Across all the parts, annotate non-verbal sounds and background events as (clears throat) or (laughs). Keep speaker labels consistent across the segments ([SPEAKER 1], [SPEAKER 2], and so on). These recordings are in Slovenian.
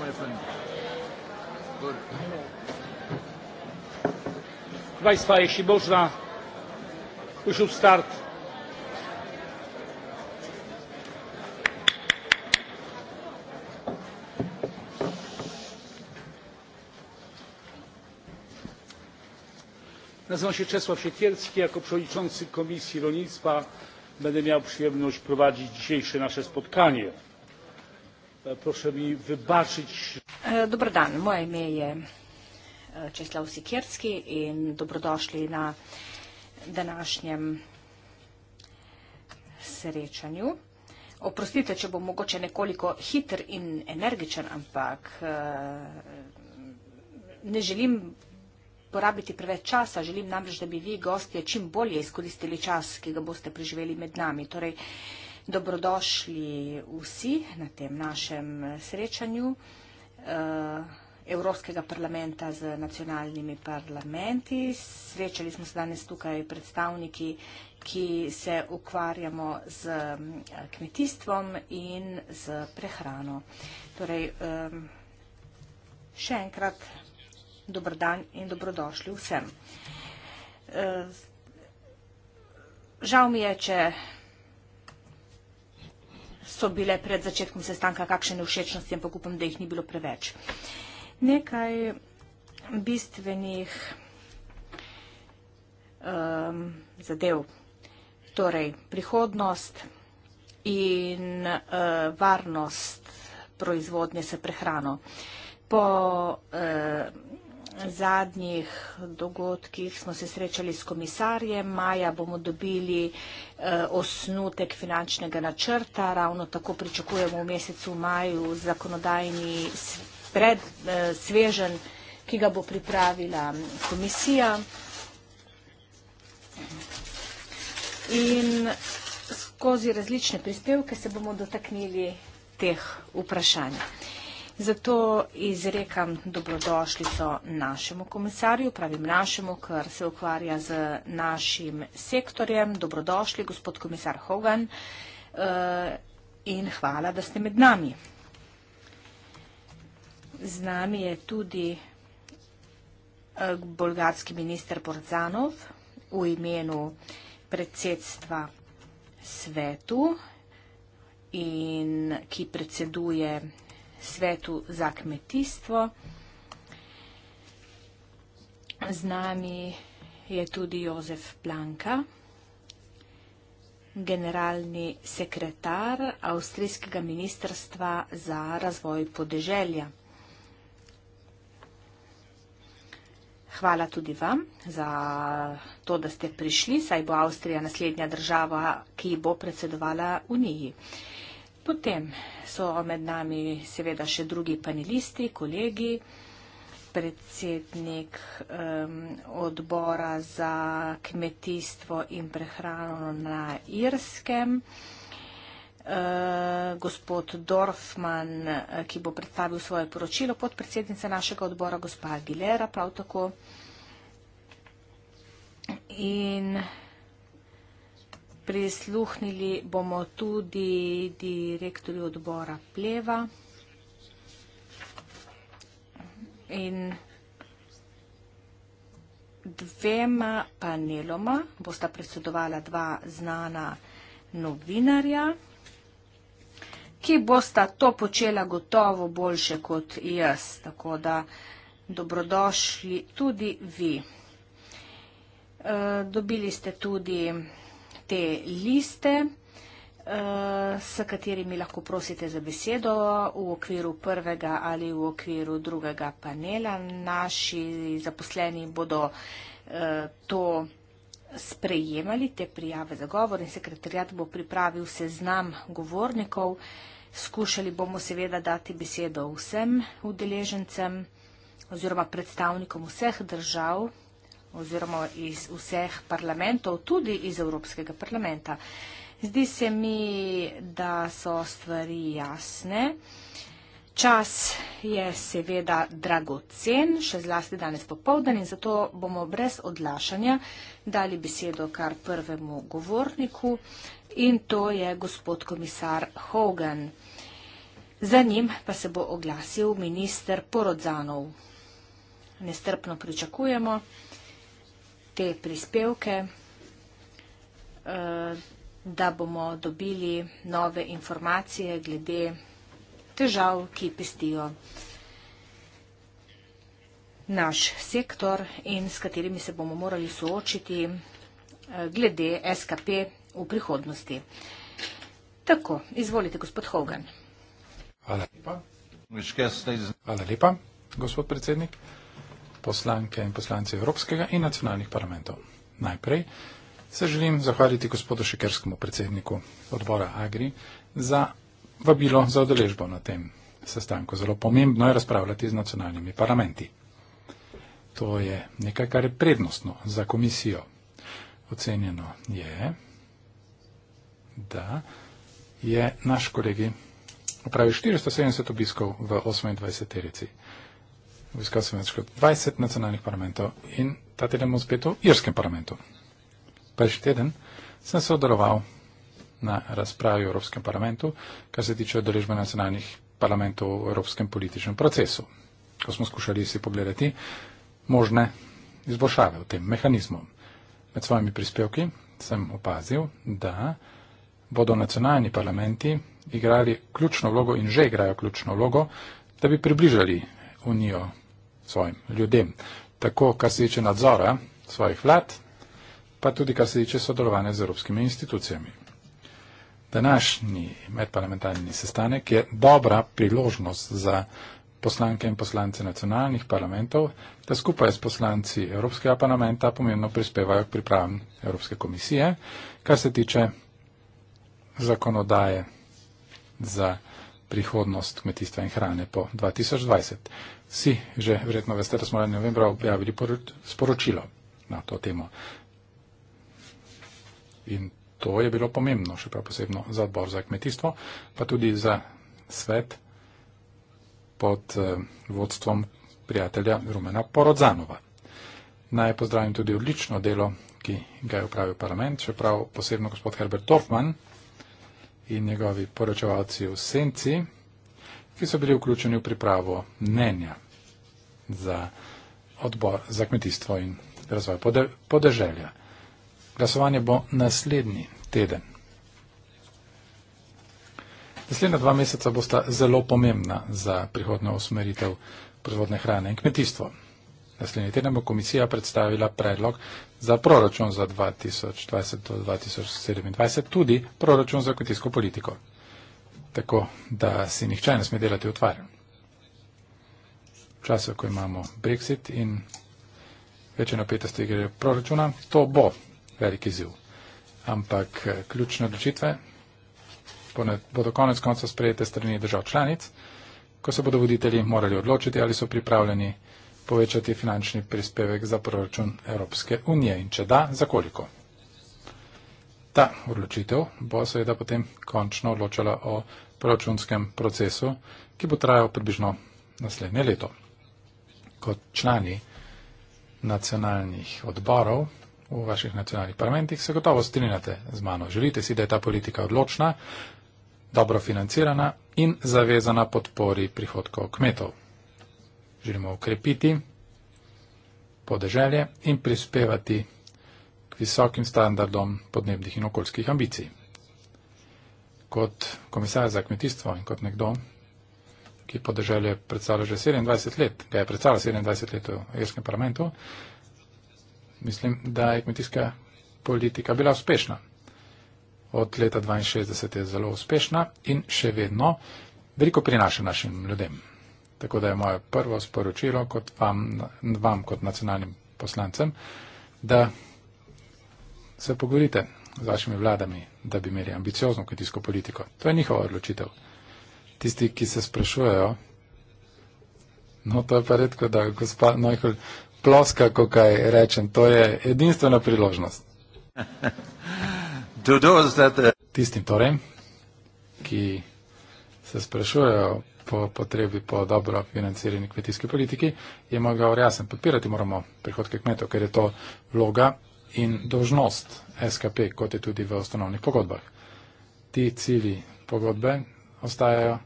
[SPEAKER 1] my friend.
[SPEAKER 2] Good. Państwa, jeśli można, usiłk start. Nazywam się Czesław Siekierski. Jako przewodniczący Komisji Rolnictwa będę miał przyjemność prowadzić dzisiejsze nasze spotkanie. E, proszę mi wybaczyć.
[SPEAKER 3] E, dobry dan. Moje imię jest e, Czesław Sikierski i dobrodošli na današnjem srečanju. Oprostite, če bom mogoče nekoliko hiter in energičen, ampak ne želim porabiti preveč časa, želim namreč, da bi vi, gostje, čim bolje izkoristili čas, ki ga boste preživeli med nami. Torej, Dobrodošli vsi na tem našem srečanju eh, Evropskega parlamenta z nacionalnimi parlamenti. Srečali smo se danes tukaj predstavniki, ki se ukvarjamo z eh, kmetijstvom in z prehrano. Torej, eh, še enkrat dobro dan in dobrodošli vsem. Žal mi je, če so bile pred začetkom sestanka kakšne všečnosti, ampak upam, da jih ni bilo preveč. Nekaj bistvenih um, zadev, torej prihodnost in uh, varnost proizvodnje se prehrano. Po uh, zadnjih dogodkih smo se srečali s komisarjem, maja bomo dobili eh, osnutek finančnega načrta, ravno tako pričakujemo v mesecu maju zakonodajni pred, eh, svežen, ki ga bo pripravila komisija. In skozi različne prispevke se bomo dotaknili teh vprašanj. Zato izrekam dobrodošljico našemu komisarju, pravim našemu, kar se ukvarja z našim sektorjem. Dobrodošli, gospod komisar Hogan eh, in hvala, da ste med nami. Z nami je tudi eh, bolgarski minister Borzanov v imenu predsedstva svetu, ki predseduje vsega, svetu za kmetijstvo. Z nami je tudi Jozef Planka, generalni sekretar Avstrijskega ministrstva za razvoj podeželja. Hvala tudi vam za to, da ste prišli, saj bo Avstrija naslednja država, ki bo predsedovala Uniji. Potem so med nami seveda še drugi panelisti, kolegi, predsednik um, odbora za kmetijstvo in prehrano na Irskem, uh, gospod Dorfman, eh, ki bo predstavil svoje poročilo, podpredsednica našega odbora, gospa Aguilera, prav tako. In Prisluhnili bomo tudi direktorju odbora Pleva in dvema paneloma bosta predsedovala dva znana novinarja, ki bosta to počela gotovo boljše kot jaz, tako da dobrodošli tudi vi. Eh, dobili ste tudi te liste, eh, s katerimi lahko prosite za besedo v okviru prvega ali v okviru drugega panela. Naši zaposleni bodo eh, to sprejemali, te prijave za govor in sekretarjat bo pripravil seznam govornikov. Skušali bomo seveda dati besedo vsem udeležencem oziroma predstavnikom vseh držav oziroma iz vseh parlamentov, tudi iz Evropskega parlamenta. Zdi se mi, da so stvari jasne. Čas je seveda dragocen, še zlasti danes popovdan in zato bomo brez odlašanja dali besedo kar prvemu govorniku in to je gospod komisar Hogan. Za njim pa se bo oglasil minister Porodzanov. Nestrpno pričakujemo te prispevke, eh, da bomo dobili nove informacije glede težav, ki pestijo naš sektor in s katerimi se bomo morali soočiti eh, glede SKP v prihodnosti. Tako, izvolite, gospod Hogan.
[SPEAKER 1] Hvala lepa. Hvala lepa, gospod predsednik poslanke in poslanci Evropskega in nacionalnih parlamentov. Najprej se želim zahvaliti gospodu Šekerskemu predsedniku odbora Agri za vabilo za odeležbo na tem sestanku. Zelo pomembno je razpravljati z nacionalnimi parlamenti. To je nekaj, kar je prednostno za komisijo. Ocenjeno je, da je naš kolegi opravil 470 obiskov v 28. terici obiskal sem več kot 20 nacionalnih parlamentov in ta teden bom spet v Irskem parlamentu. Prejšnji teden sem se odaroval na razpravi v Evropskem parlamentu, kar se tiče odrežbe nacionalnih parlamentov v evropskem političnem procesu. Ko smo skušali si pogledati možne izboljšave v tem mehanizmu. Med svojimi prispevki sem opazil, da bodo nacionalni parlamenti igrali ključno vlogo in že igrajo ključno vlogo, da bi približali unijo svojim ljudem. Tako, kar se tiče nadzora svojih vlad, pa tudi, kar se tiče sodelovanja z evropskimi institucijami. Današnji medparlamentarni sestanek je dobra priložnost za poslanke in poslance nacionalnih parlamentov, da skupaj s poslanci Evropskega parlamenta pomembno prispevajo k pripravam Evropske komisije, kar se tiče zakonodaje za prihodnost kmetijstva in hrane po 2020. Vsi že verjetno veste, da smo novembra objavili sporočilo na to temo. In to je bilo pomembno, še prav posebno za odbor za kmetijstvo, pa tudi za svet pod eh, vodstvom prijatelja Rumena Porodzanova. Naj pozdravim tudi odlično delo, ki ga je upravil parlament, še prav posebno gospod Herbert Torfman, in njegovi poročevalci v senci, ki so bili vključeni v pripravo mnenja za odbor za kmetijstvo in razvoj podeželja. Glasovanje bo naslednji teden. Naslednja dva meseca bosta zelo pomembna za prihodno usmeritev proizvodne hrane in kmetijstvo. Naslednji teden bo komisija predstavila predlog za proračun za 2020-2027, tudi proračun za kmetijsko politiko. Tako da si nihče ne sme delati utvar. V času, ko imamo Brexit in večje napetosti igre proračuna, to bo velik izziv. Ampak eh, ključne odločitve bodo konec konca sprejete strani držav članic, ko se bodo voditelji morali odločiti, ali so pripravljeni povečati finančni prispevek za proračun Evropske unije in če da, za koliko? Ta odločitev bo seveda potem končno odločala o proračunskem procesu, ki bo trajal približno naslednje leto. Kot člani nacionalnih odborov v vaših nacionalnih parlamentih se gotovo strinjate z mano. Želite si, da je ta politika odločna, dobro financirana in zavezana podpori prihodkov kmetov želimo ukrepiti podeželje in prispevati k visokim standardom podnebnih in okoljskih ambicij. Kot komisar za kmetijstvo in kot nekdo, ki podeželje predstavlja že 27 let, ga je predstavljal 27 let v Irskem parlamentu, mislim, da je kmetijska politika bila uspešna. Od leta 62 je zelo uspešna in še vedno veliko prinaša našim ljudem. Tako da je moje prvo sporočilo kot vam, vam kot nacionalnim poslancem, da se pogovorite z vašimi vladami, da bi imeli ambiciozno kmetijsko politiko. To je njihova odločitev. Tisti, ki se sprašujejo, no to je pa redko, da gospod Neuhl ploska, ko kaj rečem, to je edinstvena priložnost. (laughs) Tistim torej, ki se sprašujejo, po potrebi po dobro financirani kmetijski politiki, je mogel jasen podpirati moramo prihodke kmetov, ker je to vloga in dožnost SKP, kot je tudi v osnovnih pogodbah. Ti cilji pogodbe ostajajo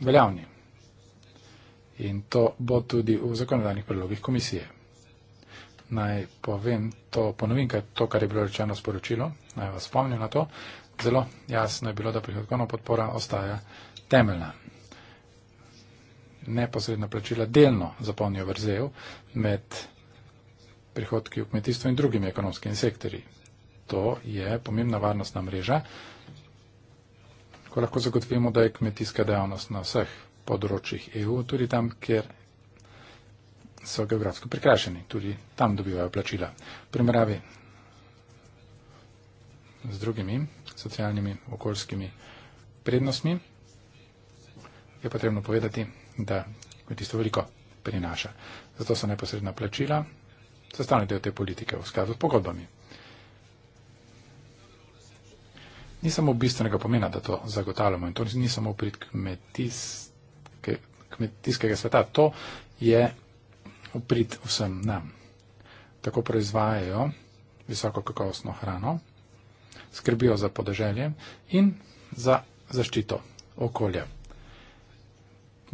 [SPEAKER 1] veljavni. In to bo tudi v zakonodajnih predlogih komisije. Naj povem to, ponovim, kaj to, kar je bilo rečeno sporočilo, naj vas spomnim na to. Zelo jasno je bilo, da prihodkovna podpora ostaja temeljna neposredna plačila delno zapolnijo vrzel med prihodki v kmetijstvu in drugimi ekonomskimi sektorji. To je pomembna varnostna mreža, ko lahko zagotovimo, da je kmetijska dejavnost na vseh področjih EU, tudi tam, kjer so geografsko prikrašeni, tudi tam dobivajo plačila. V primeravi z drugimi socialnimi, okoljskimi prednostmi, je potrebno povedati, da kmetijstvo veliko prinaša. Zato so neposredna plačila sestavni del te politike v skladu s pogodbami. Ni samo bistvenega pomena, da to zagotavljamo in to ni samo prid kmetijske, kmetijskega sveta, to je prid vsem nam. Tako proizvajajo visoko kakovostno hrano, skrbijo za podeželje in za zaščito okolja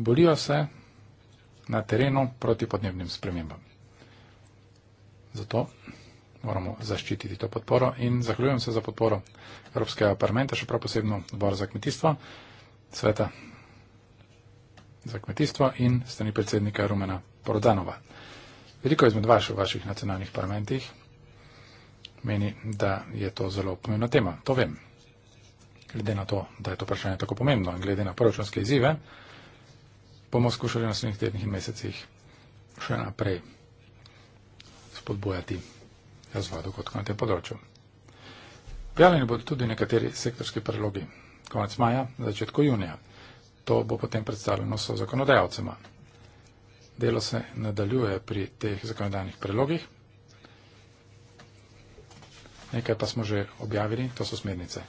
[SPEAKER 1] borijo se na terenu proti podnebnim spremembam. Zato moramo zaščititi to podporo in zahvaljujem se za podporo Evropskega parlamenta, še prav posebno odbora za kmetijstvo, sveta za kmetijstvo in strani predsednika Rumena Porodanova. Veliko izmed vaš v vaših nacionalnih parlamentih meni, da je to zelo pomembna tema. To vem. Glede na to, da je to vprašanje tako pomembno in glede na proračunske izzive, bomo skušali v naslednjih tednih in mesecih še naprej spodbojati razvoj dogodkov na tem področju. Prijavljeni bodo tudi nekateri sektorski predlogi. Konec maja, začetku junija. To bo potem predstavljeno so zakonodajalcema. Delo se nadaljuje pri teh zakonodajnih predlogih. Nekaj pa smo že objavili, to so smernice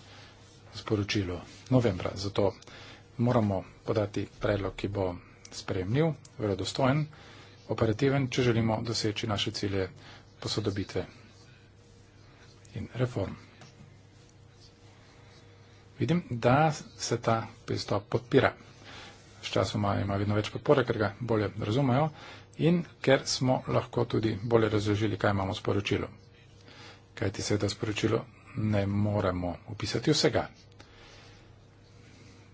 [SPEAKER 1] sporočilo novembra. Zato moramo podati predlog, ki bo spremljiv, verodostojen, operativen, če želimo doseči naše cilje posodobitve in reform. Vidim, da se ta pristop podpira. Sčasoma ima vedno več podpore, ker ga bolje razumejo in ker smo lahko tudi bolje razložili, kaj imamo sporočilo. Kaj ti seveda sporočilo ne moremo upisati vsega.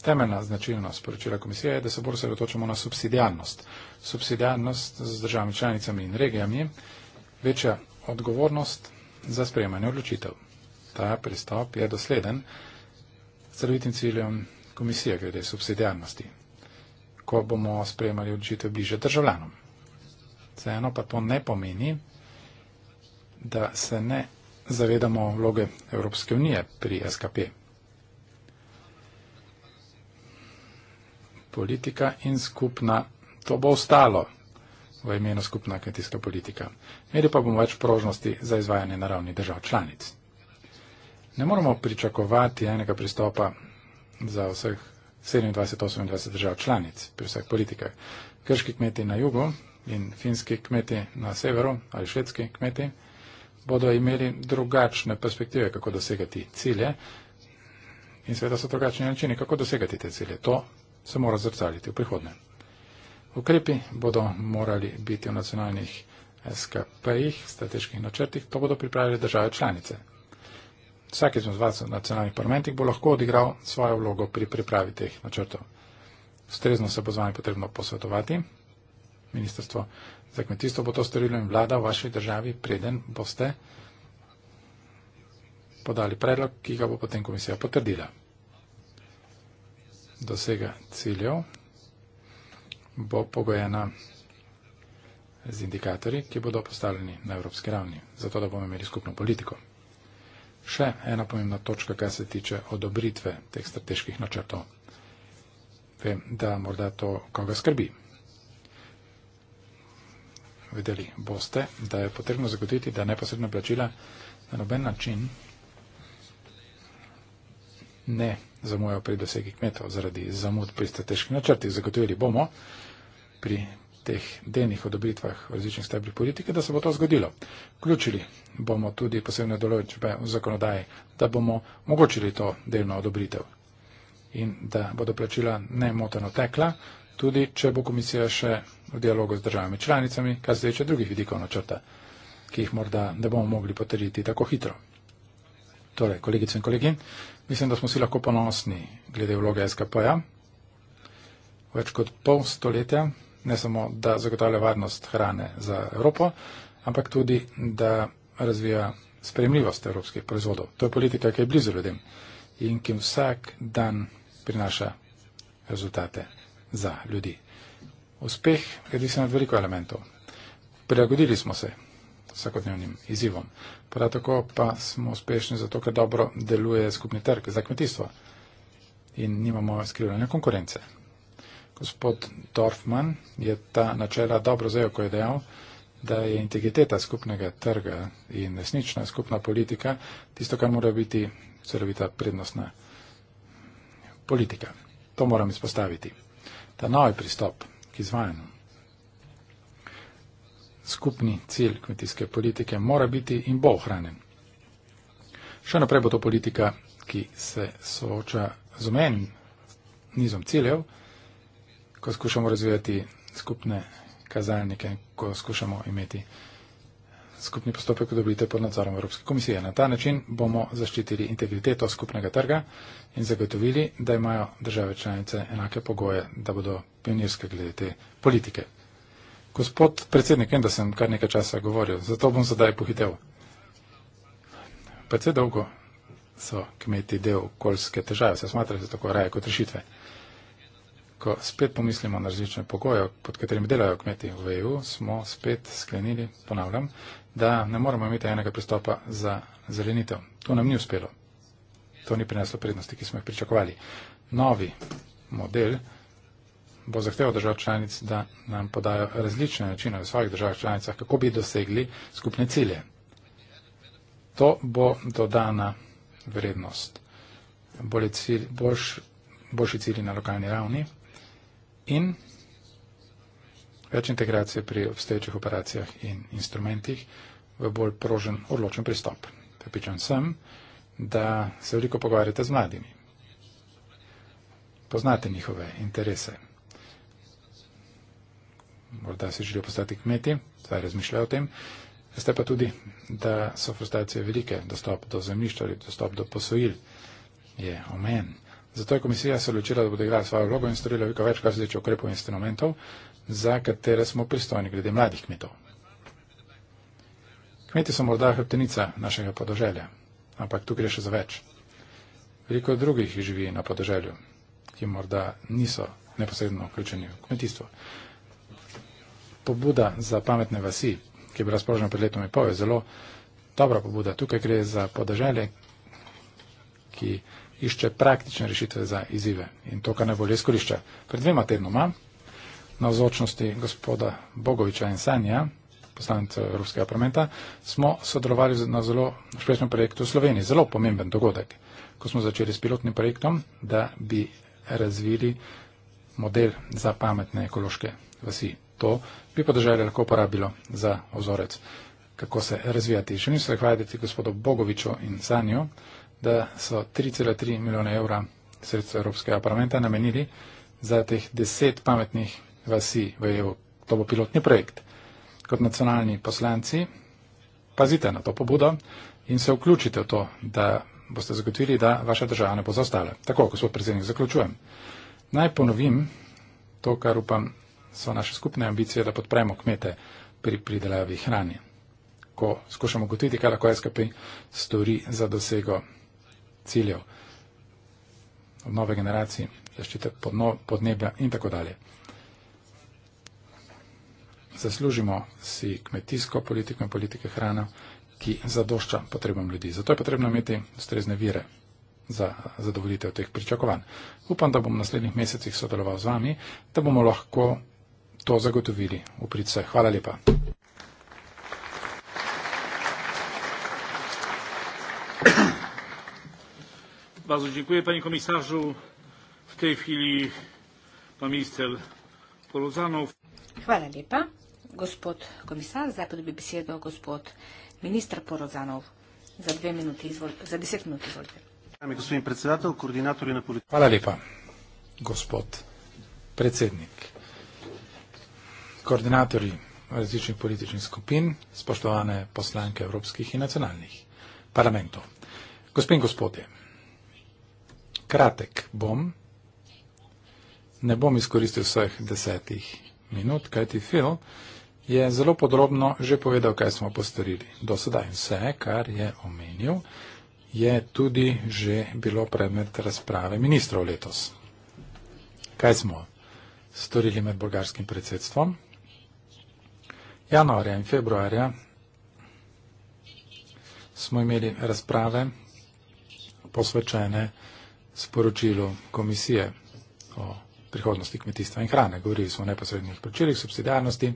[SPEAKER 1] Temeljna značilnost poročila komisije je, da se bolj sredotočamo na subsidijarnost. Subsidijarnost z državami članicami in regijami, večja odgovornost za sprejemanje odločitev. Ta pristop je dosleden celovitim ciljem komisije glede subsidijarnosti, ko bomo sprejemali odločitev bliže državljanom. Vseeno pa to ne pomeni, da se ne zavedamo vloge Evropske unije pri SKP. politika in skupna, to bo ostalo v imenu skupna kmetijska politika. Imeli pa bomo več prožnosti za izvajanje na ravni držav članic. Ne moramo pričakovati enega pristopa za vseh 27-28 držav članic pri vseh politikah. Krški kmeti na jugu in finski kmeti na severu ali švedski kmeti bodo imeli drugačne perspektive, kako dosegati cilje in seveda so drugačni načini, kako dosegati te cilje. To se mora zrcaliti v prihodnje. Ukrepi bodo morali biti v nacionalnih SKP-jih, strateških načrtih, to bodo pripravili države članice. Vsak izmed vas v nacionalnih parlamentih bo lahko odigral svojo vlogo pri pripravi teh načrtov. Strezno se bo z vami potrebno posvetovati. Ministrstvo za kmetijstvo bo to storilo in vlada v vaši državi, preden boste podali predlog, ki ga bo potem komisija potrdila dosega ciljev, bo pogojena z indikatorji, ki bodo postavljeni na evropski ravni, zato da bomo imeli skupno politiko. Še ena pomembna točka, kar se tiče odobritve teh strateških načrtov. Vem, da morda to koga skrbi. Vedeli boste, da je potrebno zagotoviti, da neposredna plačila na noben način ne zamujajo pri dosegi kmetov zaradi zamud pri strateških načrtih. Zagotovili bomo pri teh denih odobritvah v različnih stebrih politike, da se bo to zgodilo. Vključili bomo tudi posebne določbe v zakonodaji, da bomo omogočili to delno odobritev in da bodo plačila nemoteno tekla, tudi če bo komisija še v dialogu z državami članicami, kar se tiče drugih vidikov načrta, ki jih morda ne bomo mogli potrditi tako hitro. Torej, kolegice in kolegi, Mislim, da smo vsi lahko ponosni glede vloge SKP-ja. Več kot pol stoletja, ne samo da zagotavlja varnost hrane za Evropo, ampak tudi da razvija spremljivost evropskih proizvodov. To je politika, ki je blizu ljudem in ki vsak dan prinaša rezultate za ljudi. Uspeh je odvisen od veliko elementov. Prilagodili smo se vsakodnevnim izzivom. Prav tako pa smo uspešni zato, ker dobro deluje skupni trg za kmetijstvo in nimamo skrivljene konkurence. Gospod Dorfman je ta načela dobro zajel, ko je dejal, da je integriteta skupnega trga in resnična skupna politika tisto, kar mora biti celovita prednostna politika. To moram izpostaviti. Ta novi pristop k izvajanju skupni cilj kmetijske politike mora biti in bo ohranjen. Še naprej bo to politika, ki se sooča z omenim nizom ciljev, ko skušamo razvijati skupne kazalnike, ko skušamo imeti skupni postopek odobrite pod nadzorom Evropske komisije. Na ta način bomo zaščitili integriteto skupnega trga in zagotovili, da imajo države članice enake pogoje, da bodo pionirske glede te politike. Gospod predsednik, vem, da sem kar nekaj časa govoril, zato bom sedaj pohitev. Predvsej dolgo so kmeti del okoljske težave, se smatrajo se tako raje kot rešitve. Ko spet pomislimo na različne pogoje, pod katerimi delajo kmeti v EU, smo spet sklenili, ponavljam, da ne moremo imeti enega pristopa za zelenitev. To nam ni uspelo. To ni prineslo prednosti, ki smo jih pričakovali. Novi model bo zahteval držav članic, da nam podajo različne načine v svojih državah članicah, kako bi dosegli skupne cilje. To bo dodana vrednost. Bolje cilj, boljš, boljši cilji na lokalni ravni in več integracije pri obstoječih operacijah in instrumentih v bolj prožen, odločen pristop. Pripričan sem, da se veliko pogovarjate z mladimi. Poznate njihove interese morda si želijo postati kmeti, zdaj razmišljajo o tem. Veste pa tudi, da so frustracije velike, dostop do zemljišča ali dostop do posojil je omen. Zato je komisija se odločila, da bo odigrala svojo vlogo in storila veliko več, kar se tiče ukrepov in instrumentov, za katere smo pristojni glede mladih kmetov. Kmeti so morda hrbtenica našega podoželja, ampak tu gre še za več. Veliko drugih živi na podoželju, ki morda niso neposredno vključeni v kmetijstvo pobuda za pametne vasi, ki je bila sprožena pred letom in pol, je zelo dobra pobuda. Tukaj gre za podeželje, ki išče praktične rešitve za izive in to, kar najbolje izkorišča. Pred dvema tednoma na vzočnosti gospoda Bogoviča in Sanja, poslanca Evropskega parlamenta, smo sodelovali na zelo uspešnem projektu v Sloveniji. Zelo pomemben dogodek, ko smo začeli s pilotnim projektom, da bi razvili model za pametne ekološke vasi to bi podeželje lahko uporabilo za ozorec, kako se razvijati. Želim se hvaliti gospodu Bogoviču in Sanju, da so 3,3 milijona evra sredstva Evropskega parlamenta namenili za teh deset pametnih vasi v EU. To bo pilotni projekt. Kot nacionalni poslanci pazite na to pobudo in se vključite v to, da boste zagotovili, da vaša država ne bo zaostala. Tako, gospod predsednik, zaključujem. Naj ponovim to, kar upam so naše skupne ambicije, da podpremo kmete pri pridelavi hrane. Ko skušamo gotoviti, kaj lahko SKP stori za dosego ciljev od nove generacije, zaščite podnebja in tako dalje. Zaslužimo si kmetijsko politiko in politike hrana, ki zadošča potrebam ljudi. Zato je potrebno imeti ustrezne vire za zadovoljitev teh pričakovanj. Upam, da bom v naslednjih mesecih sodeloval z vami, da bomo lahko to zagotovili. Uprice, hvala lepa.
[SPEAKER 2] Bardzo dziękuję panie komisarzu. W tej chwili pan minister Poluzanow.
[SPEAKER 3] Hvala lepa, gospod komisar. Zdaj pa dobi besedo gospod minister Porozanov. Za dve minuti, izvol, za deset minut izvolite.
[SPEAKER 1] Hvala lepa, gospod predsednik koordinatorji različnih političnih skupin, spoštovane poslanke evropskih in nacionalnih parlamentov. Gospe in gospodje, kratek bom, ne bom izkoristil vseh desetih minut, kajti Phil je zelo podrobno že povedal, kaj smo postorili do sedaj. Vse, kar je omenil, je tudi že bilo predmet razprave ministrov letos. Kaj smo storili med bolgarskim predsedstvom? januarja in februarja smo imeli razprave posvečene sporočilu komisije o prihodnosti kmetijstva in hrane. Govorili smo o neposrednih plačilih, subsidijarnosti,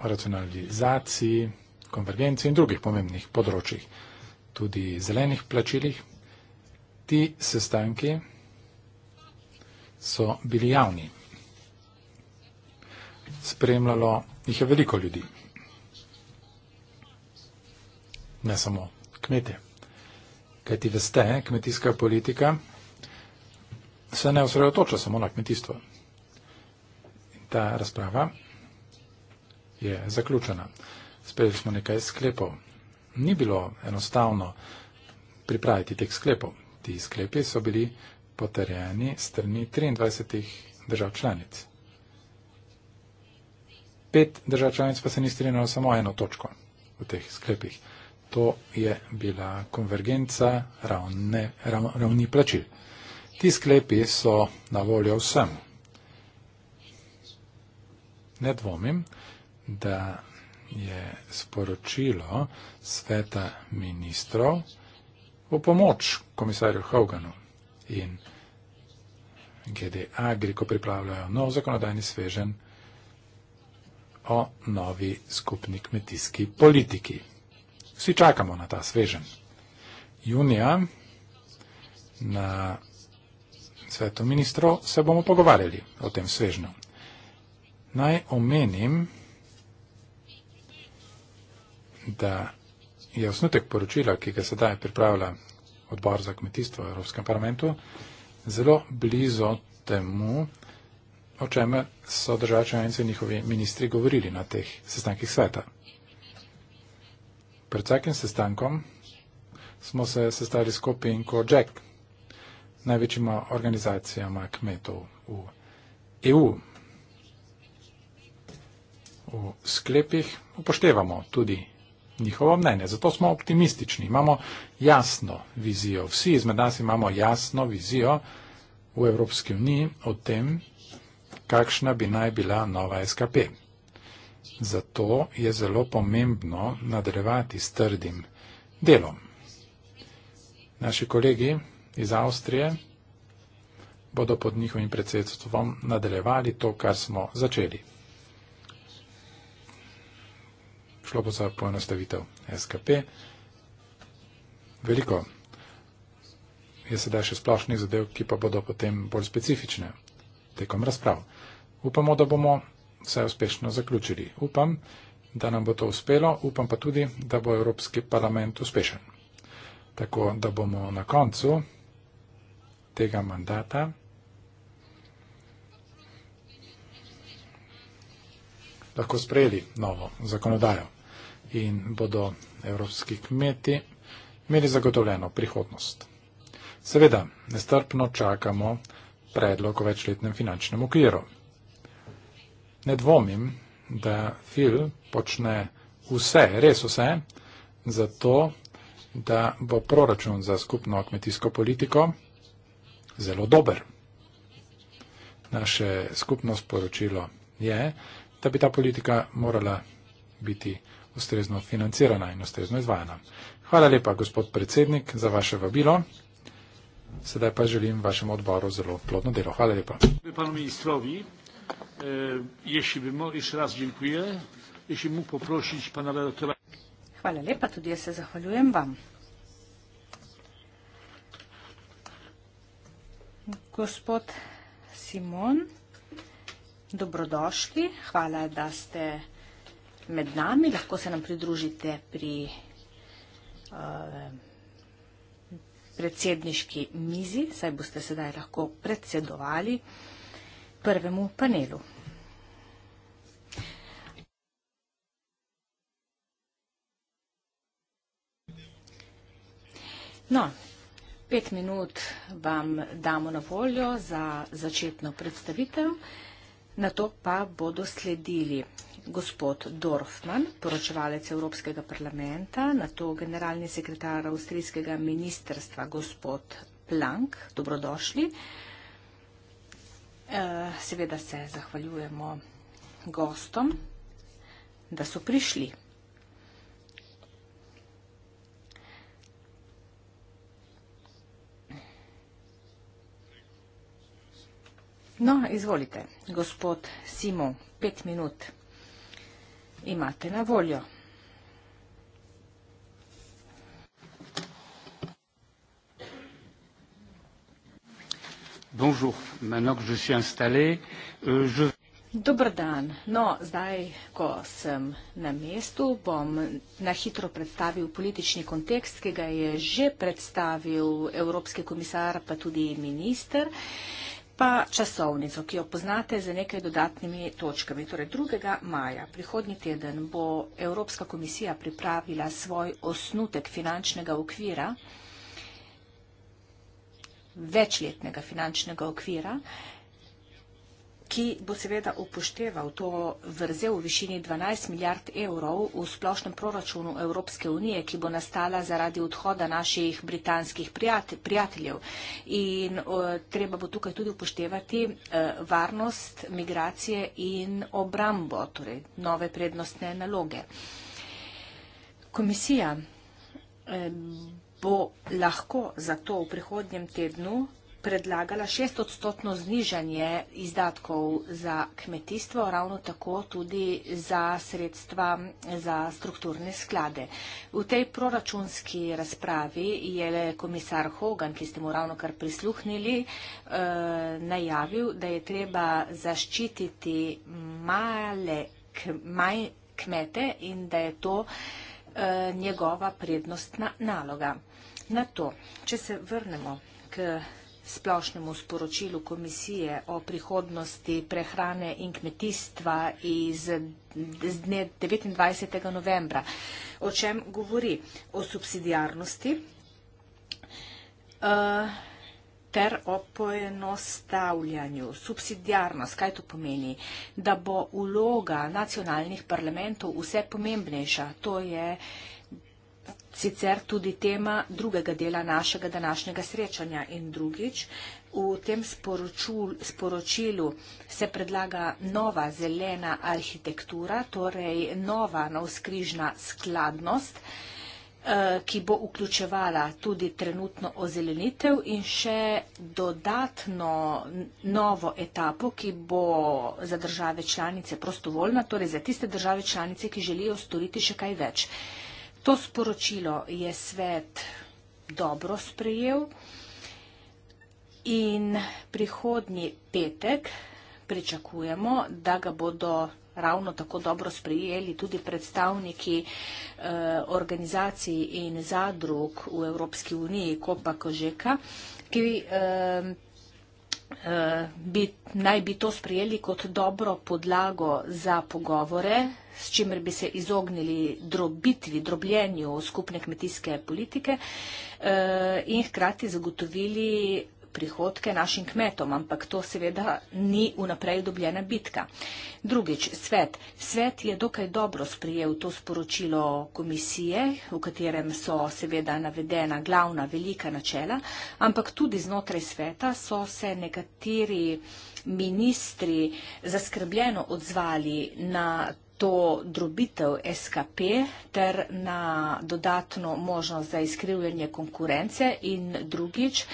[SPEAKER 1] o racionalizaciji, konvergenciji in drugih pomembnih področjih, tudi zelenih plačilih. Ti sestanki so bili javni spremljalo, jih je veliko ljudi. Ne samo kmete. Kaj ti veste, kmetijska politika se ne osredotoča samo na kmetijstvo. In ta razprava je zaključena. Sprejeli smo nekaj sklepov. Ni bilo enostavno pripraviti teh sklepov. Ti sklepi so bili potrjeni strani 23 držav članic pet držav članic pa se ni strinjalo samo eno točko v teh sklepih. To je bila konvergenca ravne, ravni plačil. Ti sklepi so na voljo vsem. Ne dvomim, da je sporočilo sveta ministrov v pomoč komisarju Hoganu in GDA, ki pripravljajo nov zakonodajni svežen o novi skupni kmetijski politiki. Vsi čakamo na ta svežen. Junija na svetu ministrov se bomo pogovarjali o tem svežnju. Naj omenim, da je osnutek poročila, ki ga sedaj pripravlja odbor za kmetijstvo v Evropskem parlamentu, zelo blizu temu, o čemer so države članice in njihovi ministri govorili na teh sestankih sveta. Pred vsakim sestankom smo se sestali s Kopinko Jack, največjima organizacijama kmetov v EU. V sklepih upoštevamo tudi njihovo mnenje, zato smo optimistični, imamo jasno vizijo, vsi izmed nas imamo jasno vizijo v Evropski uniji o tem, kakšna bi naj bila nova SKP. Zato je zelo pomembno nadrevati s trdim delom. Naši kolegi iz Avstrije bodo pod njihovim predsedstvom nadrevali to, kar smo začeli. Šlo bo za poenostavitev SKP. Veliko je sedaj še splošnih zadev, ki pa bodo potem bolj specifične tekom razprav. Upamo, da bomo vse uspešno zaključili. Upam, da nam bo to uspelo, upam pa tudi, da bo Evropski parlament uspešen. Tako da bomo na koncu tega mandata lahko sprejeli novo zakonodajo in bodo evropski kmeti imeli zagotovljeno prihodnost. Seveda, nestrpno čakamo predlog o večletnem finančnem okviru. Ne dvomim, da film počne vse, res vse, zato, da bo proračun za skupno kmetijsko politiko zelo dober. Naše skupno sporočilo je, da bi ta politika morala biti ustrezno financirana in ustrezno izvajana. Hvala lepa, gospod predsednik, za vaše vabilo. Sedaj pa želim vašemu odboru zelo plodno delo. Hvala lepa.
[SPEAKER 2] E, jeśli bym mógł, jeszcze raz dziękuję, jeśli mógł poprosić pana redaktora. Hvala
[SPEAKER 3] lepa, tudi jaz se zahvaljujem vam. Gospod Simon, dobrodošli. Hvala, da ste med nami. Lahko se nam pridružite pri e, predsedniški mizi, saj boste sedaj lahko predsedovali vsega prvemu panelu. No, pet minut vam damo na voljo za začetno predstavitev, na to pa bodo sledili gospod Dorfman, poročevalec Evropskega parlamenta, na to generalni sekretar Avstrijskega ministrstva, gospod Plank, dobrodošli. Uh, Eh, seveda se zahvaljujemo gostom, da so prišli. No, izvolite, gospod Simon, pet minut imate na voljo.
[SPEAKER 2] Euh, Dobar
[SPEAKER 3] dan. No, zdaj, ko sem na mestu, bom na hitro predstavil politični kontekst, ki ga je že predstavil evropski komisar, pa tudi minister, pa časovnico, ki jo poznate z nekaj dodatnimi točkami. Torej, 2. maja prihodnji teden bo Evropska komisija pripravila svoj osnutek finančnega okvira večletnega finančnega okvira, ki bo seveda upošteval to vrzel v višini 12 milijard evrov v splošnem proračunu Evropske unije, ki bo nastala zaradi odhoda naših britanskih prijateljev. In treba bo tukaj tudi upoštevati e, varnost, migracije in obrambo, torej nove prednostne naloge. Komisija e, bo lahko zato v prihodnjem tednu predlagala šestodstotno znižanje izdatkov za kmetijstvo, ravno tako tudi za sredstva za strukturne sklade. V tej proračunski razpravi je komisar Hogan, ki ste mu ravno kar prisluhnili, eh, najavil, da je treba zaščititi male kmete in da je to nekaj, Eh, njegova prednostna naloga. Na to, če se vrnemo k splošnemu sporočilu komisije o prihodnosti prehrane in kmetijstva iz dne 29. novembra, o čem govori o subsidijarnosti, uh, eh, ter o poenostavljanju. Subsidijarnost, kaj to pomeni? Da bo vloga nacionalnih parlamentov vse pomembnejša. To je sicer tudi tema drugega dela našega današnjega srečanja in drugič. V tem sporočul, sporočilu se predlaga nova zelena arhitektura, torej nova navskrižna skladnost. Uh, Eh, ki bo vključevala tudi trenutno ozelenitev in še dodatno novo etapo, ki bo za države članice prostovoljna, torej za tiste države članice, ki želijo storiti še kaj več. To sporočilo je svet dobro sprejel in prihodnji petek pričakujemo, da ga bodo ravno tako dobro sprejeli tudi predstavniki eh, organizacij in zadrug v Evropski uniji Kopa Kožeka, ki eh, eh, bi, naj bi to sprejeli kot dobro podlago za pogovore, s čimer bi se izognili drobitvi, drobljenju skupne kmetijske politike eh, in hkrati zagotovili prihodke našim kmetom, ampak to seveda ni vnaprej dobljena bitka. Drugič, svet. Svet je dokaj dobro sprijel to sporočilo komisije, v katerem so seveda navedena glavna velika načela, ampak tudi znotraj sveta so se nekateri ministri zaskrbljeno odzvali na to drobitev SKP ter na dodatno možnost za izkrivljanje konkurence in drugič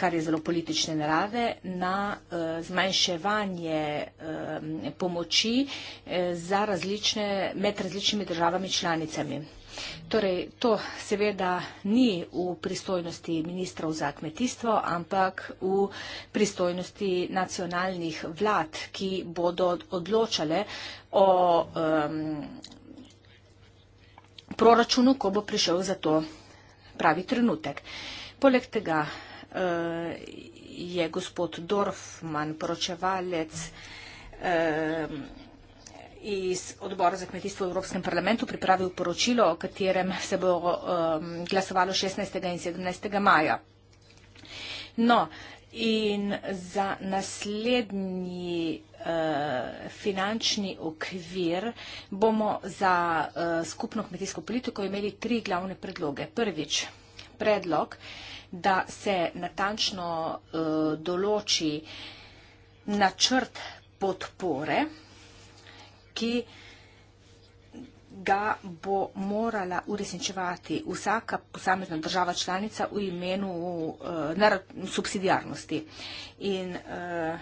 [SPEAKER 3] kar je zelo politične narave, na eh, zmanjševanje eh, pomoči eh, različne, med različnimi državami članicami. Torej, to seveda ni v pristojnosti ministrov za kmetijstvo, ampak v pristojnosti nacionalnih vlad, ki bodo odločale o um, proračunu, ko bo prišel za to pravi trenutek. Poleg tega Eh, je gospod Dorfman, poročevalec eh, iz odbora za kmetijstvo v Evropskem parlamentu pripravil poročilo, o katerem se bo eh, glasovalo 16. in 17. maja. No, in za naslednji finančni okvir bomo za skupno kmetijsko politiko imeli tri glavne predloge. Prvič, predlog, ki je da se natančno uh, določi načrt podpore, ki ga bo morala uresničevati vsaka posamezna država članica v imenu uh, eh, narod, subsidijarnosti. In uh,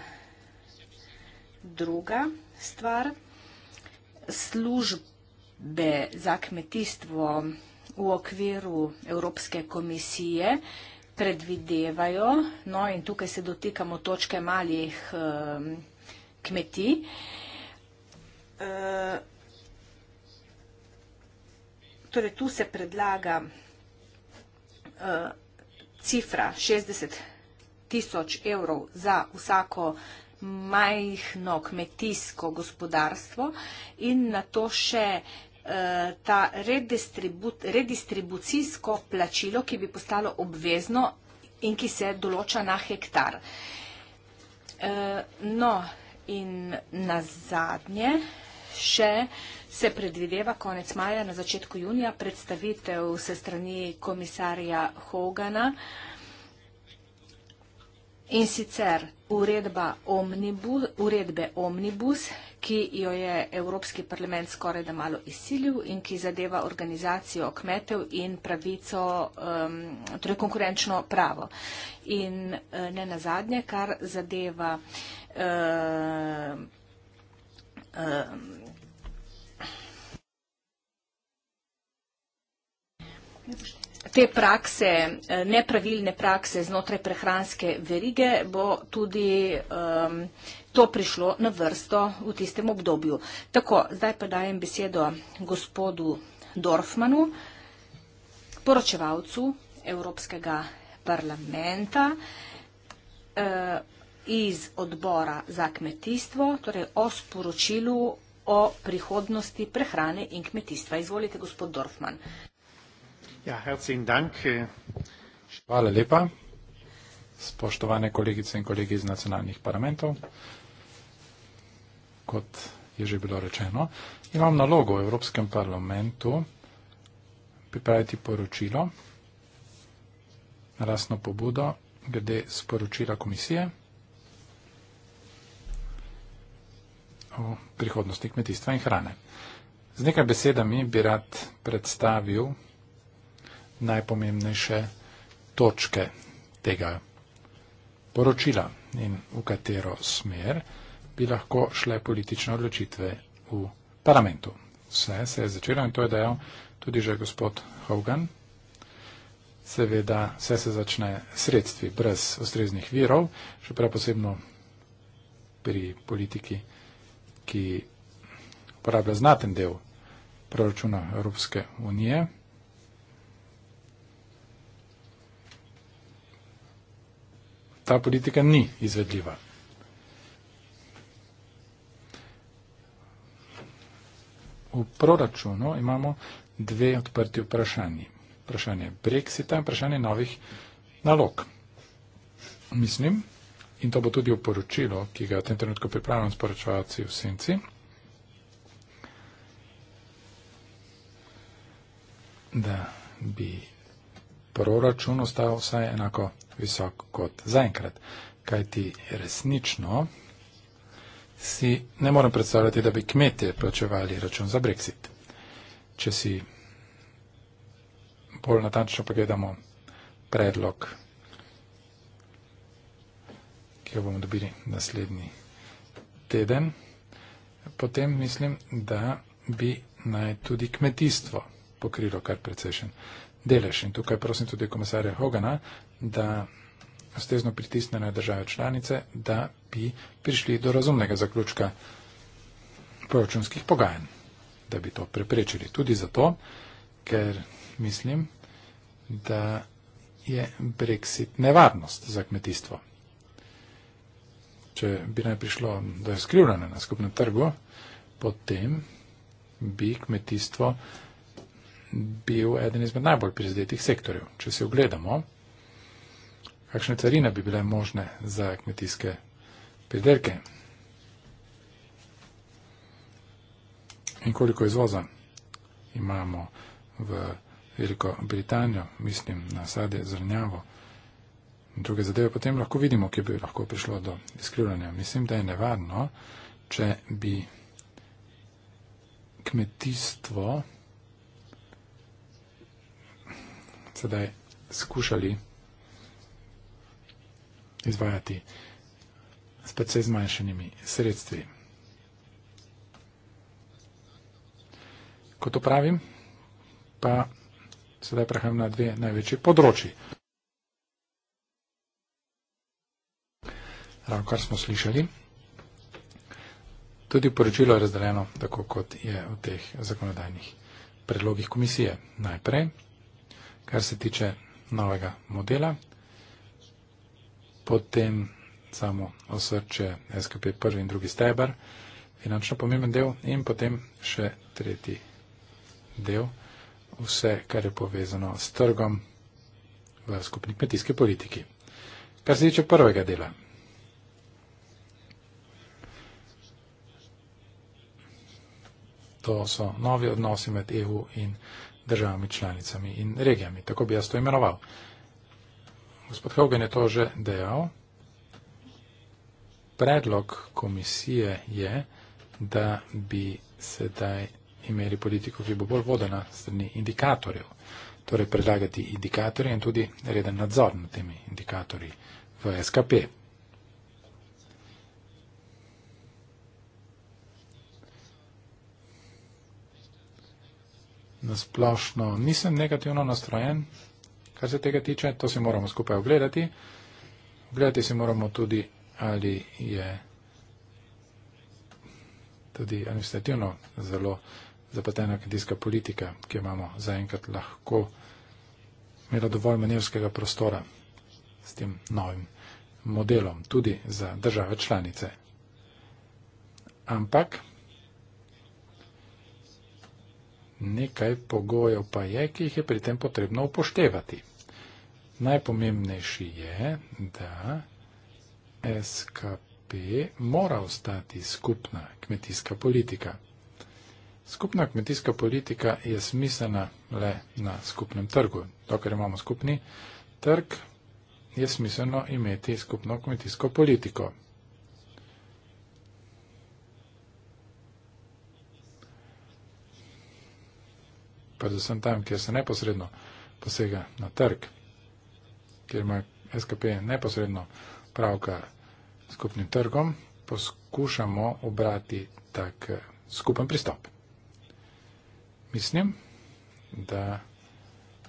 [SPEAKER 3] druga stvar, službe za kmetijstvo v okviru Evropske komisije uh, predvidevajo, no in tukaj se dotikamo točke malih uh, kmetij. Uh, torej, tu se predlaga uh, cifra 60 tisoč evrov za vsako majhno kmetijsko gospodarstvo in na to še Eh, ta redistribucijsko plačilo, ki bi postalo obvezno in ki se določa na hektar. Eh, no, in na zadnje še se predvideva konec maja na začetku junija predstavitev se strani komisarja Hogana, In sicer omnibus, uredbe omnibus, ki jo je Evropski parlament skoraj da malo izsilil in ki zadeva organizacijo kmetev in pravico, um, torej konkurenčno pravo. In uh, ne nazadnje, kar zadeva uh, uh, te prakse, eh, nepravilne prakse znotraj prehranske verige, bo tudi um, to prišlo na vrsto v tistem obdobju. Tako, zdaj pa dajem besedo gospodu Dorfmanu, poročevalcu Evropskega parlamenta uh, iz odbora za kmetijstvo, torej o sporočilu o prihodnosti prehrane in kmetijstva. Izvolite, gospod Dorfman.
[SPEAKER 1] Ja, herzlichen Dank. Eh. Hvala lepa. Spoštovane kolegice in kolegi iz nacionalnih parlamentov, kot je že bilo rečeno, imam nalogo v Evropskem parlamentu pripraviti poročilo, rasno pobudo glede sporočila komisije o prihodnosti kmetijstva in hrane. Z nekaj besedami bi rad predstavil najpomembnejše točke tega poročila in v katero smer bi lahko šle politične odločitve v parlamentu. Vse se je začelo in to je dejal tudi že gospod Hogan. Seveda vse se začne sredstvi brez ustreznih virov, še prav posebno pri politiki, ki uporablja znaten del proračuna Evropske unije. ta politika ni izvedljiva. V proračunu imamo dve odprti vprašanji. Vprašanje Brexita in vprašanje novih nalog. Mislim, in to bo tudi uporočilo, ki ga v tem trenutku pripravljam sporočevalci v Senci, da bi proračun ostaja vsaj enako visok kot zaenkrat. Kaj ti resnično si ne morem predstavljati, da bi kmetje plačevali račun za brexit. Če si bolj natančno pogledamo predlog, ki jo bomo dobili naslednji teden, potem mislim, da bi naj tudi kmetijstvo pokrilo kar precejšen delež. In tukaj prosim tudi komisarja Hogana, da ustezno pritisne na države članice, da bi prišli do razumnega zaključka proračunskih pogajanj, da bi to preprečili. Tudi zato, ker mislim, da je brexit nevarnost za kmetijstvo. Če bi naj prišlo do skrivljanja na skupnem trgu, potem bi kmetijstvo bil eden izmed najbolj prizadetih sektorjev. Če si ogledamo, kakšne carine bi bile možne za kmetijske pridelke in koliko izvoza imamo v Veliko Britanijo, mislim na sade, zrnjavo in druge zadeve, potem lahko vidimo, kje bi lahko prišlo do izkrivljanja. Mislim, da je nevarno, če bi kmetijstvo sedaj skušali izvajati s precej zmanjšanimi sredstvi. Kot opravim, pa sedaj prehajam na dve največji področji. Ravno kar smo slišali, tudi poročilo je razdeljeno tako, kot je v teh zakonodajnih predlogih komisije. Najprej kar se tiče novega modela. Potem samo osrče SKP prvi in drugi stebr, finančno pomemben del in potem še tretji del, vse, kar je povezano s trgom v skupni kmetijski politiki. Kar se tiče prvega dela. To so novi odnosi med EU in državami članicami in regijami. Tako bi jaz to imenoval. Gospod Hogan je to že dejal. Predlog komisije je, da bi sedaj imeli politiko, ki bo bolj vodena strani indikatorjev. Torej predlagati indikatorje in tudi reden nadzor nad temi indikatorji v SKP. nasplošno nisem negativno nastrojen, kar se tega tiče, to si moramo skupaj ogledati. Ogledati si moramo tudi, ali je tudi administrativno zelo zapletena kadijska politika, ki jo imamo zaenkrat lahko imela dovolj manevrskega prostora s tem novim modelom, tudi za države članice. Ampak nekaj pogojev pa je, ki jih je pri tem potrebno upoštevati. Najpomembnejši je, da SKP mora ostati skupna kmetijska politika. Skupna kmetijska politika je smiselna le na skupnem trgu. Dokler imamo skupni trg, je smiselno imeti skupno kmetijsko politiko. predvsem tam, kjer se neposredno posega na trg, kjer ima SKP neposredno pravka skupnim trgom, poskušamo obrati tak eh, skupen pristop. Mislim, da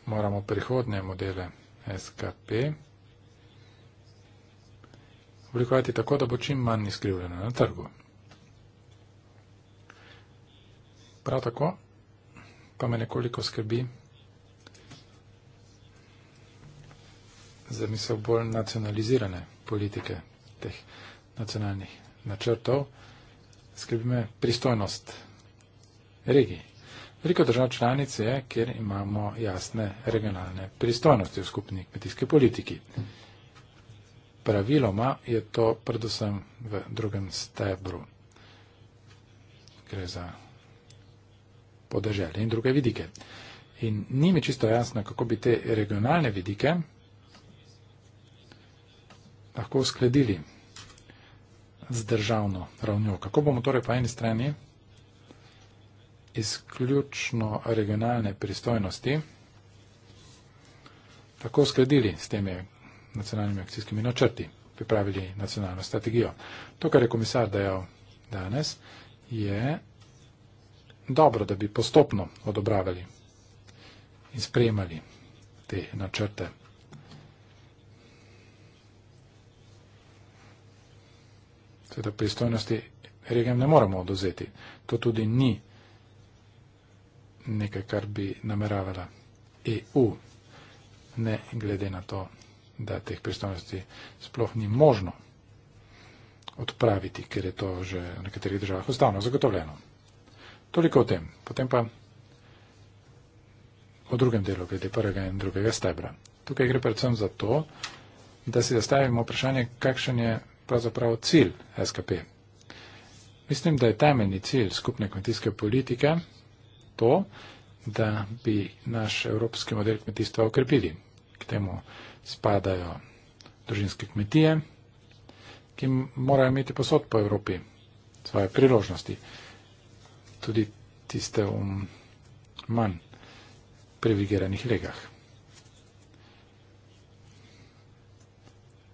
[SPEAKER 1] moramo prihodne modele SKP oblikovati tako, da bo čim manj izkrivljeno na trgu. Prav tako pa me nekoliko skrbi. Zdaj so bolj nacionalizirane politike teh nacionalnih načrtov. Skrbi me pristojnost regij. Veliko držav članic je, kjer imamo jasne regionalne pristojnosti v skupni kmetijski politiki. Praviloma je to predvsem v drugem stebru. Gre za podeželje in druge vidike. In ni mi čisto jasno, kako bi te regionalne vidike lahko uskladili z državno ravnjo. Kako bomo torej po eni strani izključno regionalne pristojnosti tako uskladili s temi nacionalnimi akcijskimi načrti, pripravili nacionalno strategijo. To, kar je komisar dejal danes, je dobro, da bi postopno odobravali in sprejemali te načrte. Seveda pristojnosti regijam ne moramo oduzeti. To tudi ni nekaj, kar bi nameravala EU, ne glede na to, da teh pristojnosti sploh ni možno odpraviti, ker je to že v nekaterih državah ustavno zagotovljeno. Toliko o tem. Potem pa o drugem delu, glede prvega in drugega stebra. Tukaj gre predvsem za to, da si zastavimo vprašanje, kakšen je pravzaprav cilj SKP. Mislim, da je temeljni cilj skupne kmetijske politike to, da bi naš evropski model kmetijstva okrepili. K temu spadajo družinske kmetije, ki morajo imeti posod po Evropi svoje priložnosti tudi tiste v manj privilegiranih legah.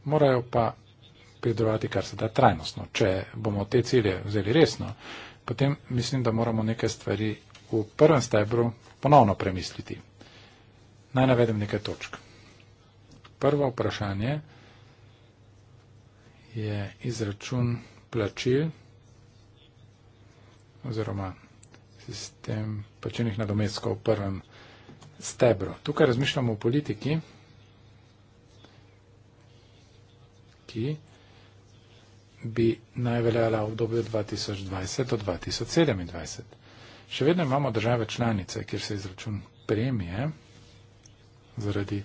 [SPEAKER 1] Morajo pa pridelovati, kar se da trajnostno. Če bomo te cilje vzeli resno, potem mislim, da moramo nekaj stvari v prvem stebru ponovno premisliti. Naj navedem nekaj točk. Prvo vprašanje je izračun plačil oziroma sistem plačilnih nadomestkov v prvem stebru. Tukaj razmišljamo o politiki, ki bi naj veljala v obdobju 2020 do 2027. Še vedno imamo države članice, kjer se izračun premije zaradi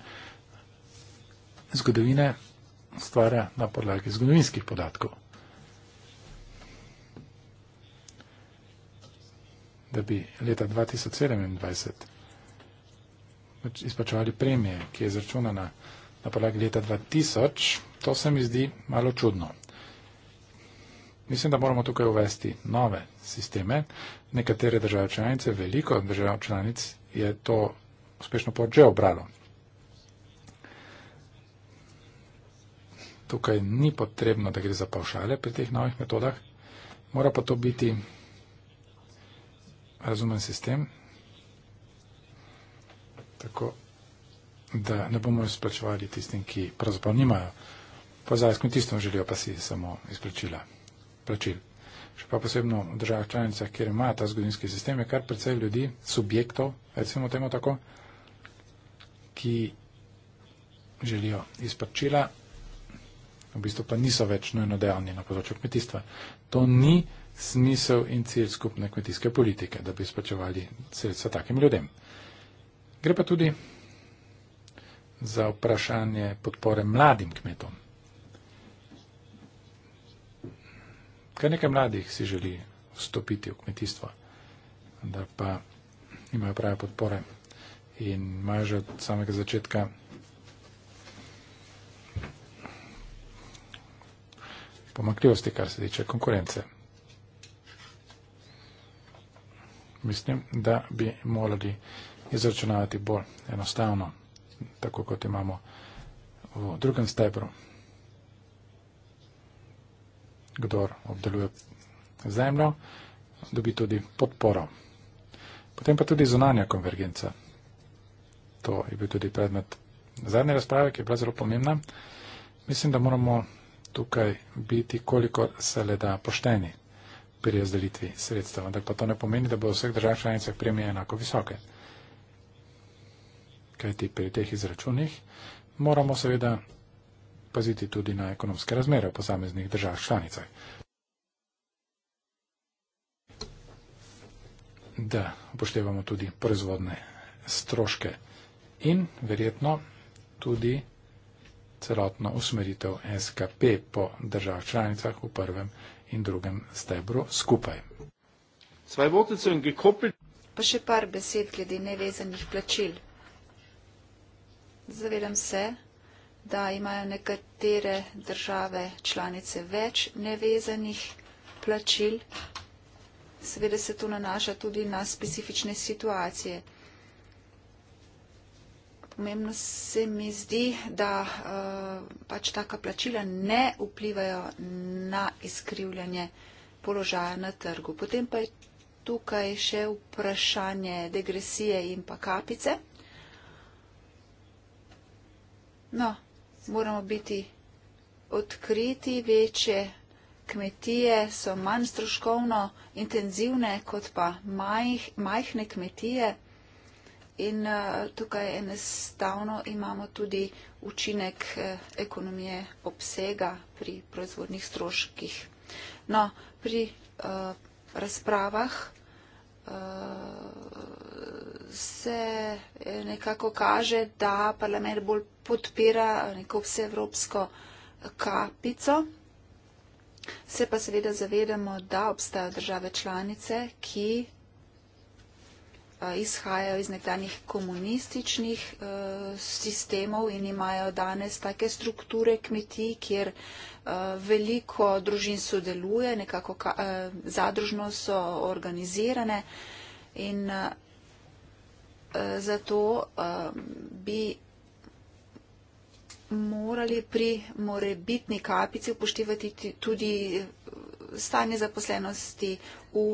[SPEAKER 1] zgodovine stvara na podlagi zgodovinskih podatkov. da bi leta 2027 pač izplačevali premije, ki je izračunana na podlagi leta 2000, to se mi zdi malo čudno. Mislim, da moramo tukaj uvesti nove sisteme. Nekatere države članice, veliko držav članic je to uspešno pot že obralo. Tukaj ni potrebno, da gre za pavšale pri teh novih metodah. Mora pa to biti razumen sistem, tako da ne bomo izplačevali tistim, ki pravzaprav nimajo. Po zajskem tistom želijo pa si samo izplačila. Plačil. Še pa posebno v državah članicah, kjer ima ta zgodinski sistem, je kar precej ljudi, subjektov, recimo temu tako, ki želijo izplačila, v bistvu pa niso več nujno dejavni na področju kmetijstva. To ni smisel in cilj skupne kmetijske politike, da bi izplačevali sredstva takim ljudem. Gre pa tudi za vprašanje podpore mladim kmetom. Kar nekaj mladih si želi vstopiti v kmetijstvo, da pa imajo prave podpore in imajo že od samega začetka pomakljivosti, kar se tiče konkurence. mislim, da bi morali izračunavati bolj enostavno, tako kot imamo v drugem stebru. Kdor obdeluje zemljo, dobi tudi podporo. Potem pa tudi zunanja konvergenca. To je bil tudi predmet zadnje razprave, ki je bila zelo pomembna. Mislim, da moramo tukaj biti koliko se le da pošteni, pri razdelitvi sredstev. Ampak pa to ne pomeni, da bo v vseh državah članicah premije enako visoke. Kajti pri teh izračunih moramo seveda paziti tudi na ekonomske razmere v posameznih državah članicah. Da upoštevamo tudi proizvodne stroške in verjetno tudi celotno usmeritev SKP po državah članicah v prvem in drugem stebru skupaj.
[SPEAKER 4] Pa še par besed glede nevezanih plačil. Zavedam se, da imajo nekatere države članice več nevezanih plačil. Seveda se to nanaša tudi na specifične situacije pomembno se mi zdi, da eh, pač taka plačila ne vplivajo na izkrivljanje položaja na trgu. Potem pa je tukaj še vprašanje degresije in pa kapice. No, moramo biti odkriti, večje kmetije so manj stroškovno intenzivne kot pa majh, majhne kmetije in eh, tukaj enostavno imamo tudi učinek eh, ekonomije obsega pri proizvodnih stroških. No, pri eh, razpravah se nekako kaže, da parlament bolj podpira neko vseevropsko kapico. Se pa seveda zavedamo, da obstajajo države članice, ki izhajajo iz nekdanjih komunističnih e, sistemov in imajo danes take strukture kmetij, kjer e, veliko družin sodeluje, nekako e, zadružno so organizirane in zato bi morali pri morebitni kapici upoštevati tudi stanje zaposlenosti v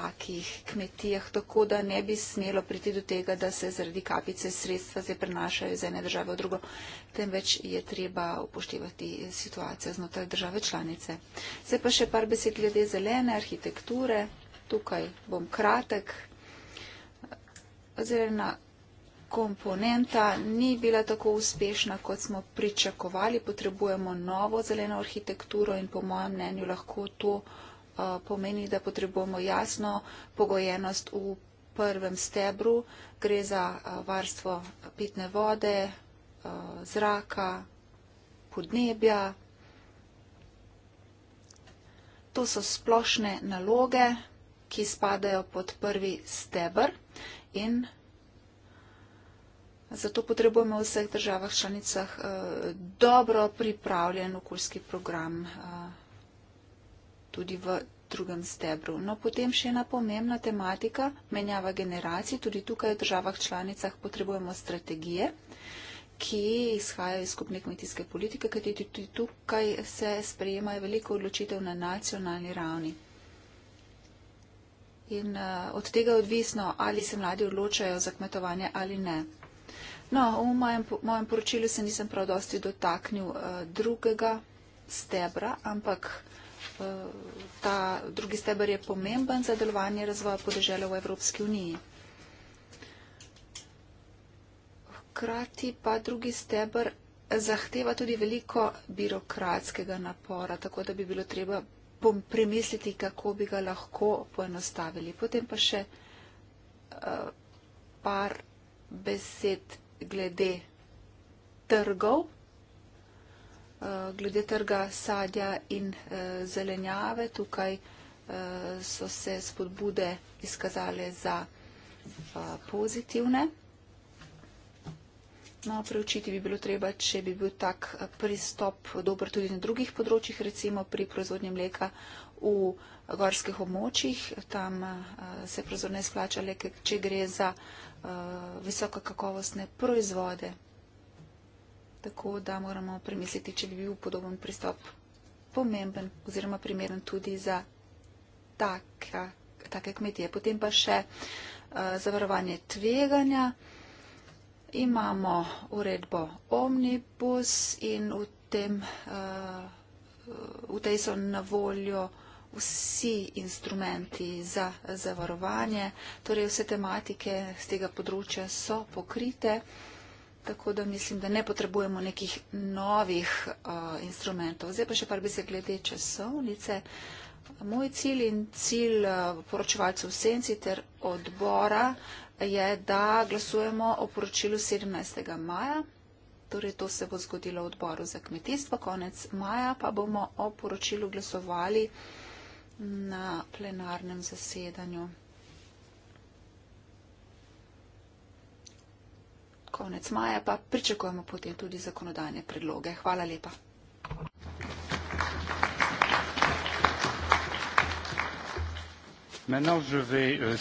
[SPEAKER 4] takih kmetijah, tako da ne bi smelo priti do tega, da se zaradi kapice sredstva zdaj prenašajo iz ene države v drugo, temveč je treba upoštevati situacijo znotraj države članice. Zdaj pa še par besed glede zelene arhitekture. Tukaj bom kratek. Zelena komponenta ni bila tako uspešna, kot smo pričakovali. Potrebujemo novo zeleno arhitekturo in po mojem mnenju lahko to Eh, pomeni, da potrebujemo jasno pogojenost v prvem stebru. Gre za eh, varstvo pitne vode, eh, zraka, podnebja. To so splošne naloge, ki spadajo pod prvi stebr in zato potrebujemo v vseh državah članicah dobro pripravljen okoljski program tudi v drugem stebru. No, potem še ena pomembna tematika, menjava generacij, tudi tukaj v državah članicah potrebujemo strategije, ki izhajajo iz skupne kmetijske politike, kajti tudi tukaj se sprejemajo veliko odločitev na nacionalni ravni. In uh, od tega je odvisno, ali se mladi odločajo za kmetovanje ali ne. No, v mojem, po, mojem poročilu se nisem prav dosti dotaknil uh, drugega stebra, ampak uh, Eh, ta drugi steber je pomemben za delovanje razvoja podeželja v Evropski uniji. Hkrati pa drugi steber zahteva tudi veliko birokratskega napora, tako da bi bilo treba premisliti, kako bi ga lahko poenostavili. Potem pa še eh, par besed glede trgov. Eh, glede trga sadja in eh, zelenjave. Tukaj eh, so se spodbude izkazale za pozitivne. No, preučiti bi bilo treba, če bi bil tak pristop dober tudi na drugih področjih, recimo pri proizvodnji mleka v gorskih območjih. Tam se proizvodnja izplača le, če gre za visokokakovostne proizvode. Tako da moramo premisliti, če bi bil podoben pristop pomemben oziroma primeren tudi za taka, take kmetije. Potem pa še uh, zavarovanje tveganja. Imamo uredbo Omnibus in v, tem, uh, v tej so na voljo vsi instrumenti za zavarovanje. Torej vse tematike z tega področja so pokrite. Tako da mislim, da ne potrebujemo nekih novih uh, instrumentov. Zdaj pa še par besed glede časovnice. Moj cilj in cilj uh, poročevalcev v senci ter odbora je, da glasujemo o poročilu 17. maja. Torej, to se bo zgodilo v odboru za kmetijstvo. Konec maja pa bomo o poročilu glasovali na plenarnem zasedanju. konec maja, pa pričakujemo potem tudi zakonodajne predloge. Hvala lepa.
[SPEAKER 2] Euh,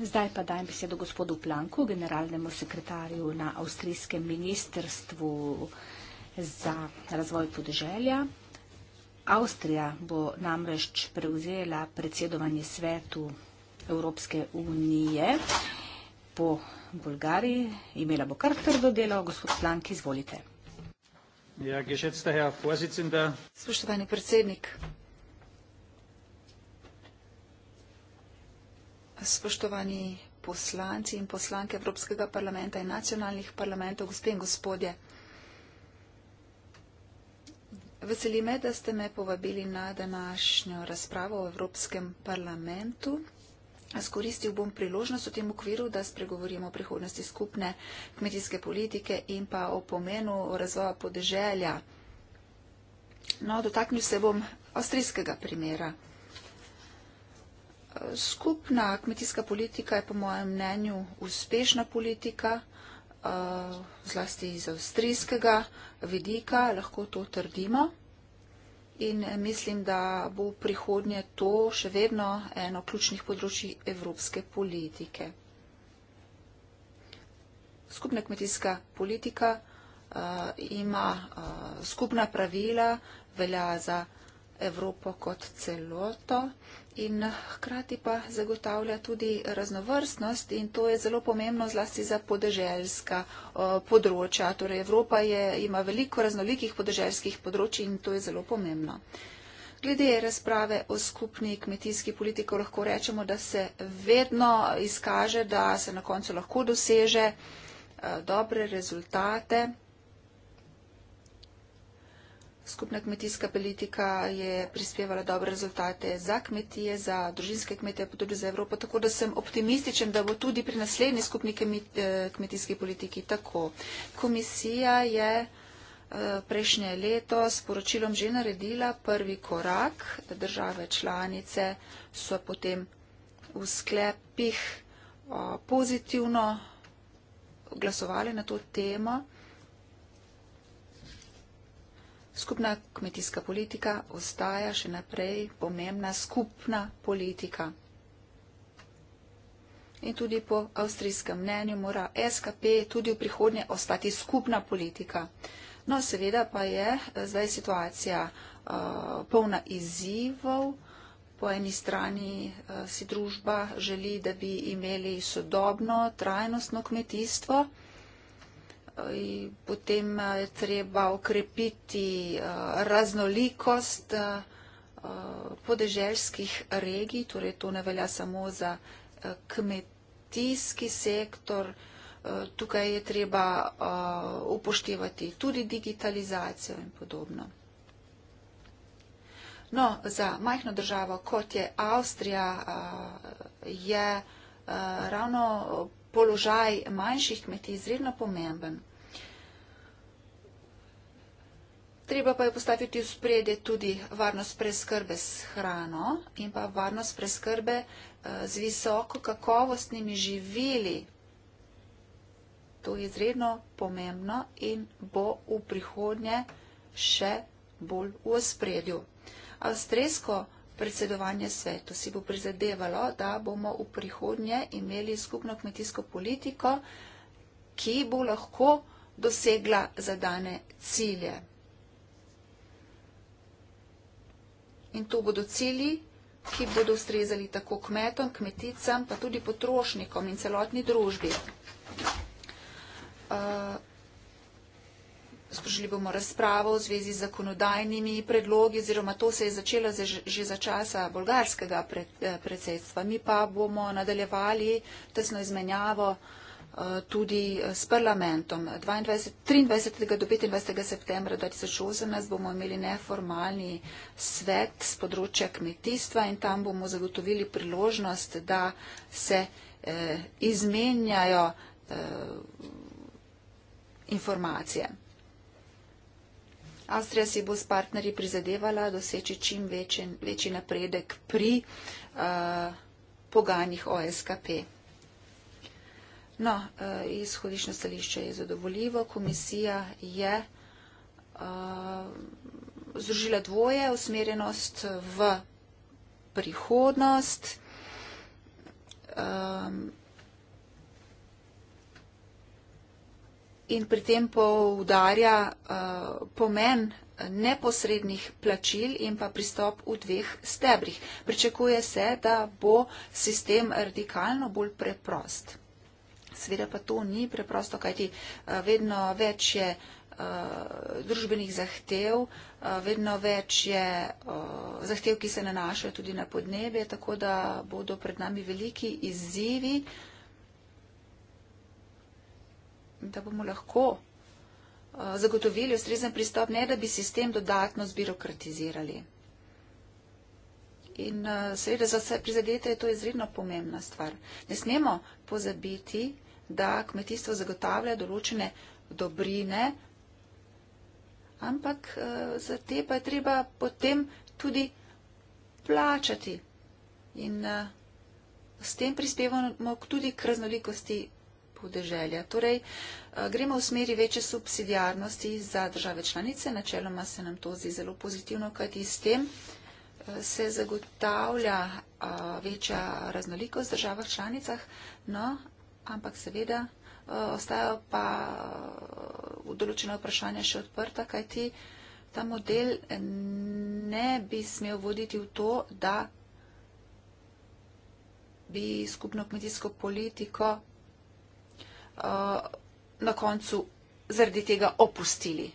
[SPEAKER 3] Zdaj pa dajem besedo gospodu Planku, generalnemu sekretarju na avstrijskem ministrstvu za razvoj podeželja. Avstrija bo namreč prevzela predsedovanje svetu Evropske unije po Bulgariji. Imela bo kar trdo delo, gospod Slank, izvolite.
[SPEAKER 2] Ja, gešetste, ja, pozicim, da.
[SPEAKER 4] Spoštovani predsednik. Spoštovani poslanci in poslanke Evropskega parlamenta in nacionalnih parlamentov, gospe in gospodje. Veseli me, da ste me povabili na današnjo razpravo v Evropskem parlamentu. Skoristil bom priložnost v tem okviru, da spregovorimo o prihodnosti skupne kmetijske politike in pa o pomenu razvoja podeželja. No, dotaknil se bom avstrijskega primera. Skupna kmetijska politika je po mojem mnenju uspešna politika, eh, zlasti iz avstrijskega vidika, lahko to trdimo in mislim, da bo v prihodnje to še vedno eno ključnih področji evropske politike. Skupna kmetijska politika uh, ima uh, skupna pravila, velja za Evropo kot celoto in hkrati pa zagotavlja tudi raznovrstnost in to je zelo pomembno zlasti za podeželska eh, področja. Torej Evropa je, ima veliko raznolikih podeželskih področji in to je zelo pomembno. Glede razprave o skupni kmetijski politiki lahko rečemo, da se vedno izkaže, da se na koncu lahko doseže eh, dobre rezultate. Skupna kmetijska politika je prispevala dobre rezultate za kmetije, za družinske kmete, pa tudi za Evropo, tako da sem optimističen, da bo tudi pri naslednji skupni eh, kmetijski politiki tako. Komisija je eh, prejšnje leto s poročilom že naredila prvi korak, države članice so potem v sklepih eh, pozitivno glasovali na to temo skupna kmetijska politika ostaja še naprej pomembna skupna politika. In tudi po avstrijskem mnenju mora SKP tudi v prihodnje ostati skupna politika. No, seveda pa je eh, zdaj situacija uh, polna izzivov. Po eni strani uh, si družba želi, da bi imeli sodobno, trajnostno kmetijstvo potem eh, je treba okrepiti eh, raznolikost eh, podeželskih regij, torej to ne velja samo za kmetijski sektor, tukaj je treba upoštevati tudi digitalizacijo in podobno. No, za majhno državo, kot je Avstrija, je ravno položaj manjših kmetij izredno pomemben. Treba pa je postaviti v spredje tudi varnost preskrbe s hrano in pa varnost preskrbe eh, z visoko kakovostnimi živili. To je izredno pomembno in bo v prihodnje še bolj v spredju. Avstrijsko predsedovanje svetu si bo prizadevalo, da bomo v prihodnje imeli skupno kmetijsko politiko, ki bo lahko dosegla zadane cilje. in to bodo cilji, ki bodo ustrezali tako kmetom, kmeticam, pa tudi potrošnikom in celotni družbi. Uh, Sprožili bomo razpravo v zvezi z zakonodajnimi predlogi, oziroma to se je začelo že, že za časa bolgarskega eh, predsedstva. Mi pa bomo nadaljevali tesno izmenjavo uh, Eh, tudi eh, s parlamentom. 22, 23. do 25. septembra 2018 bomo imeli neformalni svet z področja kmetijstva in tam bomo zagotovili priložnost, da se eh, izmenjajo eh, informacije. Avstrija si bo s partnerji prizadevala doseči čim večji, večji napredek pri eh, poganjih OSKP. No, eh, izhodišnje stališče je zadovoljivo. Komisija je eh, združila dvoje, usmerjenost v prihodnost. Ehm, in pri tem poudarja eh, pomen neposrednih plačil in pa pristop v dveh stebrih. Pričakuje se, da bo sistem radikalno bolj preprost. Sveda pa to ni preprosto, kajti eh, vedno več je eh, družbenih zahtev, eh, vedno več je zahtev, ki se nanašajo tudi na podnebje, tako da bodo pred nami veliki izzivi, da bomo lahko zagotovili ustrezen pristop, ne da bi sistem dodatno zbirokratizirali. In seveda za vse prizadete je to izredno pomembna stvar. Ne smemo pozabiti, da kmetijstvo zagotavlja določene dobrine, ampak eh, za te pa je treba potem tudi plačati in eh, s tem prispevamo tudi k raznolikosti podeželja. Torej, eh, gremo v smeri večje subsidijarnosti za države članice, načeloma se nam to zdi zelo pozitivno, kajti s tem se zagotavlja večja raznolikost v državah članicah, no, ampak seveda eh, ostajajo pa v eh, določena vprašanja še odprta, kajti ta model ne bi smel voditi v to, da bi skupno kmetijsko politiko eh, na koncu zaradi tega opustili.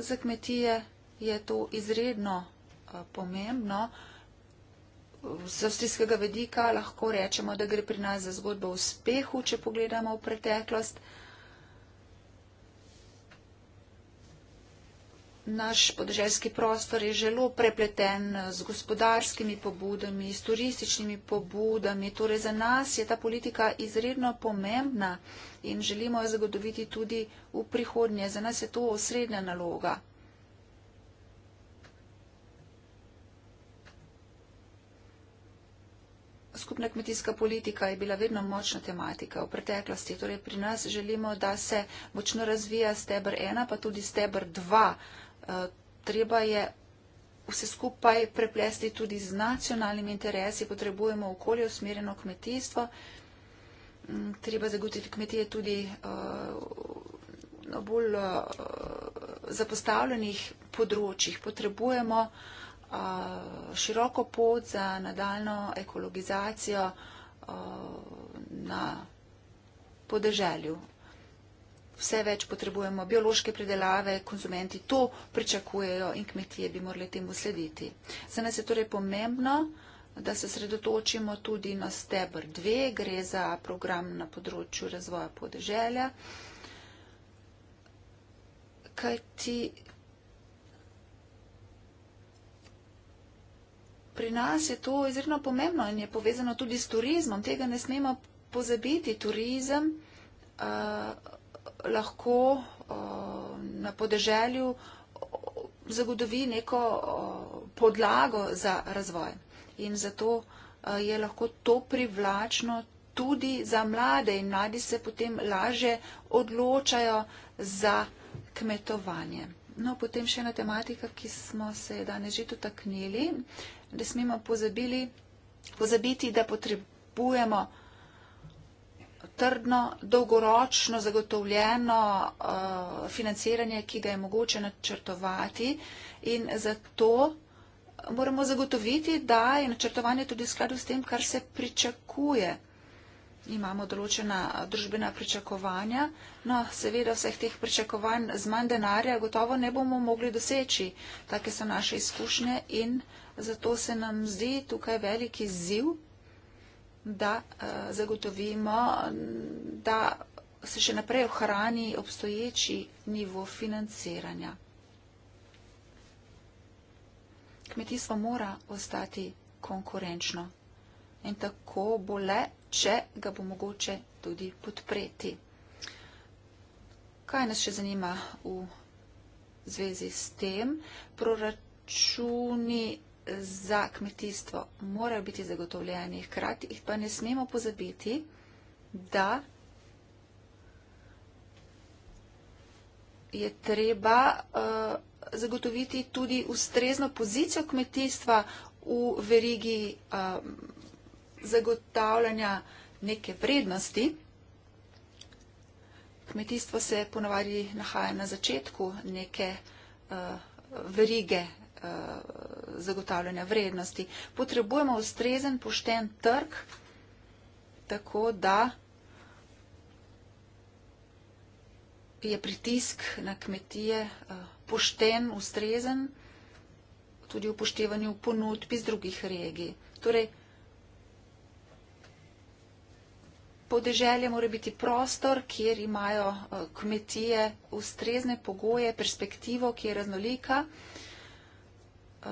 [SPEAKER 4] Za kmetije je to izredno pomembno z avstrijskega vedika lahko rečemo, da gre pri nas za zgodbo o uspehu, če pogledamo v preteklost. Naš podeželski prostor je zelo prepleten z gospodarskimi pobudami, s turističnimi pobudami. Torej za nas je ta politika izredno pomembna in želimo jo zagotoviti tudi v prihodnje. Za nas je to osrednja naloga. skupna kmetijska politika je bila vedno močna tematika v preteklosti. Torej pri nas želimo, da se močno razvija stebr 1, pa tudi stebr 2. Eh, treba je vse skupaj preplesti tudi z nacionalnimi interesi, potrebujemo okolje usmerjeno kmetijstvo, mm, treba zagotoviti kmetije tudi eh, na bolj eh, zapostavljenih področjih, potrebujemo široko pot za nadaljno ekologizacijo na podeželju. Vse več potrebujemo biološke predelave, konzumenti to pričakujejo in kmetije bi morali temu slediti. Za nas je torej pomembno, da se sredotočimo tudi na stebr 2, gre za program na področju razvoja podeželja, kajti pri nas je to izredno pomembno in je povezano tudi s turizmom. Tega ne smemo pozabiti. Turizem uh, lahko uh, na podeželju eh, zagodovi neko podlago za razvoj. In zato je lahko to privlačno tudi za mlade in mladi se potem laže odločajo za kmetovanje. No, potem še ena tematika, ki smo se danes že dotaknili. Ne smemo pozabili, pozabiti, da potrebujemo trdno, dolgoročno zagotovljeno uh, financiranje, ki ga je mogoče načrtovati in zato moramo zagotoviti, da je načrtovanje tudi v skladu s tem, kar se pričakuje imamo določena družbena pričakovanja. No, seveda vseh teh pričakovanj z manj denarja gotovo ne bomo mogli doseči. Take so naše izkušnje in zato se nam zdi tukaj veliki ziv, da uh, zagotovimo, da se še naprej ohrani obstoječi nivo financiranja. Kmetijstvo mora ostati konkurenčno. In tako bo le če ga bo mogoče tudi podpreti. Kaj nas še zanima v zvezi s tem? Proračuni za kmetijstvo morajo biti zagotovljeni, hkrati jih pa ne smemo pozabiti, da je treba uh, zagotoviti tudi ustrezno pozicijo kmetijstva v verigi. Uh, zagotavljanja neke vrednosti. Kmetijstvo se ponavadi nahaja na začetku neke uh, verige uh, zagotavljanja vrednosti. Potrebujemo ustrezen, pošten trg, tako da je pritisk na kmetije uh, pošten, ustrezen, tudi upoštevanju ponudb iz drugih regij. Torej, podeželje mora biti prostor, kjer imajo eh, kmetije ustrezne pogoje, perspektivo, ki je raznolika. Eh,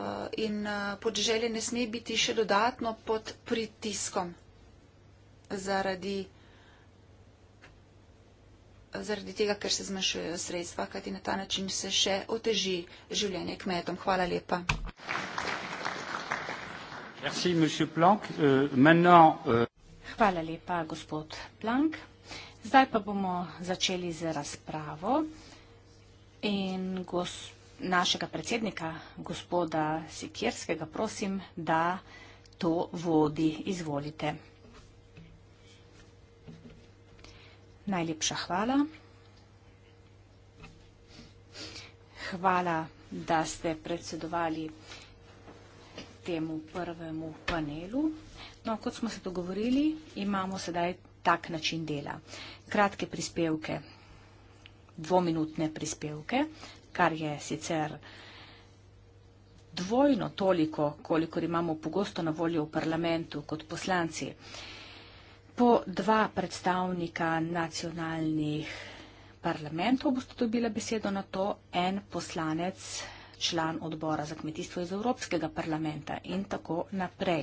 [SPEAKER 4] in eh, podeželje ne sme biti še dodatno pod pritiskom zaradi, zaradi tega, ker se zmanjšujejo sredstva, kajti na ta način se še oteži življenje kmetom. Hvala lepa.
[SPEAKER 2] Merci, monsieur Planck. Euh, maintenant. Euh
[SPEAKER 4] Hvala lepa, gospod Plank. Zdaj pa bomo
[SPEAKER 3] začeli z razpravo in gos, našega predsednika, gospoda Sikirskega, prosim, da to vodi. Izvolite. Najlepša hvala. Hvala, da ste predsedovali temu prvemu panelu. No, kot smo se dogovorili, imamo sedaj tak način dela. Kratke prispevke, dvominutne prispevke, kar je sicer dvojno toliko, koliko imamo pogosto na voljo v parlamentu kot poslanci. Po dva predstavnika nacionalnih parlamentov boste dobila besedo na to, en poslanec, član odbora za kmetijstvo iz Evropskega parlamenta in tako naprej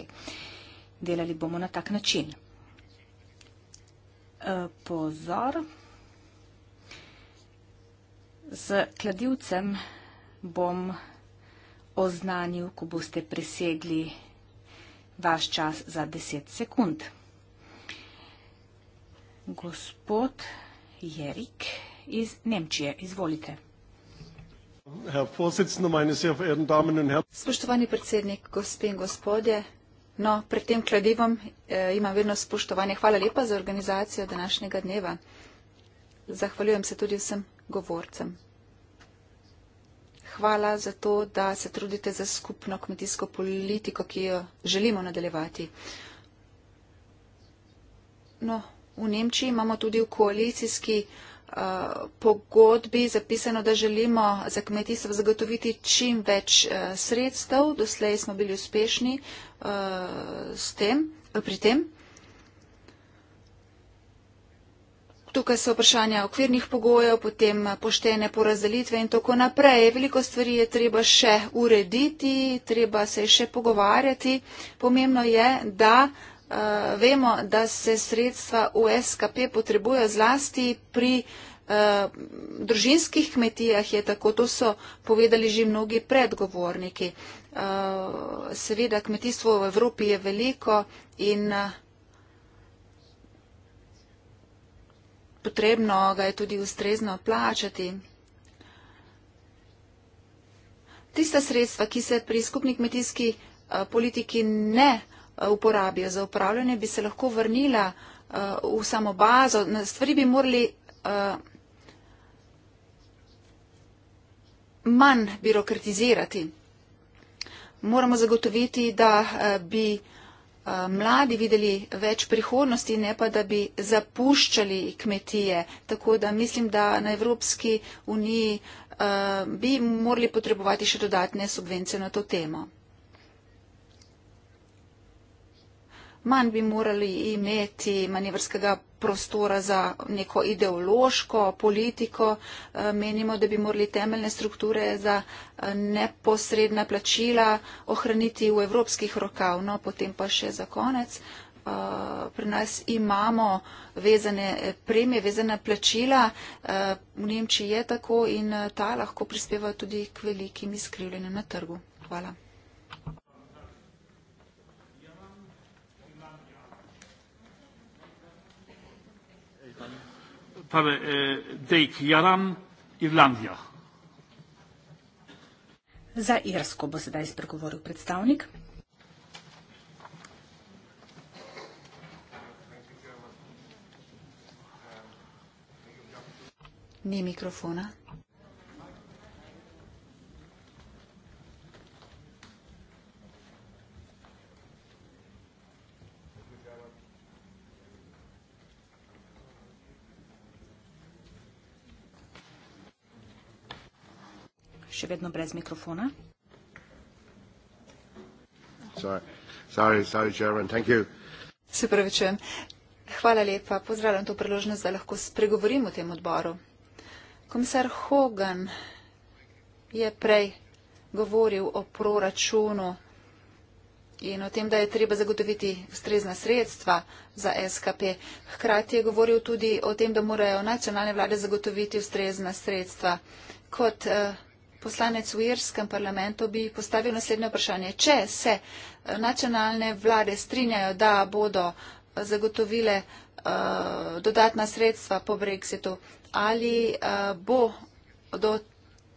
[SPEAKER 3] delali bomo na tak način. E, pozor, z kladivcem bom oznanil, ko boste presegli vaš čas za 10 sekund. Gospod
[SPEAKER 4] Jerik iz Nemčije, izvolite. Spoštovani predsednik, gospe in gospodje, No, pred tem kladivom eh, imam vedno spoštovanje. Hvala lepa za organizacijo današnjega dneva. Zahvaljujem se tudi vsem govorcem. Hvala za to, da se trudite za skupno kmetijsko politiko, ki jo želimo nadaljevati. No, v Nemčiji imamo tudi v koalicijski. Eh, pogodbi zapisano, da želimo za kmetijstvo zagotoviti čim več eh, sredstev. Doslej smo bili uspešni eh, s tem, pri tem. Tukaj so vprašanja okvirnih pogojev, potem poštene porazdelitve in tako naprej. Veliko stvari je treba še urediti, treba se je še pogovarjati. Pomembno je, da uh, Uh, vemo, da se sredstva v SKP potrebuje zlasti pri uh, družinskih kmetijah, je tako, to so povedali že mnogi predgovorniki. Uh, seveda, kmetijstvo v Evropi je veliko in uh, potrebno ga je tudi ustrezno plačati. Tista sredstva, ki se pri skupni kmetijski uh, politiki ne. Uh, Eh, uporabijo. Za upravljanje bi se lahko vrnila eh, v samo bazo. Stvari bi morali eh, manj birokratizirati. Moramo zagotoviti, da bi mladi videli več prihodnosti, ne pa da bi zapuščali kmetije. Tako da mislim, da na Evropski uniji bi morali potrebovati še dodatne subvencije na to temo. manj bi morali imeti manevrskega prostora za neko ideološko politiko. Eh, menimo, da bi morali temeljne strukture za eh, neposredna plačila ohraniti v evropskih rokav. No, potem pa še za konec. Eh, pri nas imamo vezane premije, vezana plačila. V Nemčiji je tako in ta lahko prispeva tudi k velikim izkrivljenjem na trgu. Hvala.
[SPEAKER 2] pane Dejk Jaran, Irlandija.
[SPEAKER 3] Za Irsko bo sedaj spregovoril predstavnik.
[SPEAKER 4] Ni mikrofona.
[SPEAKER 3] še vedno brez mikrofona. Sorry, sorry, sorry,
[SPEAKER 4] Se pravičujem. Hvala lepa. Pozdravljam to priložnost, da lahko spregovorim o tem odboru. Komisar Hogan je prej govoril o proračunu in o tem, da je treba zagotoviti ustrezna sredstva za SKP. Hkrati je govoril tudi o tem, da morajo nacionalne vlade zagotoviti ustrezna sredstva. Kot eh, poslanec v irskem parlamentu bi postavil naslednje vprašanje. Če se eh, nacionalne vlade strinjajo, da bodo eh, zagotovile uh, dodatna sredstva po brexitu, ali uh, bo do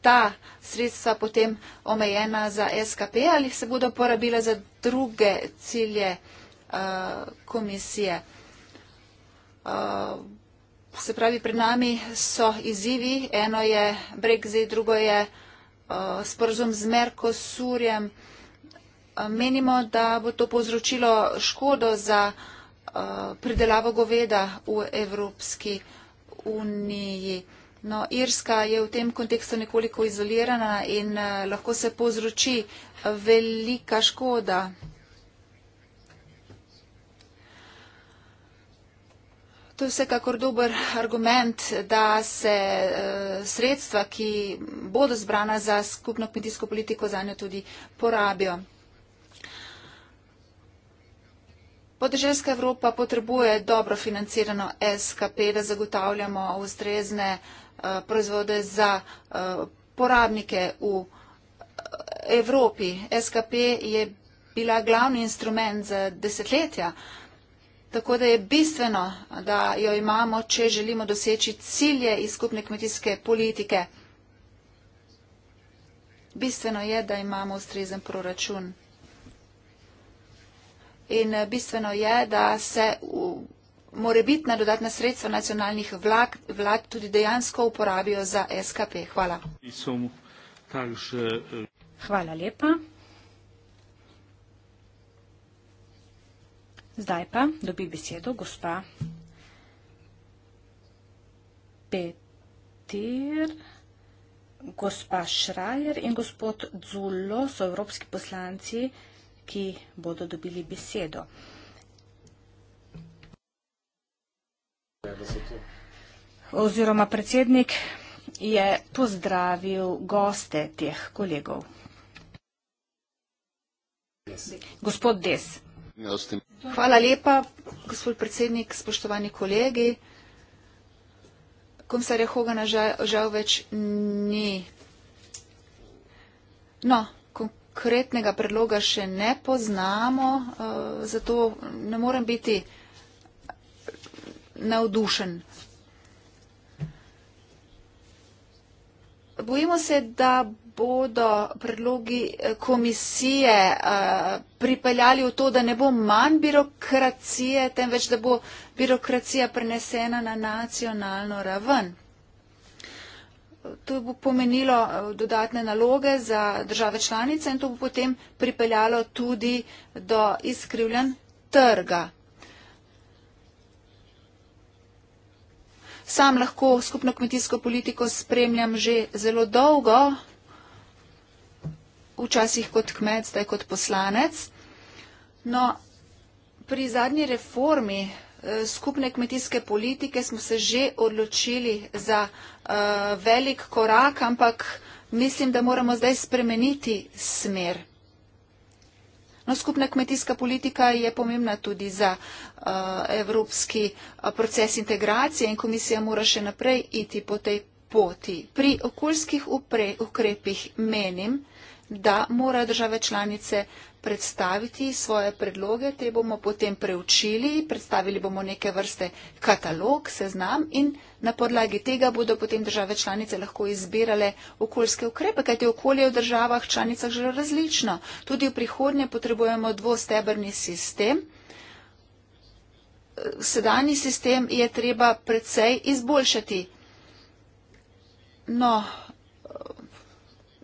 [SPEAKER 4] ta sredstva potem omejena za SKP ali se bodo porabila za druge cilje uh, komisije. Uh, se pravi, pred nami so izzivi. Eno je brexit, drugo je uh, Eh, sporozum z Merkosurjem. Eh, menimo, da bo to povzročilo škodo za eh, pridelavo goveda v Evropski uniji. No, Irska je v tem kontekstu nekoliko izolirana in lahko se povzroči velika škoda. To je vsekakor dober argument, da se eh, sredstva, ki bodo zbrana za skupno kmetijsko politiko, za njo tudi porabijo. Podeželjska Evropa potrebuje dobro financirano SKP, da zagotavljamo ustrezne eh, proizvode za eh, porabnike v Evropi. SKP je bila glavni instrument za desetletja Tako da je bistveno, da jo imamo, če želimo doseči cilje iz skupne kmetijske politike. Bistveno je, da imamo ustrezen proračun. In eh, bistveno je, da se morebitna dodatna sredstva nacionalnih vlak, vlad tudi dejansko uporabijo za SKP. Hvala. Eh, Hvala lepa.
[SPEAKER 3] Zdaj pa dobi besedo gospa Petir, gospa Šrajer in gospod Dzullo so evropski poslanci, ki bodo dobili besedo. Oziroma predsednik je pozdravil goste teh kolegov.
[SPEAKER 4] Gospod Des milosti. Hvala lepa, gospod predsednik, spoštovani kolegi. Komisarja Hogana žal, žal več ni. No, konkretnega predloga še ne poznamo, eh, zato ne morem biti navdušen. Bojimo se, da bodo predlogi eh, komisije eh, pripeljali v to, da ne bo manj birokracije, temveč da bo birokracija prenesena na nacionalno raven. To bo pomenilo eh, dodatne naloge za države članice in to bo potem pripeljalo tudi do izkrivljen trga. Sam lahko skupno kmetijsko politiko spremljam že zelo dolgo, včasih kot kmet, zdaj kot poslanec. No, pri zadnji reformi eh, skupne kmetijske politike smo se že odločili za uh, velik korak, ampak mislim, da moramo zdaj spremeniti smer. No, skupna kmetijska politika je pomembna tudi za uh, evropski proces integracije in komisija mora še naprej iti po tej poti. Pri okoljskih ukrepih menim, da morajo države članice predstaviti svoje predloge, te bomo potem preučili, predstavili bomo neke vrste katalog, seznam in na podlagi tega bodo potem države članice lahko izbirale okoljske ukrepe, kajte okolje v državah članicah že različno. Tudi v prihodnje potrebujemo dvostebrni sistem. Sedanji sistem je treba precej izboljšati. No,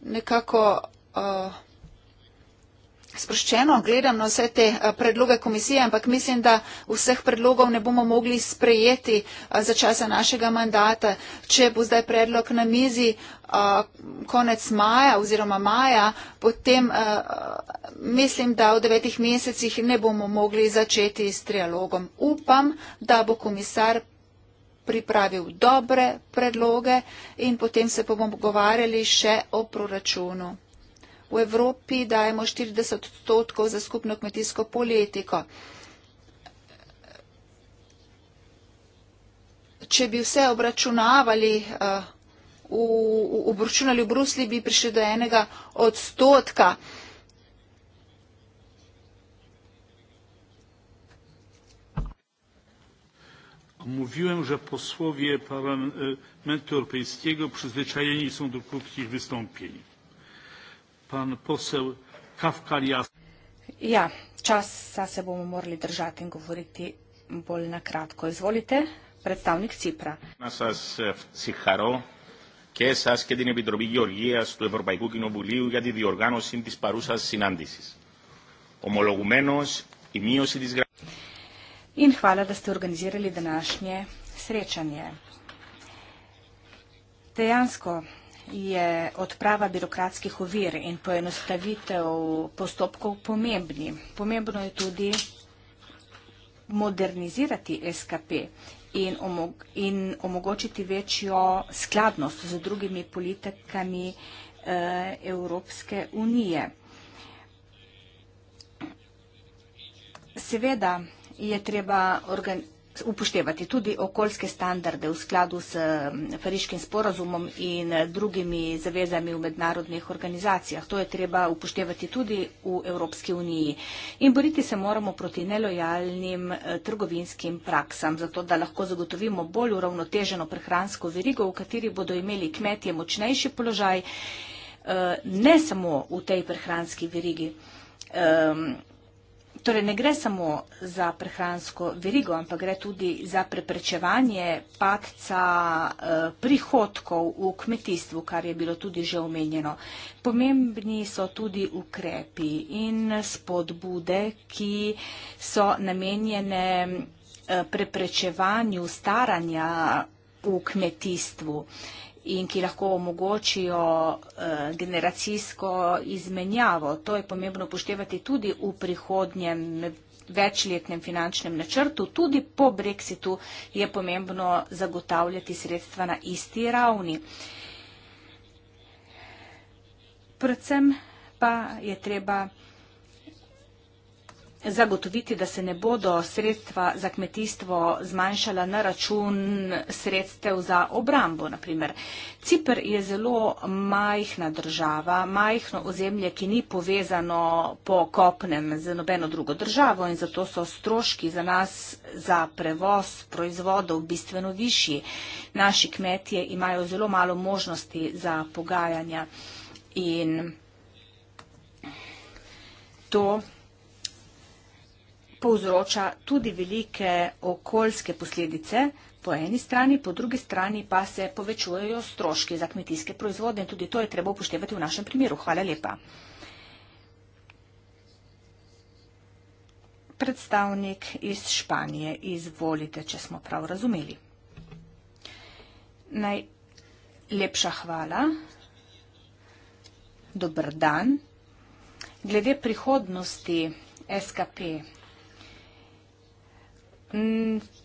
[SPEAKER 4] nekako Eh, sproščeno gledam na vse te eh, predloge komisije, ampak mislim, da vseh predlogov ne bomo mogli sprejeti eh, za časa našega mandata. Če bo zdaj predlog na mizi konec maja oziroma maja, potem mislim, da v devetih mesecih ne bomo mogli začeti s trialogom. Upam, da bo komisar pripravil dobre predloge in potem se bomo pogovarjali še o proračunu. V Evropi dajemo 40 odstotkov za skupno kmetijsko politiko. Če bi vse obračunavali, eh, obračunali v Brusli, bi prišli do enega odstotka.
[SPEAKER 2] Mówiłem, że posłowie Parlamentu Europejskiego przyzwyczajeni są do krótkich wystąpień pan posel Kafkarijas.
[SPEAKER 3] Ja, časa se bomo morali držati in govoriti bolj na kratko. Izvolite, predstavnik Cipra.
[SPEAKER 2] και εσά και την Επιτροπή Γεωργία του Ευρωπαϊκού Κοινοβουλίου για τη διοργάνωση τη παρούσα συνάντηση. Ομολογουμένω, η μείωση τη γραμμή.
[SPEAKER 3] Ειν χάλα, δε στε οργανιζήρελη δενάσνιε σρέτσανιε. Τεάνσκο, je odprava birokratskih ovir in poenostavitev postopkov pomembni. Pomembno je tudi modernizirati SKP in omogočiti večjo skladnost z drugimi politikami eh, Evropske unije. Seveda je treba organizirati upoštevati tudi okoljske standarde v skladu s Pariškim sporozumom in drugimi zavezami v mednarodnih organizacijah. To je treba upoštevati tudi v Evropski uniji. In boriti se moramo proti nelojalnim e, trgovinskim praksam, zato da lahko zagotovimo bolj uravnoteženo prehransko verigo, v kateri bodo imeli kmetje močnejši položaj, e, ne samo v tej prehranski verigi. E, Torej, ne gre samo za prehransko verigo, ampak gre tudi za preprečevanje padca eh, prihodkov v kmetijstvu, kar je bilo tudi že omenjeno. Pomembni so tudi ukrepi in spodbude, ki so namenjene eh, preprečevanju staranja v kmetijstvu in ki lahko omogočijo uh, generacijsko izmenjavo. To je pomembno upoštevati tudi v prihodnjem večletnem finančnem načrtu. Tudi po brexitu je pomembno zagotavljati sredstva na isti ravni. Predvsem pa je treba zagotoviti, da se ne bodo sredstva za kmetijstvo zmanjšala na račun sredstev za obrambo, naprimer. Cipr je zelo majhna država, majhno ozemlje, ki ni povezano po kopnem z nobeno drugo državo in zato so stroški za nas za prevoz proizvodov bistveno višji. Naši kmetje imajo zelo malo možnosti za pogajanja in to povzroča tudi velike okoljske posledice, po eni strani, po drugi strani pa se povečujejo stroški za kmetijske proizvode in tudi to je treba upoštevati v našem primeru. Hvala lepa. Predstavnik iz Španije, izvolite, če smo prav razumeli. Najlepša hvala. Dobar dan. Glede prihodnosti SKP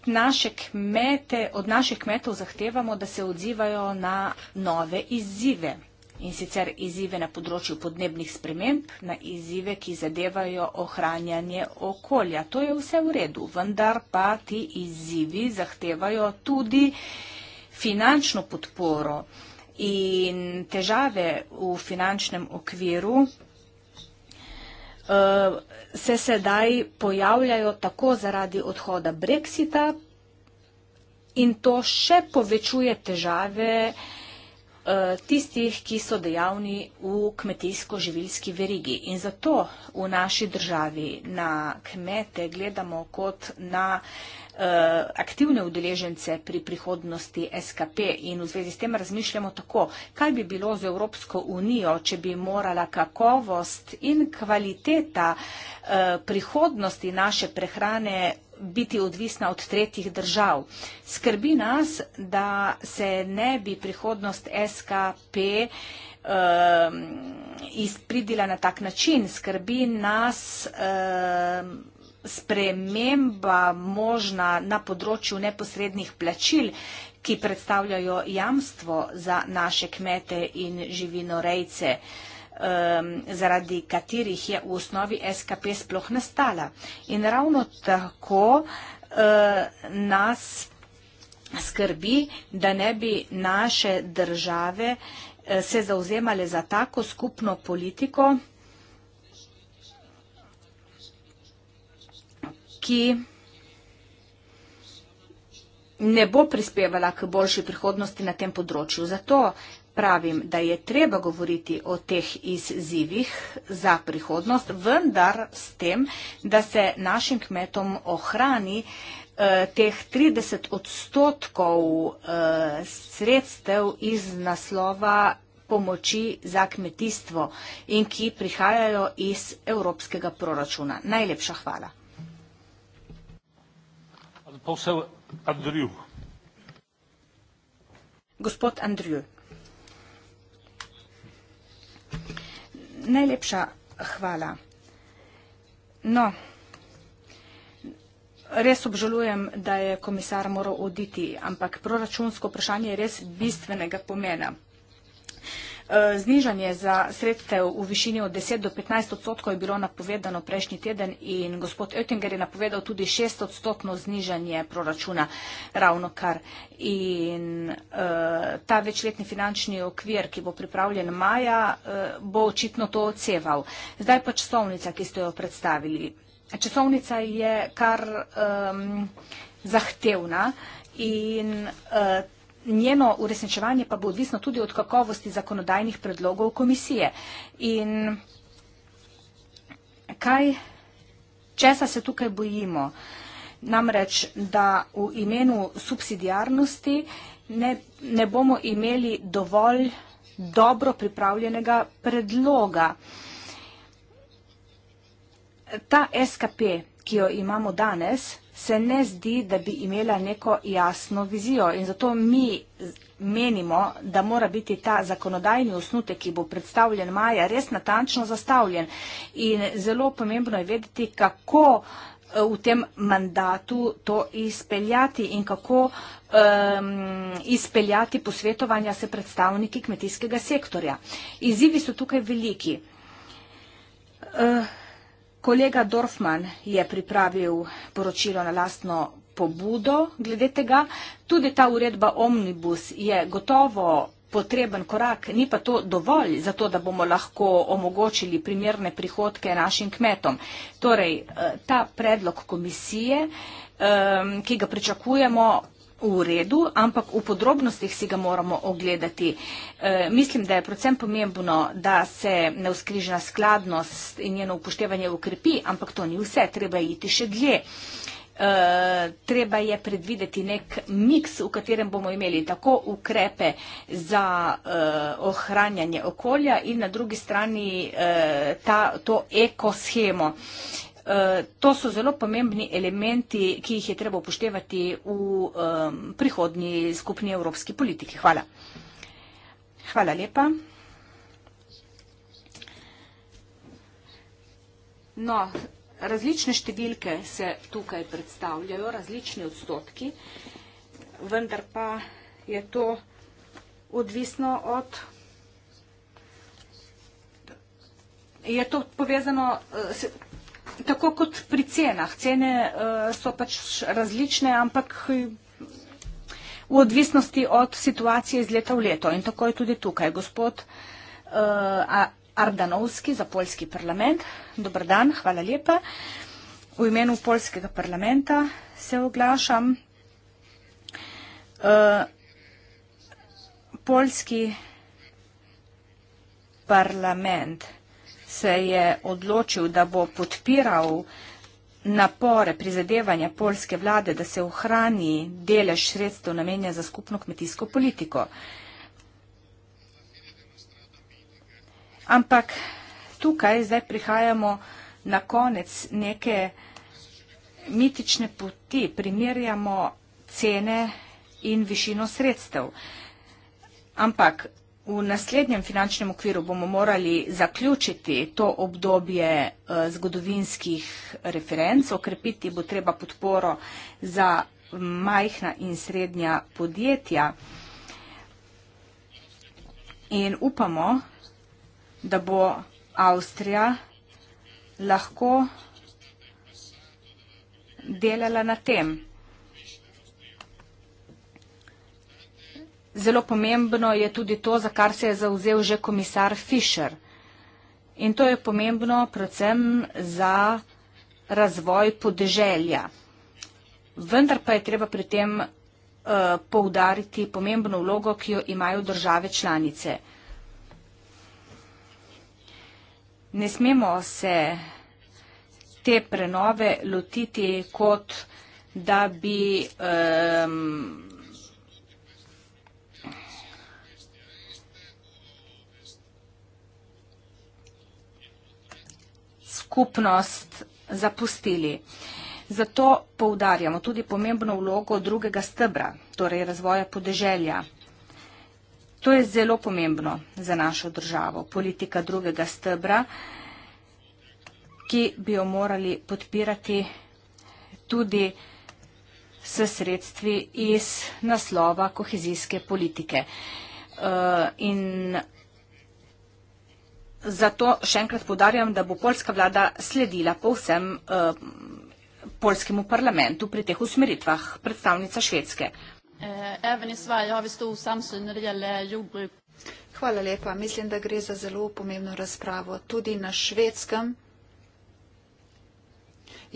[SPEAKER 3] naše kmete, od naših kmetov zahtevamo, da se odzivajo na nove izzive in sicer izzive na področju podnebnih sprememb, na izzive, ki zadevajo ohranjanje okolja. To je vse v redu, vendar pa ti izzivi zahtevajo tudi finančno podporo in težave v finančnem okviru Eh, se sedaj pojavljajo tako zaradi odhoda Brexita in to še povečuje težave eh, tistih, ki so dejavni v kmetijsko-živilski verigi. In zato v naši državi na kmete gledamo kot na Eh, aktivne udeležence pri prihodnosti SKP in v zvezi s tem razmišljamo tako, kaj bi bilo z Evropsko unijo, če bi morala kakovost in kvaliteta eh, prihodnosti naše prehrane biti odvisna od tretjih držav. Skrbi nas, da se ne bi prihodnost SKP eh, izpridila na tak način. Skrbi nas, sprememba možna na področju neposrednih plačil, ki predstavljajo jamstvo za naše kmete in živinorejce, ehm, zaradi katerih je v osnovi SKP sploh nastala. In ravno tako eh, nas skrbi, da ne bi naše države eh, se zauzemale za tako skupno politiko, ki ne bo prispevala k boljši prihodnosti na tem področju. Zato pravim, da je treba govoriti o teh izzivih za prihodnost, vendar s tem, da se našim kmetom ohrani eh, teh 30 odstotkov eh, sredstev iz naslova pomoči za kmetijstvo in ki prihajajo iz evropskega proračuna. Najlepša hvala. Najlepša hvala. No, res obžalujem, da je komisar moral oditi, ampak proračunsko vprašanje je res bistvenega pomena. Eh, znižanje za sredstev v višini od 10 do 15 odstotkov je bilo napovedano prejšnji teden in gospod Oettinger je napovedal tudi 6 odstotno znižanje proračuna ravno kar. In eh, ta večletni finančni okvir, ki bo pripravljen maja, eh, bo očitno to odseval. Zdaj pa časovnica, ki ste jo predstavili. Časovnica je kar ehm, zahtevna in tudi, njeno uresničevanje pa bo odvisno tudi od kakovosti zakonodajnih predlogov komisije. In kaj, česa se tukaj bojimo? Namreč, da v imenu subsidijarnosti ne, ne bomo imeli dovolj dobro pripravljenega predloga. Ta SKP, ki jo imamo danes, se ne zdi, da bi imela neko jasno vizijo. In zato mi menimo, da mora biti ta zakonodajni osnutek, ki bo predstavljen maja, res natančno zastavljen. In zelo pomembno je vedeti, kako eh, v tem mandatu to izpeljati in kako um, izpeljati posvetovanja se predstavniki kmetijskega sektorja. Izivi so tukaj veliki. Uh, Kolega Dorfman je pripravil poročilo na lastno pobudo glede tega. Tudi ta uredba Omnibus je gotovo potreben korak, ni pa to dovolj za to, da bomo lahko omogočili primerne prihodke našim kmetom. Torej, eh, ta predlog komisije, eh, ki ga pričakujemo, v redu, ampak v podrobnostih si ga moramo ogledati. E, mislim, da je predvsem pomembno, da se neuskrižena skladnost in njeno upoštevanje ukrepi, ampak to ni vse, treba iti še dlje. E, treba je predvideti nek miks, v katerem bomo imeli tako ukrepe za e, ohranjanje okolja in na drugi strani e, ta, to ekoshemo. Eh, to so zelo pomembni elementi, ki jih je treba upoštevati v prihodnji skupni evropski politiki. Hvala. Hvala lepa. No, različne številke se tukaj predstavljajo, različni odstotki, vendar pa je to odvisno od je to povezano, eh, tako kot pri cenah. Cene uh, so pač različne, ampak v odvisnosti od situacije iz leta v leto. In tako je tudi tukaj. Gospod uh, Ardanovski za polski parlament, dobr dan, hvala lepa. V imenu polskega parlamenta se oglašam. Uh, eh, polski parlament se je odločil, da bo podpiral napore, prizadevanja polske vlade, da se ohrani delež sredstev namenja za skupno kmetijsko politiko. Ampak tukaj zdaj prihajamo na konec neke mitične poti, primerjamo cene in višino sredstev. Ampak V naslednjem finančnem okviru bomo morali zaključiti to obdobje eh, zgodovinskih referenc, okrepiti bo treba podporo za majhna in srednja podjetja in upamo, da bo Avstrija lahko delala na tem. Zelo pomembno je tudi to, za kar se je zauzel že komisar Fischer. In to je pomembno predvsem za razvoj podeželja. Vendar pa je treba pri tem uh, poudariti pomembno vlogo, ki jo imajo države članice. Ne smemo se te prenove lotiti kot da bi. Um, skupnost zapustili. Zato poudarjamo tudi pomembno vlogo drugega stebra, torej razvoja podeželja. To je zelo pomembno za našo državo, politika drugega stebra, ki bi jo morali podpirati tudi s sredstvi iz naslova kohezijske politike. Uh, in Zato še enkrat podarjam, da bo polska vlada sledila povsem eh, polskemu parlamentu pri teh usmeritvah predstavnica Švedske.
[SPEAKER 4] Eh, Hvala lepa. Mislim, da gre za zelo pomembno razpravo. Tudi na švedskem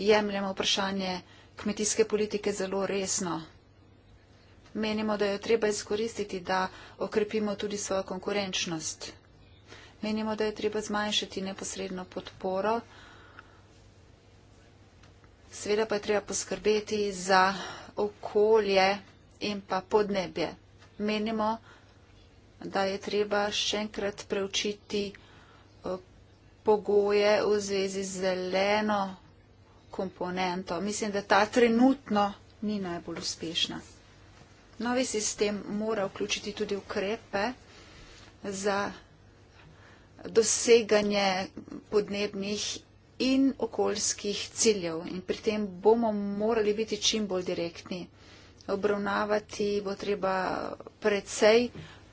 [SPEAKER 4] jemljemo vprašanje kmetijske politike zelo resno. Menimo, da jo treba izkoristiti, da okrepimo tudi svojo konkurenčnost. Menimo, da je treba zmanjšati neposredno podporo. Sveda pa je treba poskrbeti za okolje in pa podnebje. Menimo, da je treba še enkrat preučiti eh, pogoje v zvezi z zeleno komponento. Mislim, da ta trenutno ni najbolj uspešna. Novi sistem mora vključiti tudi ukrepe za doseganje podnebnih in okoljskih ciljev. In pri tem bomo morali biti čim bolj direktni. Obravnavati bo treba precej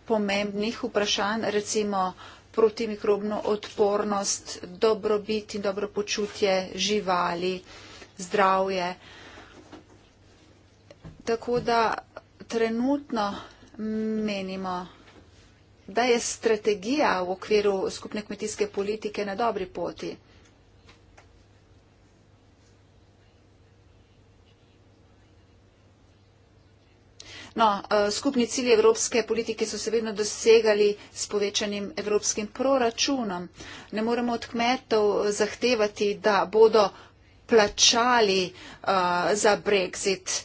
[SPEAKER 4] pomembnih vprašanj, recimo protimikrobno odpornost, dobrobit in dobro počutje živali, zdravje. Tako da trenutno menimo, da je strategija v okviru skupne kmetijske politike na dobri poti. No, eh, skupni cilji evropske politike so se vedno dosegali s povečanim evropskim proračunom. Ne moremo od kmetov zahtevati, da bodo plačali uh, za brexit.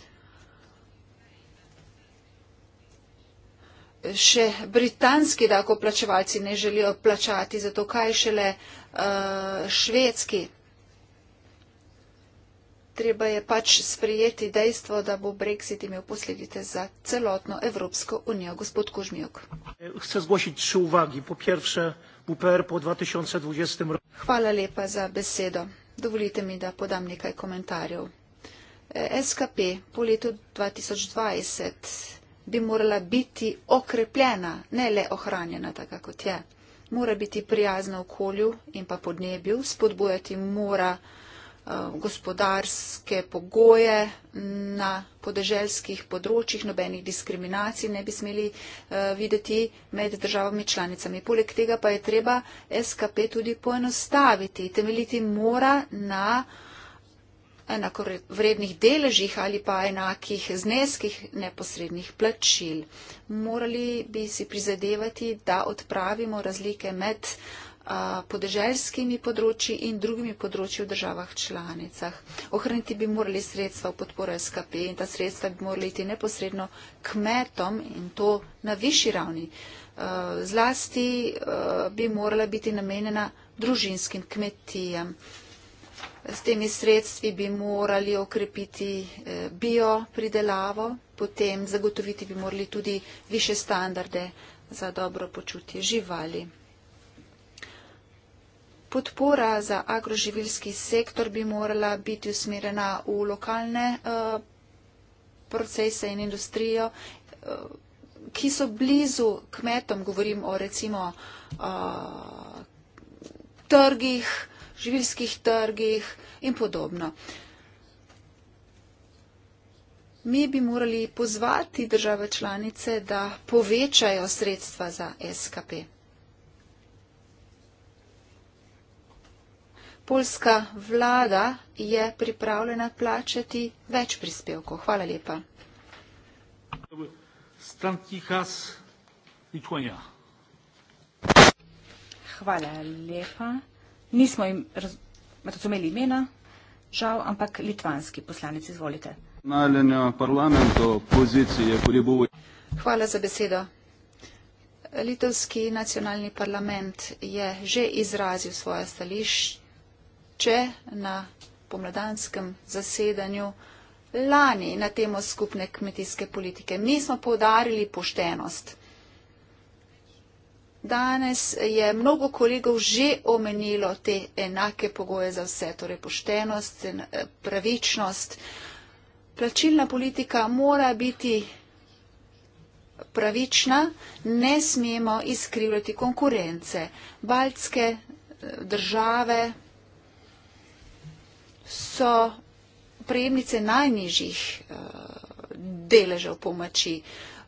[SPEAKER 4] še britanski dakoplačevalci ne želijo plačati, zato kaj šele uh, švedski. Treba je pač sprijeti dejstvo, da bo Brexit imel posledice za celotno Evropsko unijo. Gospod Kožmjuk. Hvala lepa za besedo. Dovolite mi, da podam nekaj komentarjev. E, SKP po letu 2020 bi morala biti okrepljena, ne le ohranjena, tako kot je. Mora biti prijazna okolju in pa podnebju, spodbujati mora eh, gospodarske pogoje na podeželskih področjih, nobenih diskriminacij ne bi smeli eh, videti med državami članicami. Poleg tega pa je treba SKP tudi poenostaviti, temeljiti mora na enakovrednih deležih ali pa enakih zneskih neposrednih plačil. Morali bi si prizadevati, da odpravimo razlike med podeželskimi področji in drugimi področji v državah članicah. Ohraniti bi morali sredstva v podporo SKP in ta sredstva bi morali iti neposredno kmetom in to na višji ravni. Zlasti bi morala biti namenjena družinskim kmetijam. S temi sredstvi bi morali okrepiti eh, bio pridelavo, potem zagotoviti bi morali tudi više standarde za dobro počutje živali. Podpora za agroživilski sektor bi morala biti usmerjena v lokalne eh, procese in industrijo, eh, ki so blizu kmetom, govorim o recimo trgih, živilskih trgih in podobno. Mi bi morali pozvati države članice, da povečajo sredstva za SKP. Polska vlada je pripravljena plačati več prispevkov. Hvala lepa. Hvala lepa.
[SPEAKER 3] Nismo jim razumeli imena, žal, ampak litvanski poslanec, izvolite.
[SPEAKER 4] Hvala za besedo. Litovski nacionalni parlament je že izrazil svoje stališče na pomladanskem zasedanju lani na temo skupne kmetijske politike. Mi smo povdarili poštenost danes je mnogo kolegov že omenilo te enake pogoje za vse, torej poštenost in eh, pravičnost. Plačilna politika mora biti pravična, ne smemo izkrivljati konkurence. Baltske eh, države so prejemnice najnižjih eh, deležev pomoči.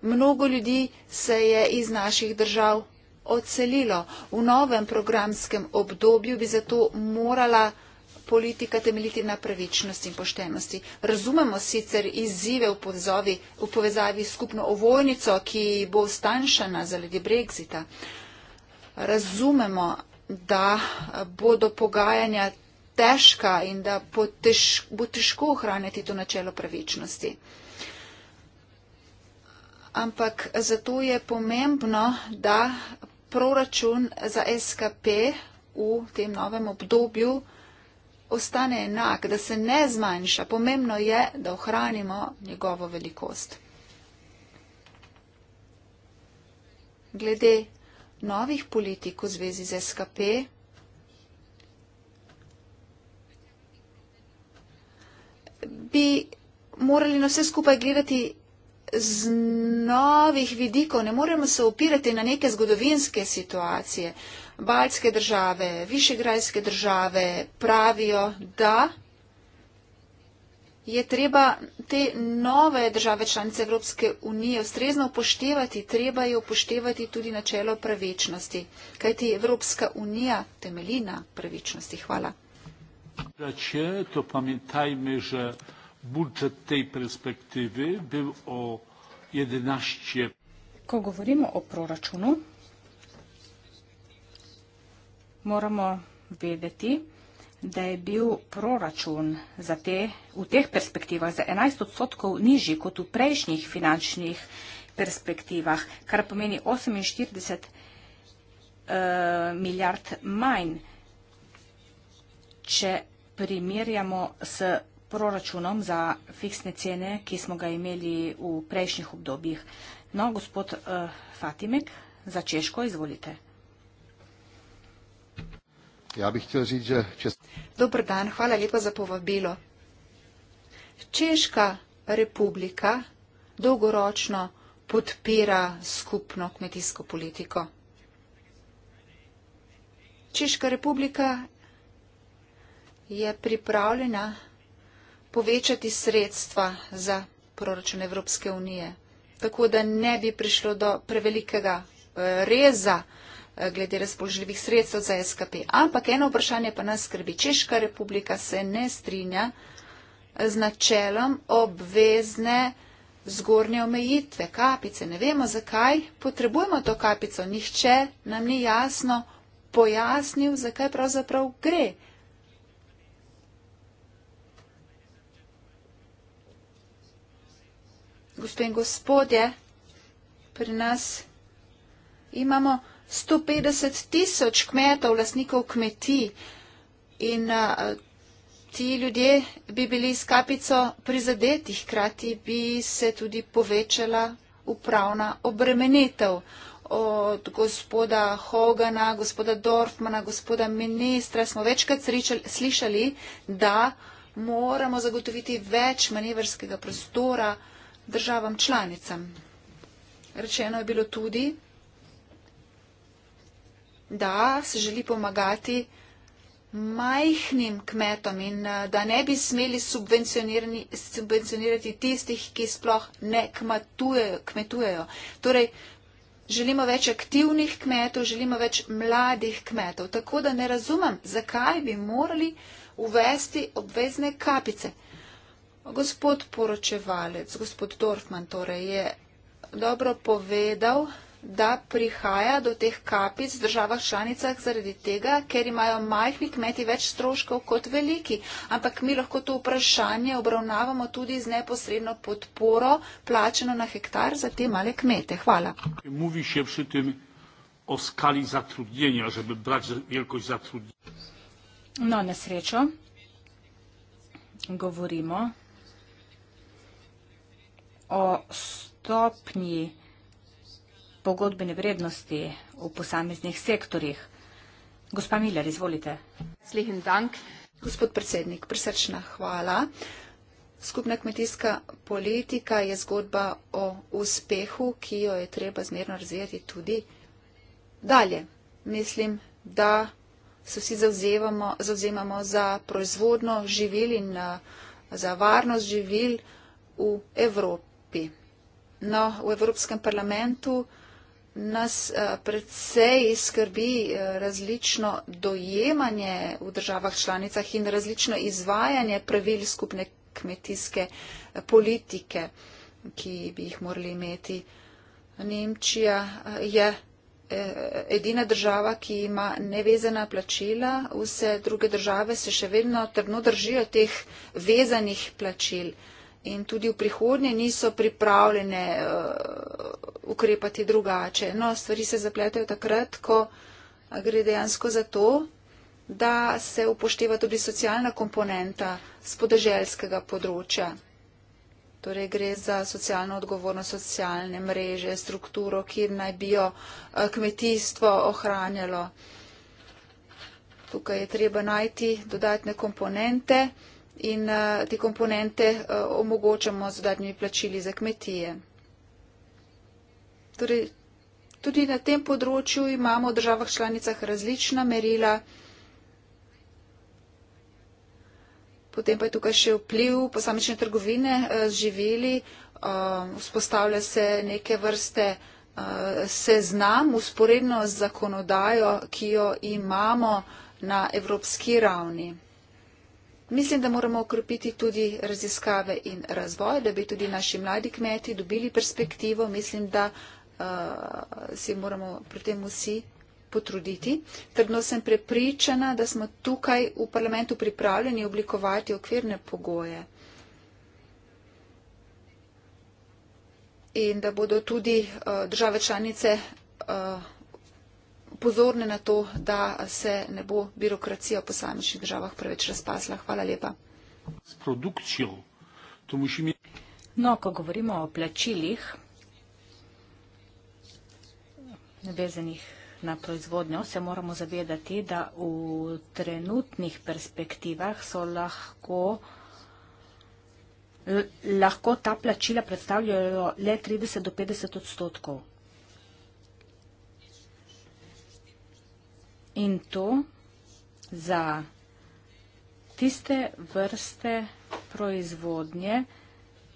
[SPEAKER 4] Mnogo ljudi se je iz naših držav odselilo. V novem programskem obdobju bi zato morala politika temeljiti na pravičnosti in poštenosti. Razumemo sicer izzive v, pozovi, v povezavi s skupno ovojnico, ki bo stanšana zaradi brexita. Razumemo, da bodo pogajanja težka in da bo, tež, bo težko ohraniti to načelo pravičnosti. Ampak zato je pomembno, da proračun za SKP v tem novem obdobju ostane enak, da se ne zmanjša. Pomembno je, da ohranimo njegovo velikost. Glede novih politik v zvezi z SKP, bi morali na vse skupaj gledati z novih vidikov, ne moremo se opirati na neke zgodovinske situacije. Baljske države, višegrajske države pravijo, da je treba te nove države članice Evropske unije ustrezno upoštevati, treba je upoštevati tudi načelo pravičnosti, kajti Evropska unija temelji na pravičnosti. Hvala.
[SPEAKER 2] Če, to pa mi tajme, že budžet tej perspektivi bil o 11.
[SPEAKER 3] Ko govorimo o proračunu, moramo vedeti, da je bil proračun za te, v teh perspektivah za 11 odstotkov nižji kot v prejšnjih finančnih perspektivah, kar pomeni 48 uh, eh, milijard manj, če primerjamo s proračunom za fiksne cene, ki smo ga imeli v prejšnjih obdobjih. No, gospod eh,
[SPEAKER 4] Fatimek, za Češko izvolite.
[SPEAKER 2] Ja bih htio žiti, če...
[SPEAKER 4] Dobar dan, hvala lepa za povabilo. Češka republika dolgoročno podpira skupno kmetijsko politiko. Češka republika je pripravljena povečati sredstva za proračun Evropske unije, tako da ne bi prišlo do prevelikega eh, reza eh, glede razpoložljivih sredstev za SKP. Ampak eno vprašanje pa nas skrbi. Češka republika se ne strinja eh, z načelom obvezne zgornje omejitve, kapice. Ne vemo, zakaj potrebujemo to kapico. Nihče nam ni jasno pojasnil, zakaj pravzaprav gre. Gospod in gospodje, pri nas imamo 150 tisoč kmetov, lasnikov kmetij in a, ti ljudje bi bili s kapico prizadeti, hkrati bi se tudi povečala upravna obremenitev od gospoda Hogana, gospoda Dorfmana, gospoda ministra. Smo večkrat slišali, da moramo zagotoviti več manevrskega prostora, državam članicam. Rečeno je bilo tudi, da se želi pomagati majhnim kmetom in eh, da ne bi smeli subvencionirati tistih, ki sploh ne kmetujejo. kmetujejo. Torej, želimo več aktivnih kmetov, želimo več mladih kmetov. Tako da ne razumem, zakaj bi morali uvesti obvezne kapice. Gospod poročevalec, gospod Dorfman torej je dobro povedal, da prihaja do teh kapic v državah članicah zaradi tega, ker imajo majhni kmeti več stroškov kot veliki. Ampak mi lahko to vprašanje obravnavamo tudi z neposredno podporo plačeno na hektar za te male kmete. Hvala.
[SPEAKER 3] No, nesrečo. Govorimo o stopnji pogodbene vrednosti v posameznih sektorjih. Gospa Miller, izvolite.
[SPEAKER 4] Slihen dank. Gospod predsednik, prisrčna hvala. Skupna kmetijska politika je zgodba o uspehu, ki jo je treba zmerno razvijati tudi dalje. Mislim, da se vsi zauzemamo za proizvodno živil in eh, za varnost živil v Evropi. Evropi. No, v Evropskem parlamentu nas eh, predvsej skrbi eh, različno dojemanje v državah članicah in različno izvajanje pravil skupne kmetijske eh, politike, ki bi jih morali imeti. Nemčija je edina država, ki ima nevezana plačila, vse druge države se še vedno trdno držijo teh vezanih plačil in tudi v prihodnje niso pripravljene uh, ukrepati drugače. No, stvari se zapletajo takrat, ko eh, gre dejansko za to, da se upošteva tudi socialna komponenta spodeželskega področja. Torej gre za socialno odgovornost, socialne mreže, strukturo, kjer naj bi jo eh, kmetijstvo ohranjalo. Tukaj je treba najti dodatne komponente in eh, te komponente eh, omogočamo z dodatnimi plačili za kmetije. Torej, tudi na tem področju imamo v državah članicah različna merila. Potem pa je tukaj še vpliv posamične trgovine eh, z živeli. Vzpostavlja se neke vrste seznam usporedno z zakonodajo, ki jo imamo na evropski ravni. Mislim, da moramo okrepiti tudi raziskave in razvoj, da bi tudi naši mladi kmeti dobili perspektivo. Mislim, da uh, se moramo pri tem vsi potruditi. Trdno sem prepričana, da smo tukaj v parlamentu pripravljeni oblikovati okvirne pogoje. In da bodo tudi uh, države članice. Uh, pozorne na to, da se ne bo birokracija v posamečnih državah preveč razpasla. Hvala lepa.
[SPEAKER 2] S produkcijo to muši mi.
[SPEAKER 3] No, ko govorimo o plačilih, vezanih na proizvodnjo, se moramo zavedati, da v trenutnih perspektivah so lahko lahko ta plačila predstavljajo le 30 do 50 odstotkov in to za tiste vrste proizvodnje,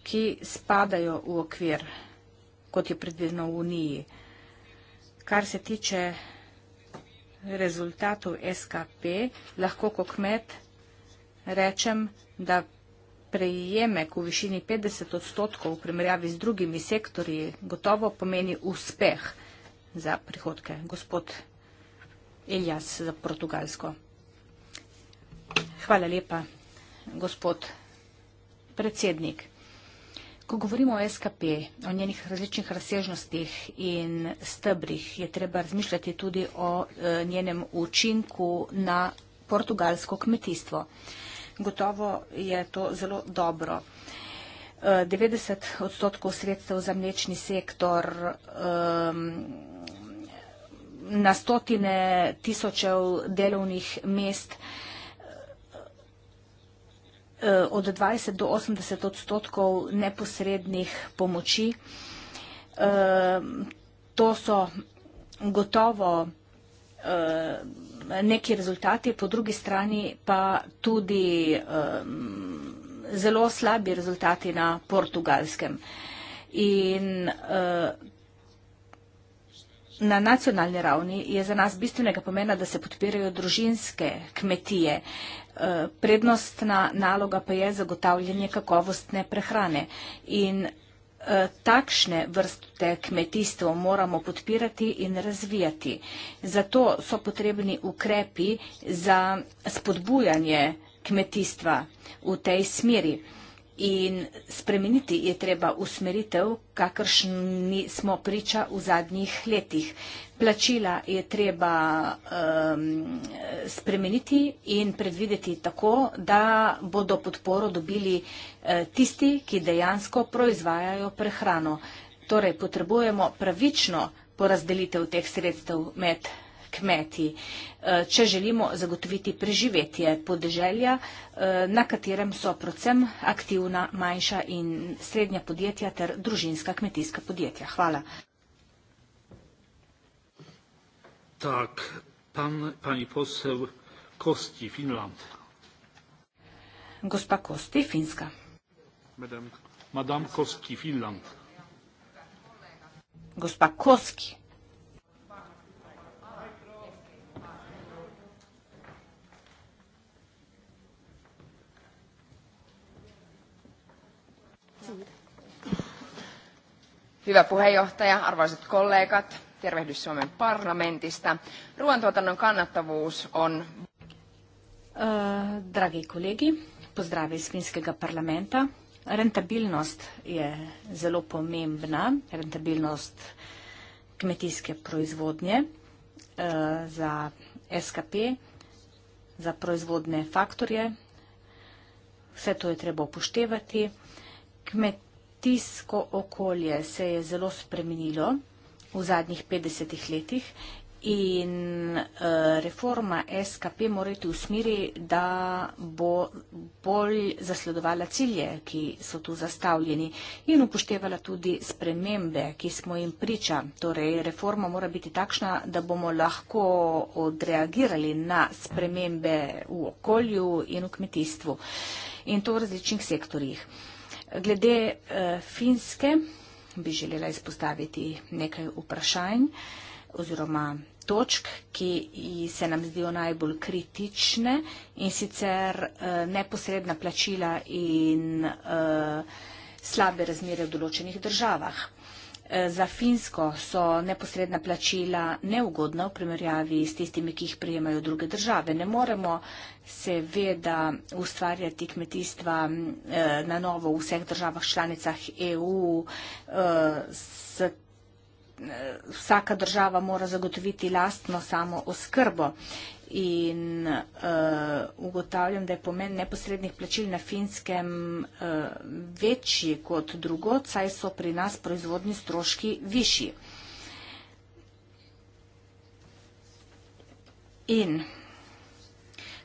[SPEAKER 3] ki spadajo v okvir, kot je predvidno v Uniji. Kar se tiče rezultatov SKP, lahko kot kmet rečem, da prejemek v višini 50 odstotkov v primerjavi z drugimi sektorji gotovo pomeni uspeh za prihodke. Gospod Elias za portugalsko. Hvala lepa, gospod predsednik. Ko govorimo o SKP, o njenih različnih razsežnostih in stebrih, je treba razmišljati tudi o e, njenem učinku na portugalsko kmetijstvo. Gotovo je to zelo dobro. 90 e, odstotkov sredstev za mlečni sektor um, na stotine tisočev delovnih mest eh, od 20 do 80 odstotkov neposrednih pomoči. Eh, to so gotovo eh, neki rezultati, po drugi strani pa tudi zelo slabi rezultati na portugalskem. In na nacionalni ravni je za nas bistvenega pomena, da se podpirajo družinske kmetije. Eh, prednostna naloga pa je zagotavljanje kakovostne prehrane. In eh, takšne vrste kmetijstvo moramo podpirati in razvijati. Zato so potrebni ukrepi za spodbujanje kmetijstva v tej smeri. In spremeniti je treba usmeritev, kakršni smo priča v zadnjih letih. Plačila je treba um, spremeniti in predvideti tako, da bodo podporo dobili uh, tisti, ki dejansko proizvajajo prehrano. Torej, potrebujemo pravično porazdelitev teh sredstev med kmeti, eh, če želimo zagotoviti preživetje podeželja, eh, na katerem so predvsem aktivna manjša in srednja podjetja ter družinska kmetijska podjetja. Hvala.
[SPEAKER 2] Tak, pan, pani posel Kosti, Finland.
[SPEAKER 3] Gospa Kosti, Finska.
[SPEAKER 2] Madame, Madame Kosti, Finland.
[SPEAKER 3] Gospa Koski,
[SPEAKER 4] Hyvä puheenjohtaja, arvoisat kollegat, tervehdys Suomen parlamentista. Ruoantuotannon kannattavuus on...
[SPEAKER 3] Uh, dragi kolegi, pozdravi iz Finskega parlamenta. Rentabilnost je zelo pomembna, rentabilnost kmetijske proizvodnje uh, za SKP, za proizvodne faktorje. Vse to je treba upoštevati. Kmet, kmetijsko okolje se je zelo spremenilo v zadnjih 50 letih in eh, reforma SKP mora iti v smeri, da bo bolj zasledovala cilje, ki so tu zastavljeni in upoštevala tudi spremembe, ki smo jim priča. Torej, reforma mora biti takšna, da bomo lahko odreagirali na spremembe v okolju in v kmetijstvu in to v različnih sektorjih. Glede eh, Finske bi želela izpostaviti nekaj vprašanj oziroma točk, ki se nam zdijo najbolj kritične in sicer eh, neposredna plačila in eh, slabe razmere v določenih državah. Eh, za Finsko so neposredna plačila neugodna v primerjavi s tistimi, ki jih prijemajo druge države. Ne moremo seveda ustvarjati kmetijstva eh, na novo v vseh državah članicah EU. Eh, vsaka država mora zagotoviti lastno samo oskrbo in uh, ugotavljam, da je pomen neposrednih plačil na finskem uh, večji kot drugo, saj so pri nas proizvodni stroški višji. In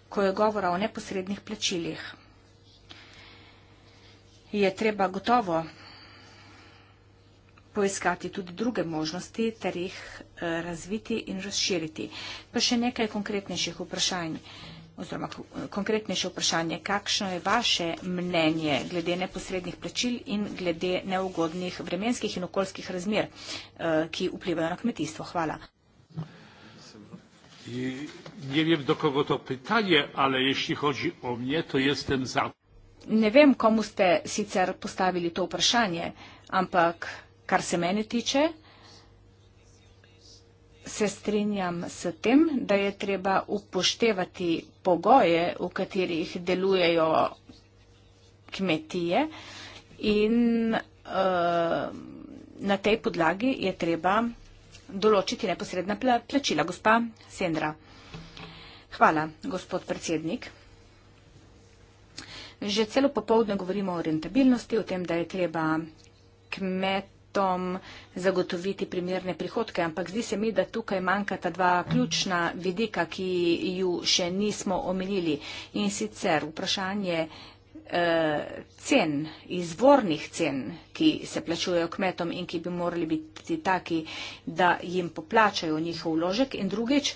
[SPEAKER 3] ko je govora o neposrednih plačilih, je treba gotovo poiskati tudi druge možnosti ter jih eh, razviti in razširiti. Pa še nekaj konkretnejših vprašanj oziroma eh, konkretnejše vprašanje, kakšno je vaše mnenje glede neposrednih plačil in glede neugodnih vremenskih in okoljskih razmer, eh, ki vplivajo na kmetijstvo? Hvala.
[SPEAKER 2] Ne vem, do kogo to pitanje, ali ješi hoči o mnje, to jestem za.
[SPEAKER 3] Ne vem, komu ste sicer postavili to vprašanje, ampak Kar se mene tiče, se strinjam s tem, da je treba upoštevati pogoje, v katerih delujejo kmetije in eh, na tej podlagi je treba določiti neposredna plačila. Gospa Sendra. Hvala, gospod predsednik. Že celo popovdne govorimo o rentabilnosti, o tem, da je treba kmet kmetom zagotoviti primerne prihodke, ampak zdi se mi, da tukaj manjkata dva ključna vidika, ki ju še nismo omenili. In sicer vprašanje eh, cen, izvornih cen, ki se plačujejo kmetom in ki bi morali biti taki, da jim poplačajo njihov vložek. In drugič,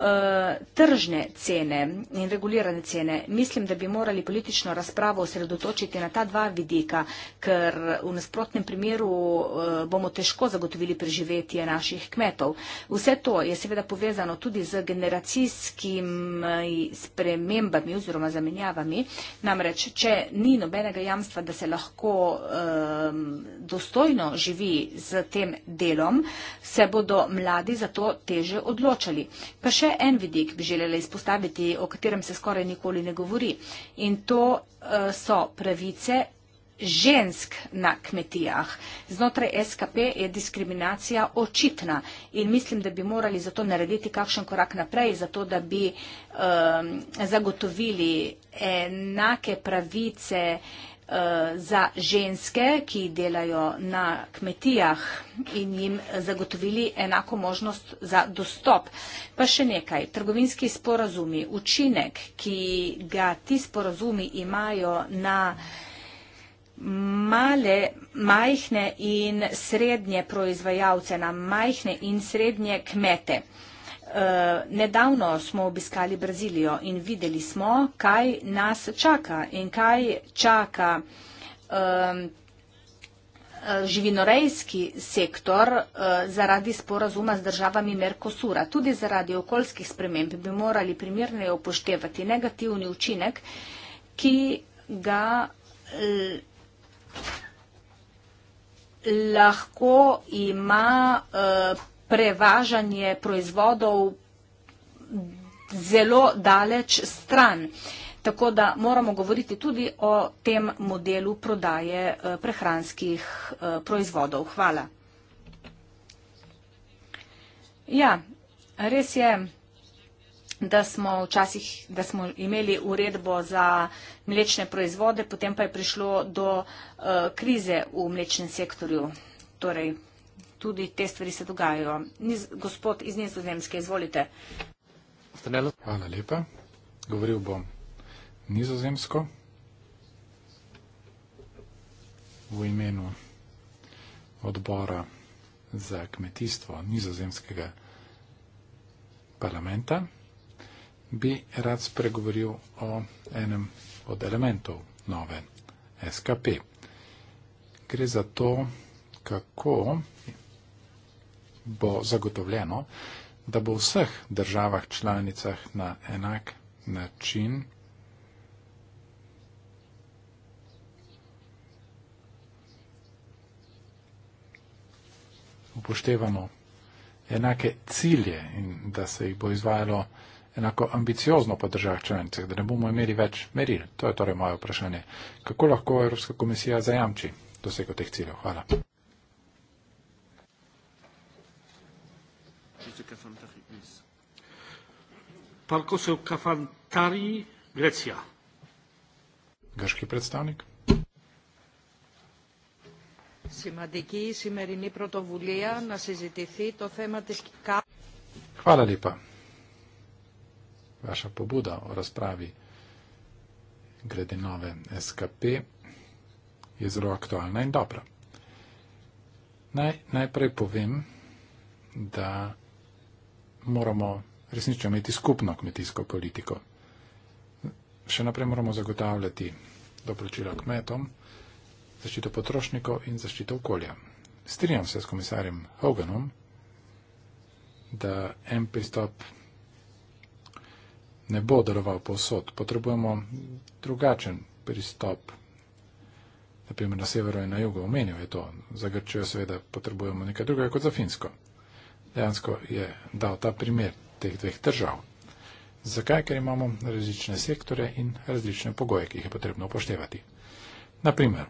[SPEAKER 3] Eh, tržne cene in regulirane cene. Mislim, da bi morali politično razpravo osredotočiti na ta dva vidika, ker v nasprotnem primeru eh, bomo težko zagotovili preživetje naših kmetov. Vse to je seveda povezano tudi z generacijskim spremembami oziroma zamenjavami. Namreč, če ni nobenega jamstva, da se lahko um, dostojno živi z tem delom, se bodo mladi za to teže odločali. Pa še še en vidik bi želela izpostaviti, o katerem se skoraj nikoli ne govori. In to uh, so pravice žensk na kmetijah. Znotraj SKP je diskriminacija očitna in mislim, da bi morali zato narediti kakšen korak naprej, zato da bi um, zagotovili enake pravice uh, Eh, za ženske, ki delajo na kmetijah in jim zagotovili enako možnost za dostop. Pa še nekaj, trgovinski sporazumi, učinek, ki ga ti sporazumi imajo na male, majhne in srednje proizvajalce, na majhne in srednje kmete. Eh, nedavno smo obiskali Brazilijo in videli smo, kaj nas čaka in kaj čaka ehm, eh, živinorejski sektor eh, zaradi sporazuma z državami Merkosura. Tudi zaradi okoljskih sprememb bi morali primirne upoštevati negativni učinek, ki ga lahko ima pripravljati prevažanje proizvodov zelo daleč stran. Tako da moramo govoriti tudi o tem modelu prodaje eh, prehranskih eh, proizvodov. Hvala. Ja, res je, da smo včasih, da smo imeli uredbo za mlečne proizvode, potem pa je prišlo do eh, krize v mlečnem sektorju. Torej, tudi te stvari se dogajajo. Niz, gospod iz Nizozemske, izvolite.
[SPEAKER 1] Hvala lepa. Govoril bom Nizozemsko v imenu odbora za kmetijstvo Nizozemskega parlamenta bi rad spregovoril o enem od elementov nove SKP. Gre za to, kako bo zagotovljeno, da bo v vseh državah članicah na enak način upoštevano enake cilje in da se jih bo izvajalo enako ambiciozno po državah članicah, da ne bomo imeli več meril. To je torej moje vprašanje. Kako lahko Evropska komisija zajamči dosego teh ciljev? Hvala. Pan poseł Kafantari, Grecja. Grzki przedstawnik.
[SPEAKER 3] Σημαντική η σημερινή πρωτοβουλία να συζητηθεί το θέμα της κάρτας.
[SPEAKER 1] Χάρα λοιπόν. Βάσα πομπούδα ο ρασπράβη γκρεδινόβε εσκαπή γεζρο ακτουάλνα είναι τόπρα. Να υπρεπωβήμ δα μόραμο resnično imeti skupno kmetijsko politiko. Še naprej moramo zagotavljati doplačila kmetom, zaščito potrošnikov in zaščito okolja. Strinjam se s komisarjem Hoganom, da en pristop ne bo deloval povsod. Potrebujemo drugačen pristop, naprimer na severu in na jugu. Omenil je to. Za Grčijo seveda potrebujemo nekaj drugega kot za Finsko. Dejansko je dal ta primer teh dveh držav. Zakaj? Ker imamo različne sektore in različne pogoje, ki jih je potrebno upoštevati. Naprimer,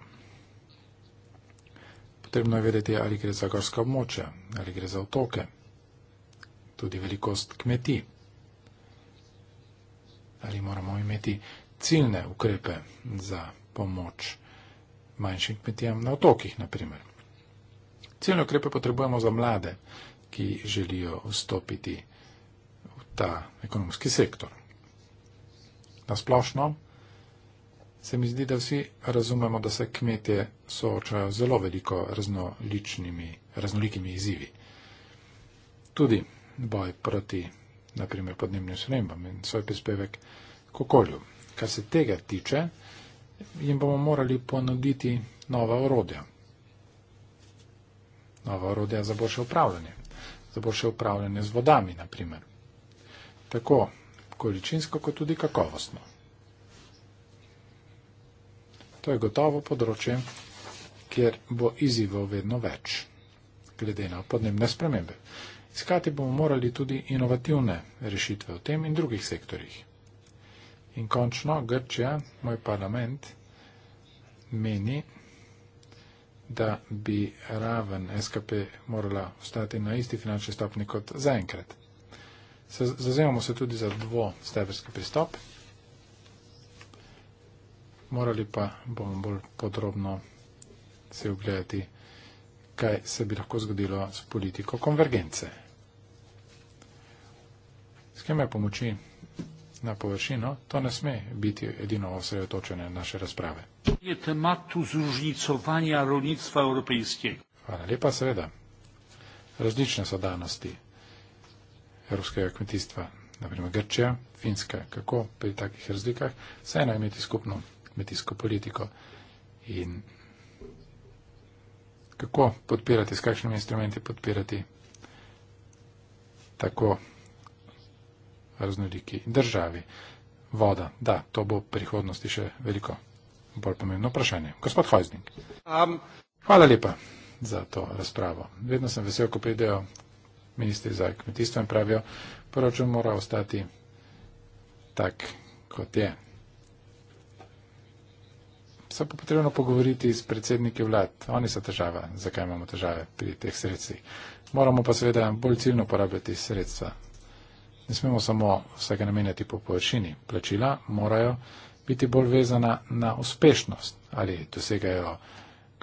[SPEAKER 1] potrebno je vedeti, ali gre za gorska območja, ali gre za otoke, tudi velikost kmetij, ali moramo imeti ciljne ukrepe za pomoč manjšim kmetijam na otokih, naprimer. Ciljne ukrepe potrebujemo za mlade, ki želijo vstopiti v ta ekonomski sektor. Nasplošno se mi zdi, da vsi razumemo, da se kmetje soočajo z zelo veliko raznoličnimi, raznolikimi izzivi. Tudi boj proti, naprimer, podnebnim spremembam in svoj prispevek k okolju. Kar se tega tiče, jim bomo morali ponuditi nova orodja. Nova orodja za boljše upravljanje. Za boljše upravljanje z vodami, naprimer tako količinsko, kot tudi kakovostno. To je gotovo področje, kjer bo izzivov vedno več, glede na podnebne spremembe. Iskati bomo morali tudi inovativne rešitve v tem in drugih sektorjih. In končno, Grčija, moj parlament, meni, da bi raven SKP morala ostati na isti finančni stopni kot zaenkrat. Zazemamo se tudi za dvostebrski pristop. Morali pa bomo bolj podrobno se ogledati, kaj se bi lahko zgodilo s politiko konvergence. Skema je pomoči na površino, to ne sme biti edino osredotočene naše razprave.
[SPEAKER 2] Je tematu zružnicovanja rolnictva evropejskega.
[SPEAKER 1] Hvala lepa, seveda. Različne so danosti evropskega kmetijstva, naprimer Grčija, Finska, kako pri takih razlikah saj naj imeti skupno kmetijsko politiko in kako podpirati, s kakšnimi instrumenti podpirati tako raznoliki državi. Voda, da, to bo prihodnosti še veliko bolj pomembno vprašanje. Gospod Hojznik. Um. Hvala lepa za to razpravo. Vedno sem vesel, ko pridejo ministri za kmetijstvo in pravijo, proračun mora ostati tak, kot je. Se pa potrebno pogovoriti s predsedniki vlad. Oni so težava, zakaj imamo težave pri teh sredstvih. Moramo pa seveda bolj ciljno porabljati sredstva. Ne smemo samo vsega namenjati po površini. Plačila morajo biti bolj vezana na uspešnost ali dosegajo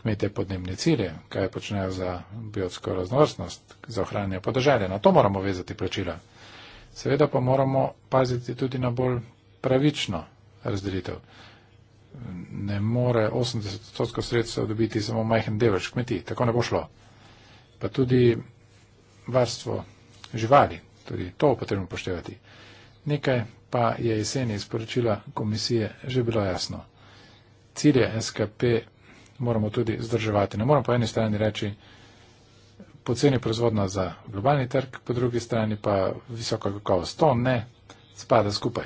[SPEAKER 1] kmete podnebne cilje, kaj počnejo za biotsko raznovrstnost, za ohranjanje podeželja. Na to moramo vezati plačila. Seveda pa moramo paziti tudi na bolj pravično razdelitev. Ne more 80% sredstva dobiti samo majhen delež kmetij, tako ne bo šlo. Pa tudi varstvo živali, tudi to potrebno poštevati. Nekaj pa je jeseni iz poročila komisije že bilo jasno. Cilje SKP moramo tudi zdrževati. Ne moramo po eni strani reči poceni proizvodna za globalni trg, po drugi strani pa visoka kakovost. To ne spada skupaj.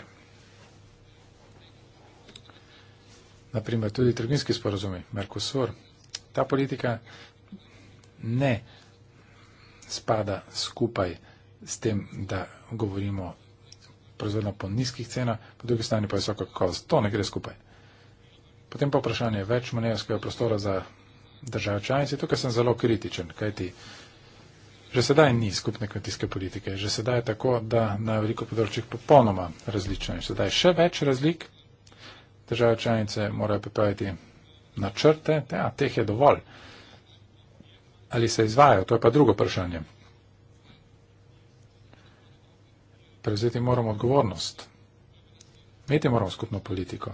[SPEAKER 1] Naprimer, tudi trgovinski sporozumi, Mercosur, ta politika ne spada skupaj s tem, da govorimo proizvodno po nizkih cenah, po drugi strani pa visoka kakovost. To ne gre skupaj. Potem pa vprašanje več manevrskega prostora za države članice. Tukaj sem zelo kritičen, kajti že sedaj ni skupne kmetijske politike. Že sedaj je tako, da na veliko področjih popolnoma različno. In sedaj še več razlik. Države članice morajo pripraviti načrte. Ja, teh je dovolj. Ali se izvajajo? To je pa drugo vprašanje. Prevzeti moramo odgovornost. Imeti moramo skupno politiko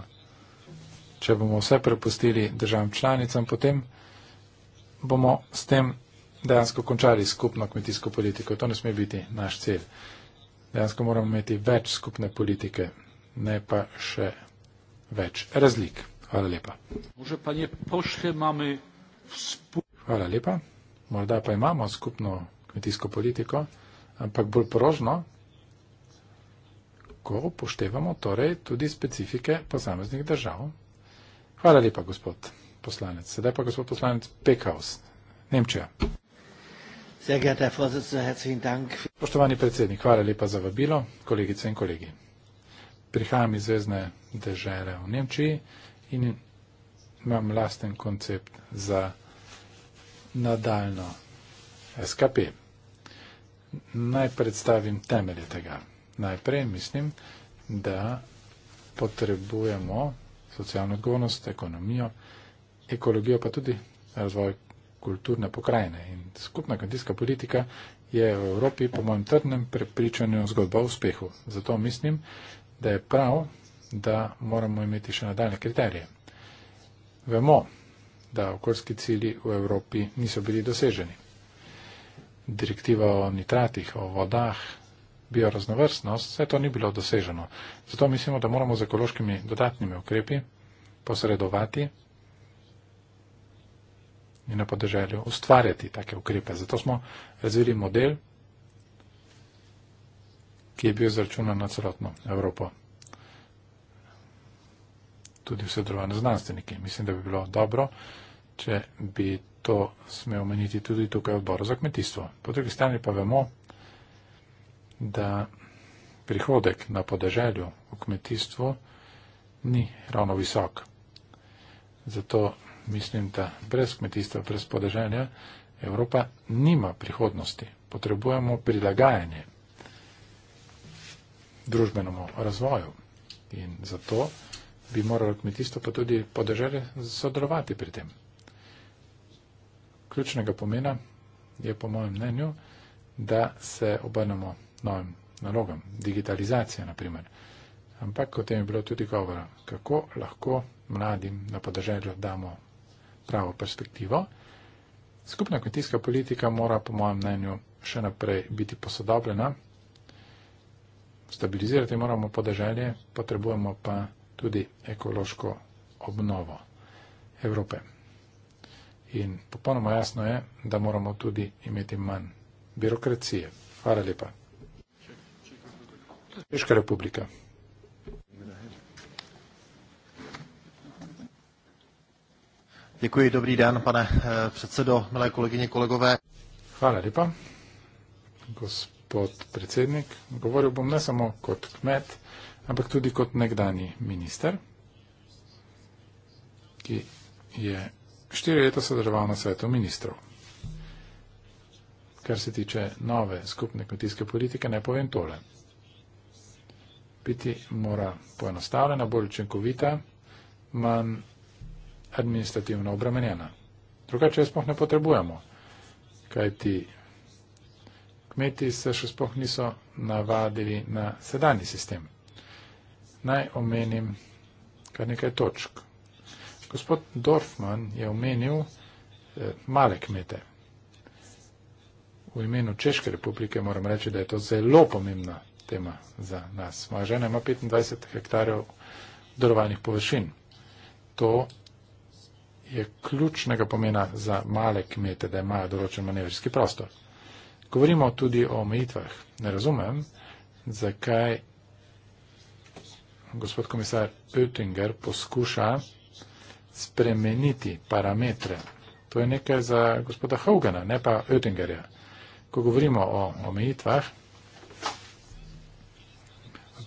[SPEAKER 1] če bomo vse prepustili državam članicam, potem bomo s tem dejansko končali skupno kmetijsko politiko. To ne sme biti naš cilj. Dejansko moramo imeti več skupne politike, ne pa še več razlik. Hvala lepa. Hvala lepa. Morda pa imamo skupno kmetijsko politiko, ampak bolj porožno, ko upoštevamo torej tudi specifike posameznih držav. Hvala lepa, gospod poslanec. Sedaj pa gospod poslanec Pekhaus, Nemčija. Poštovani predsednik, hvala lepa za vabilo, kolegice in kolegi. Prihajam iz zvezdne države v Nemčiji in imam lasten koncept za nadaljno SKP. Naj predstavim temelje tega. Najprej mislim, da potrebujemo socialno odgovornost, ekonomijo, ekologijo, pa tudi razvoj kulturne pokrajine. In skupna kmetijska politika je v Evropi, po mojem trdnem prepričanju, zgodba o uspehu. Zato mislim, da je prav, da moramo imeti še nadaljne kriterije. Vemo, da okoljski cili v Evropi niso bili doseženi. Direktiva o nitratih, o vodah, bioraznovrstnost, vse to ni bilo doseženo. Zato mislimo, da moramo z ekološkimi dodatnimi ukrepi posredovati in na podeželju ustvarjati take ukrepe. Zato smo razvili model, ki je bil zračunan na celotno Evropo. Tudi vse drugane znanstveniki. Mislim, da bi bilo dobro, če bi to smel omeniti tudi tukaj v odboru za kmetijstvo. Po drugi strani pa vemo, da prihodek na podeželju v kmetijstvu ni ravno visok. Zato mislim, da brez kmetijstva, brez podeželja Evropa nima prihodnosti. Potrebujemo prilagajanje družbenemu razvoju in zato bi moralo kmetijstvo pa tudi podeželje sodelovati pri tem. Ključnega pomena je po mojem mnenju, da se obrnemo novim nalogam, digitalizacija naprimer. Ampak o tem je bilo tudi govora, kako lahko mladim na podeželju damo pravo perspektivo. Skupna kmetijska politika mora, po mojem mnenju, še naprej biti posodobljena. Stabilizirati moramo podeželje, potrebujemo pa tudi ekološko obnovo Evrope. In popolnoma jasno je, da moramo tudi imeti manj birokracije. Hvala lepa. Češka republika. Děkuji, dobrý den, pane eh, předsedo, milé kolegyně, kolegové. Hvala lepa, gospod predsednik. Govoril bom ne samo kot kmet, ampak tudi kot nekdani minister, ki je štiri leta sodeloval na svetu ministrov. Kar se tiče nove skupne kmetijske politike, ne povem tole biti mora poenostavljena, bolj učinkovita, manj administrativno obremenjena. Drugače jo sploh ne potrebujemo, kajti kmeti se še sploh niso navadili na sedanji sistem. Naj omenim kar nekaj točk. Gospod Dorfman je omenil eh, male kmete. V imenu Češke republike moram reči, da je to zelo pomembna tema za nas. Moja žena ima 25 hektarjev darovanih površin. To je ključnega pomena za male kmete, da imajo določen manevrski prostor. Govorimo tudi o omejitvah. Ne razumem, zakaj gospod komisar Pötinger poskuša spremeniti parametre. To je nekaj za gospoda Haugena, ne pa Oettingerja. Ko govorimo o omejitvah,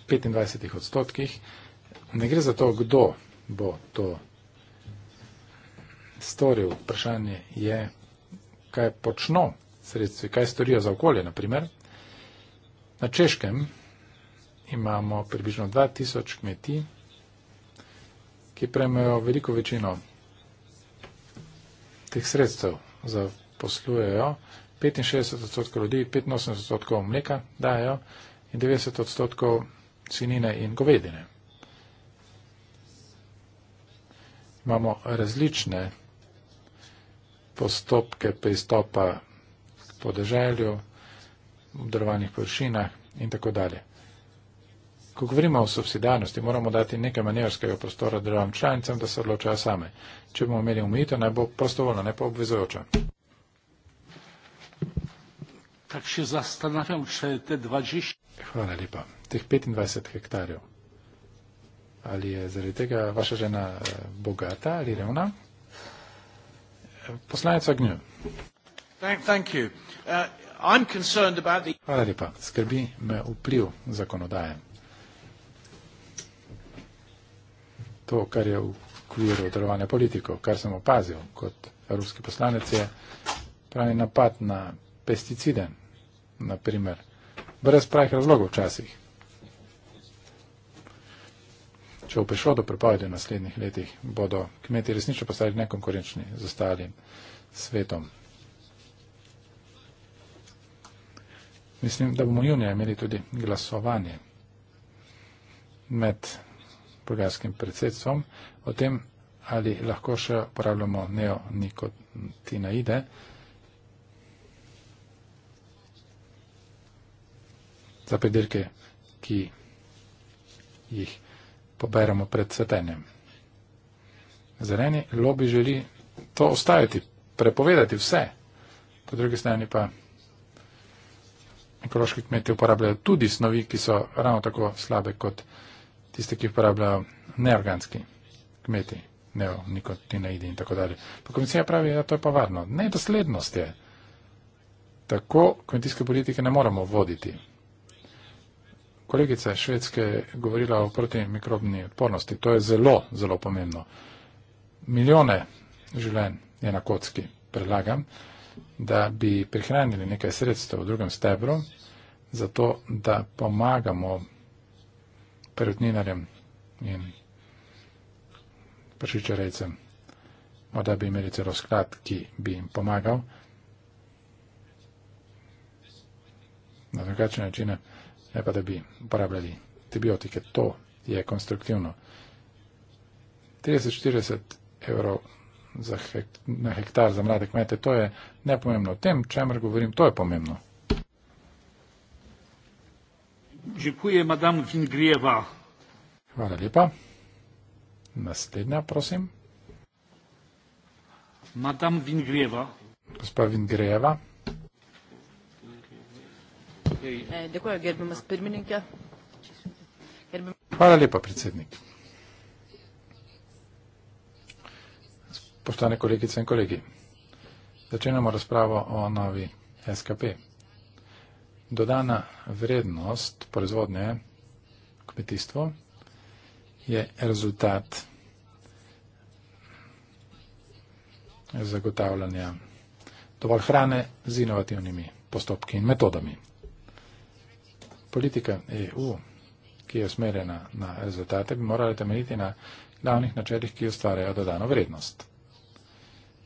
[SPEAKER 1] 25 odstotkih. Ne gre za to, kdo bo to storil. Vprašanje je, kaj počno sredstvi, kaj storijo za okolje. Naprimer, na Češkem imamo približno 2000 kmetij, ki prejmejo veliko večino teh sredstev za poslujejo. 65 odstotkov ljudi, 85 odstotkov mleka dajo in 90 odstotkov svinjine in govedine. Imamo različne postopke pristopa po deželju, v drvanih površinah in tako dalje. Ko govorimo o subsidijarnosti, moramo dati nekaj manevrskega prostora državam članicam, da se odločajo same. Če bomo imeli umitev, naj bo prostovoljno, ne pa obvezujoča
[SPEAKER 2] tak się zastanawiam, czy te
[SPEAKER 1] 20... lipa. Tych 25 hektarów. Ali je zaradi tega vaša žena eh, bogata ali revna? Poslanec Agnew. Uh, Hvala lepa. Skrbi me vpliv zakonodaje. To, kar je v okviru delovanja politikov, kar sem opazil kot evropski poslanec, je pravi napad na pesticide naprimer. Brez pravih razlogov včasih. Če bo prišlo do prepovedi v naslednjih letih, bodo kmeti resnično postali nekonkurenčni z ostalim svetom. Mislim, da bomo junija imeli tudi glasovanje med bolgarskim predsedstvom o tem, ali lahko še uporabljamo neonikotinoide. za pridrke, ki jih poberemo pred svetenjem. Zeleni lobby želi to ostaviti, prepovedati vse, po drugi strani pa ekološki kmetje uporabljajo tudi snovi, ki so ravno tako slabe kot tiste, ki jih uporabljajo neorganski kmeti, neonikotinaidi in tako dalje. Pa komisija pravi, da ja, to je pa varno. Nedoslednost je. Tako kmetijske politike ne moramo voditi kolegica Švedske govorila o protimikrobni odpornosti. To je zelo, zelo pomembno. Milijone življenj je na kocki, predlagam, da bi prihranili nekaj sredstev v drugem stebru, zato da pomagamo perutninarjem in pršičarejcem, morda bi imeli celo sklad, ki bi jim pomagal na drugačne načine. E pa da bi uporabljali antibiotike, to je konstruktivno. 30-40 evrov za hek, na hektar za mlade kmete, to je nepomembno. O tem, čemer govorim, to je pomembno.
[SPEAKER 2] Žekuje madam Vingrijeva.
[SPEAKER 1] Hvala lepa. Naslednja, prosim.
[SPEAKER 2] Madam Vingrijeva.
[SPEAKER 1] Gospa Vingrijeva.
[SPEAKER 2] Dėkuoju,
[SPEAKER 4] gerbiamas pirmininkė.
[SPEAKER 1] Hvala lepa, predsednik. Poštovane kolegice in kolegi, začenjamo razpravo o novi SKP. Dodana vrednost proizvodnje kmetijstvo je rezultat zagotavljanja dovolj hrane z inovativnimi postopki in metodami politika EU, ki je usmerjena na rezultate, bi morala temeljiti na glavnih načelih, ki ustvarjajo dodano vrednost.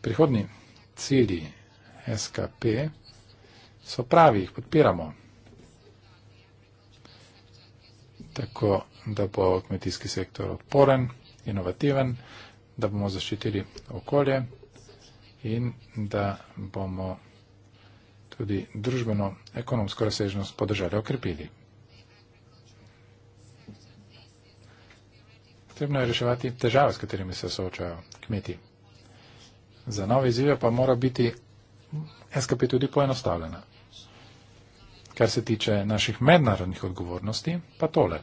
[SPEAKER 1] Prihodni cilji SKP so pravi, jih podpiramo, tako da bo kmetijski sektor odporen, inovativen, da bomo zaščitili okolje in da bomo tudi družbeno, ekonomsko razsežnost podržave okrepili. Potrebno je reševati težave, s katerimi se soočajo kmeti. Za nove izzive pa mora biti SKP tudi poenostavljena. Kar se tiče naših mednarodnih odgovornosti, pa tole.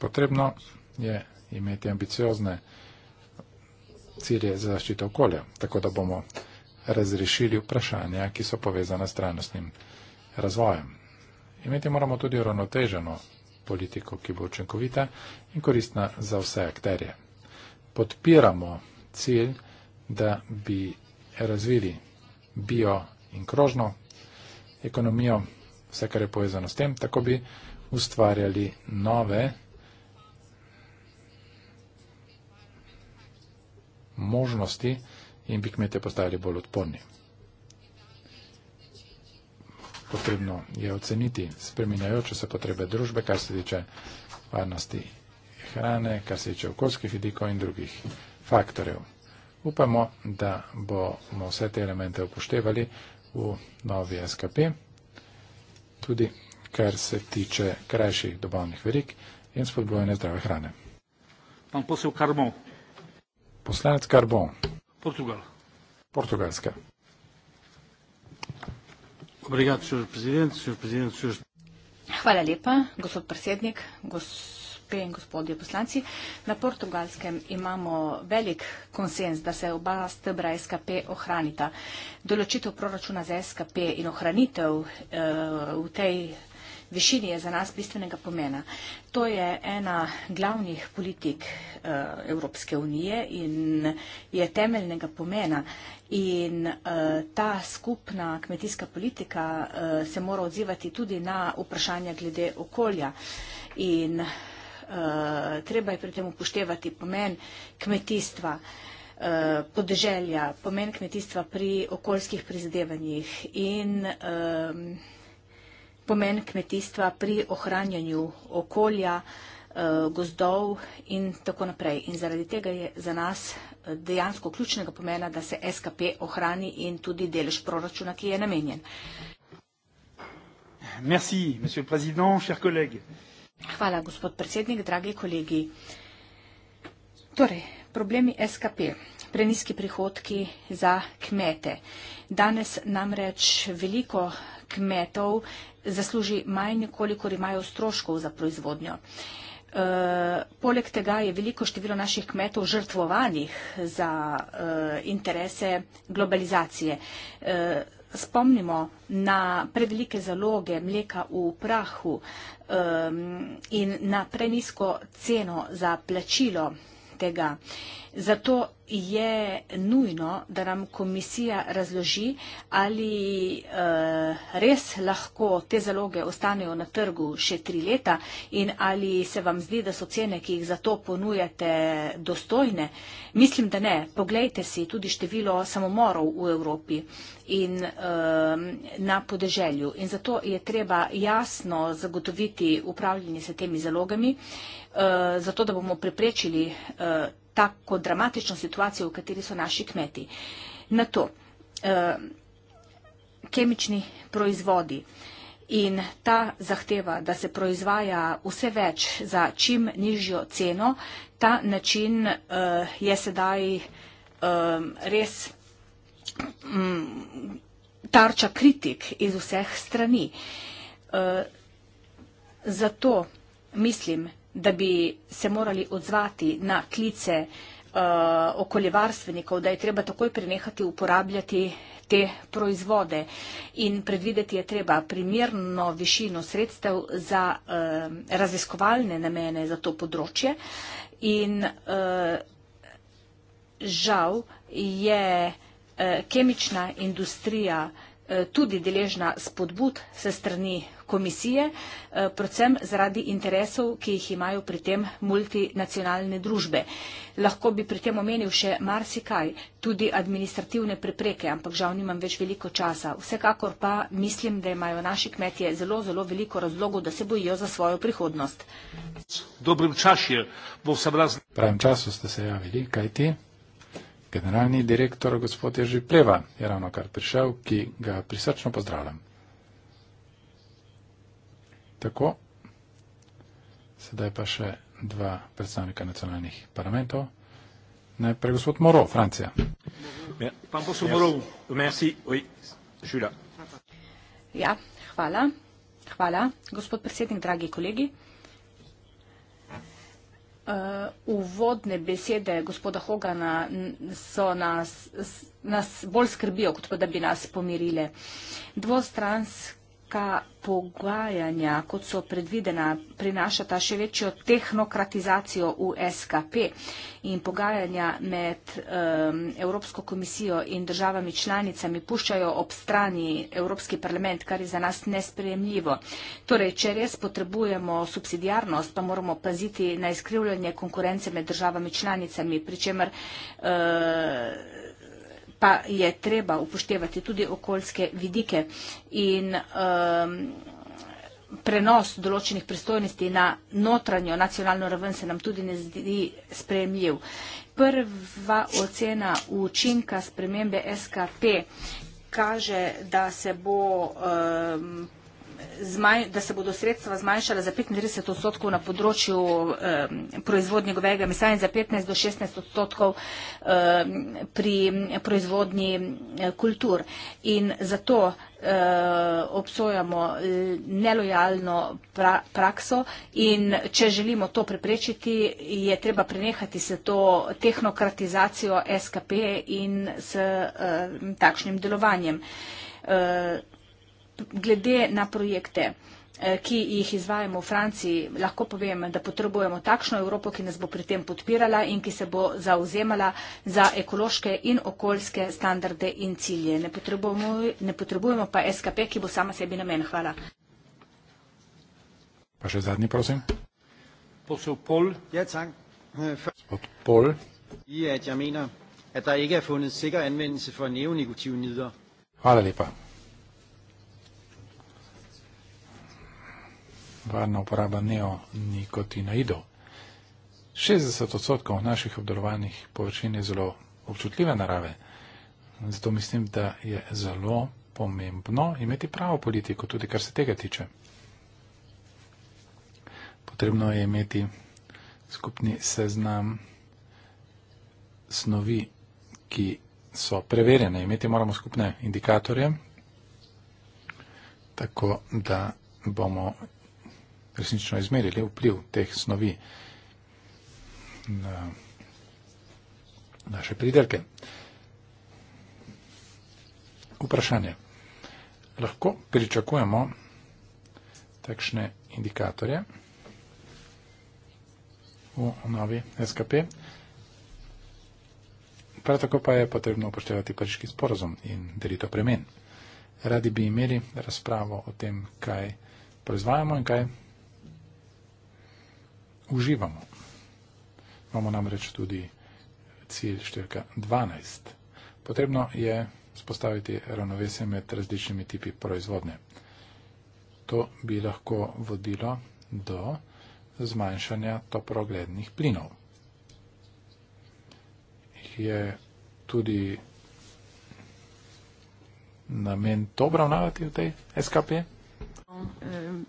[SPEAKER 1] Potrebno je imeti ambiciozne cilje za zaščito okolja, tako da bomo razrešili vprašanja, ki so povezana s trajnostnim razvojem. Imeti moramo tudi uravnoteženo politiko, ki bo učinkovita in koristna za vse akterje. Podpiramo cilj, da bi razvili bio in krožno ekonomijo, vse, kar je povezano s tem, tako bi ustvarjali nove možnosti, in bi kmete postali bolj odporni. Potrebno je oceniti spreminjajoče se potrebe družbe, kar se tiče varnosti hrane, kar se tiče okoljskih vidikov in drugih faktorjev. Upamo, da bomo vse te elemente upoštevali v novi SKP, tudi kar se tiče krajših dobavnih verik in spodbojene zdrave hrane.
[SPEAKER 2] Pan posel Karbon.
[SPEAKER 1] Poslanec Karbon. Portugal. Portugalska.
[SPEAKER 2] Obrigado, Sr. Presidente. Sr. Presidente, Sr.
[SPEAKER 3] Hvala lepa, gospod predsednik, gospe in gospodje poslanci. Na portugalskem imamo velik konsens, da se oba stebra SKP ohranita. Določitev proračuna za SKP in ohranitev uh, v tej višini je za nas bistvenega pomena. To je ena glavnih politik eh, Evropske unije in je temeljnega pomena. In eh, ta skupna kmetijska politika eh, se mora odzivati tudi na vprašanja glede okolja. In treba je pri tem upoštevati pomen kmetijstva podeželja, pomen kmetijstva pri okoljskih prizadevanjih in kmetijstva, pomen kmetijstva pri ohranjanju okolja, eh, gozdov in tako naprej. In zaradi tega je za nas eh, dejansko ključnega pomena, da se SKP ohrani in tudi delež proračuna, ki je namenjen.
[SPEAKER 2] Merci, monsieur président, chers collègues.
[SPEAKER 3] Hvala, gospod predsednik, dragi kolegi. Torej, problemi SKP, preniski prihodki za kmete. Danes namreč veliko kmetov zasluži manj, kolikor imajo stroškov za proizvodnjo. E, poleg tega je veliko število naših kmetov žrtvovanih za e, interese globalizacije. E, spomnimo na prevelike zaloge mleka v prahu e, in na prenisko ceno za plačilo tega. E, Zato je nujno, da nam komisija razloži, ali eh, res lahko te zaloge ostanejo na trgu še tri leta in ali se vam zdi, da so cene, ki jih za to ponujate, dostojne. Mislim, da ne. Poglejte si tudi število samomorov v Evropi in eh, na podeželju. In zato je treba jasno zagotoviti upravljanje s temi zalogami, eh, zato da bomo preprečili. Eh, tako dramatično situacijo, v kateri so naši kmeti. Na to, eh, kemični proizvodi in ta zahteva, da se proizvaja vse več za čim nižjo ceno, ta način eh, je sedaj eh, res mm, tarča kritik iz vseh strani. Zato mislim, da da bi se morali odzvati na klice uh, okoljevarstvenikov, da je treba takoj prenehati uporabljati te proizvode in predvideti je treba primerno višino sredstev za uh, raziskovalne namene za to področje in uh, žal je uh, kemična industrija uh, tudi deležna spodbud se strani komisije, eh, predvsem zaradi interesov, ki jih imajo pri tem multinacionalne družbe. Lahko bi pri tem omenil še marsikaj, tudi administrativne prepreke, ampak žal nimam več veliko časa. Vsekakor pa mislim, da imajo naši kmetje zelo, zelo veliko razlogov, da se bojijo za svojo prihodnost.
[SPEAKER 1] Pravim času ste se javili, kaj ti? Generalni direktor gospod Ježi Pleva je ravno kar prišel, ki ga prisrčno pozdravljam. Tako. Sedaj pa še dva predstavnika nacionalnih parlamentov. Najprej gospod Moro, Francija.
[SPEAKER 2] Ja,
[SPEAKER 3] ja hvala. Hvala, gospod predsednik, dragi kolegi. Uh, uvodne besede gospoda Hogana so nas, nas bolj skrbijo, kot pa da bi nas pomirile. Dvostranske Ta pogajanja, kot so predvidena, prinašata še večjo tehnokratizacijo v SKP in pogajanja med um, Evropsko komisijo in državami članicami puščajo ob strani Evropski parlament, kar je za nas nesprejemljivo. Torej, če res potrebujemo subsidijarnost, pa moramo paziti na izkrivljanje konkurence med državami članicami, pričemer. Uh, pa je treba upoštevati tudi okoljske vidike in um, prenos določenih pristojnosti na notranjo nacionalno raven se nam tudi ne zdi sprejemljiv. Prva ocena učinka spremembe SKP kaže, da se bo um, zmanj, da se bodo sredstva zmanjšala za 35 odstotkov na področju eh, proizvodnje govejega mesa in za 15 do 16 odstotkov eh, pri proizvodnji eh, kultur. In zato eh, obsojamo e, nelojalno pra, prakso in če želimo to preprečiti, je treba prenehati se to tehnokratizacijo SKP in s eh, takšnim delovanjem. Eh, glede na projekte eh, ki jih izvajamo v Franciji, lahko povem, da potrebujemo takšno Evropo, ki nas bo pri tem podpirala in ki se bo zauzemala za ekološke in okoljske standarde in cilje. Ne potrebujemo, ne potrebujemo pa SKP, ki bo sama sebi namen. Hvala.
[SPEAKER 1] Pa še zadnji, prosim.
[SPEAKER 2] Ja, Od pol. Ja, er
[SPEAKER 1] Hvala lepa. varna uporaba neonikotinoidov. 60 odstotkov naših obdelovanih površin je zelo občutljive narave, zato mislim, da je zelo pomembno imeti pravo politiko, tudi kar se tega tiče. Potrebno je imeti skupni seznam snovi, ki so preverjene. Imeti moramo skupne indikatorje, tako da bomo resnično izmerili vpliv teh snovi na naše pridelke. Vprašanje. Lahko pričakujemo takšne indikatorje v novi SKP. Prav tako pa je potrebno upoštevati pariški sporozum in delito premen. Radi bi imeli razpravo o tem, kaj proizvajamo in kaj uživamo. Imamo namreč tudi cilj številka 12. Potrebno je spostaviti ravnovesje med različnimi tipi proizvodne. To bi lahko vodilo do zmanjšanja toproglednih plinov. Je tudi namen to obravnavati v tej SKP?
[SPEAKER 3] Um, um,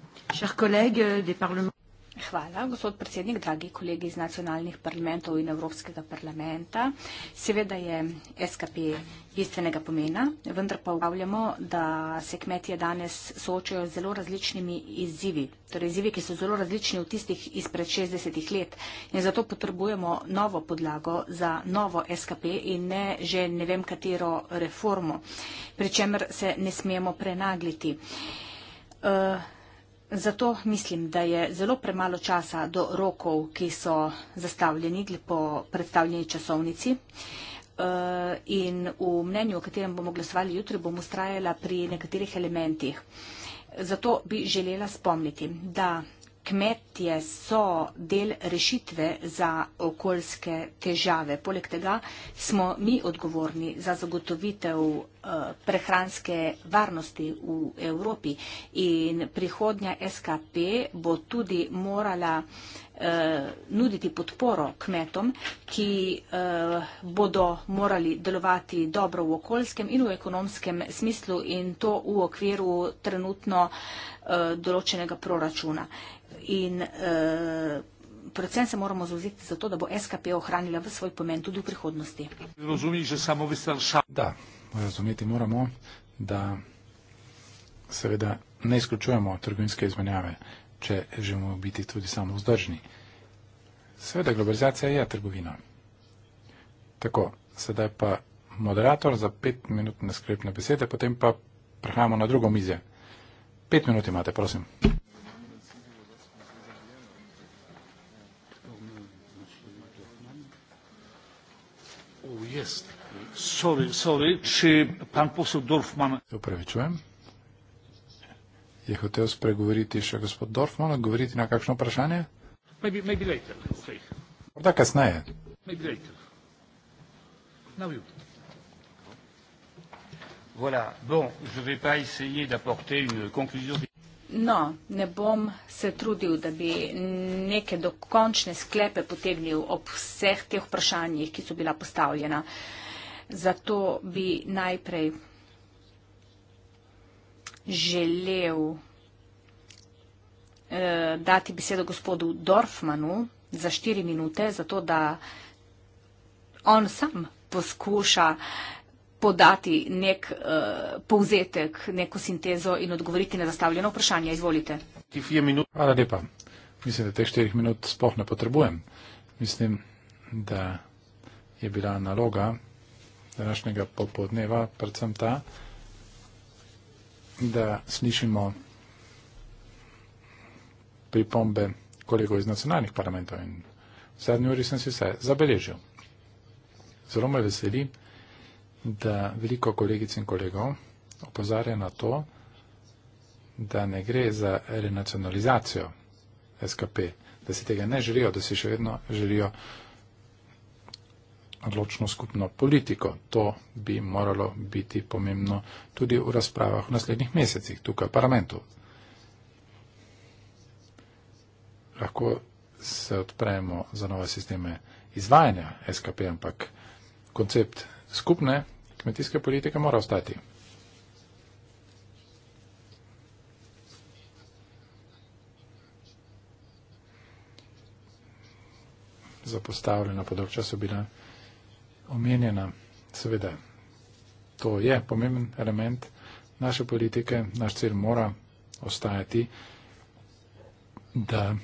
[SPEAKER 3] Hvala, gospod predsednik, dragi kolegi iz nacionalnih parlamentov in Evropskega parlamenta. Seveda je SKP bistvenega pomena, vendar pa uravljamo, da se kmetije danes soočajo z zelo različnimi izzivi, torej izzivi, ki so zelo različni od tistih izpred 60 let in zato potrebujemo novo podlago za novo SKP in ne že ne vem katero reformo, pri čemer se ne smemo prenagliti. Uh, Zato mislim, da je zelo premalo časa do rokov, ki so zastavljeni po predstavljeni časovnici. Eh, in v mnenju, o katerem bomo glasovali jutri, bom ustrajala pri nekaterih elementih. Zato bi želela spomniti, da kmetje so del rešitve za okoljske težave. Poleg tega smo mi odgovorni za zagotovitev eh, prehranske varnosti v Evropi in prihodnja SKP bo tudi morala Eh, nuditi podporo kmetom, ki eh, bodo morali delovati dobro v okoljskem in v ekonomskem smislu in to v okviru trenutno eh, določenega proračuna. In predvsem se moramo zauzeti za to, da bo SKP ohranila v svoj pomen tudi v prihodnosti.
[SPEAKER 2] Da,
[SPEAKER 1] razumeti moramo, da seveda ne izključujemo trgovinske izmenjave če želimo biti tudi samo vzdržni. Sveda globalizacija je trgovina. Tako, sedaj pa moderator za pet minut na sklepne besede, potem pa prehajamo na drugo mizje. Pet minut imate, prosim.
[SPEAKER 2] Upravičujem. Oh, yes
[SPEAKER 1] je hotel spregovoriti še gospod Dorfman, odgovoriti na kakšno vprašanje?
[SPEAKER 2] Maybe, maybe later, okay.
[SPEAKER 1] Morda kasneje. Maybe later. Now
[SPEAKER 2] you. Voilà. Bon, je vais pas essayer d'apporter une conclusion.
[SPEAKER 3] No, ne bom se trudil, da bi neke dokončne sklepe potegnil ob vseh teh vprašanjih, ki so bila postavljena. Zato bi najprej želel eh, dati besedo gospodu Dorfmanu za štiri minute, zato da on sam poskuša podati nek eh, povzetek, neko sintezo in odgovoriti na zastavljeno vprašanje. Izvolite.
[SPEAKER 1] Hvala lepa. Mislim, da teh štirih minut sploh ne potrebujem. Mislim, da je bila naloga današnjega popodneva predvsem ta, da slišimo pripombe kolegov iz nacionalnih parlamentov in v zadnji uri sem si vse zabeležil. Zelo me veseli, da veliko kolegic in kolegov opozarja na to, da ne gre za renacionalizacijo SKP, da si tega ne želijo, da si še vedno želijo odločno skupno politiko. To bi moralo biti pomembno tudi v razpravah v naslednjih mesecih tukaj v parlamentu. Lahko se odpremo za nove sisteme izvajanja SKP, ampak koncept skupne kmetijske politike mora ostati. Zapostavljena področja so bila omenjena. Seveda, to je pomemben element naše politike. Naš cilj mora ostajati, da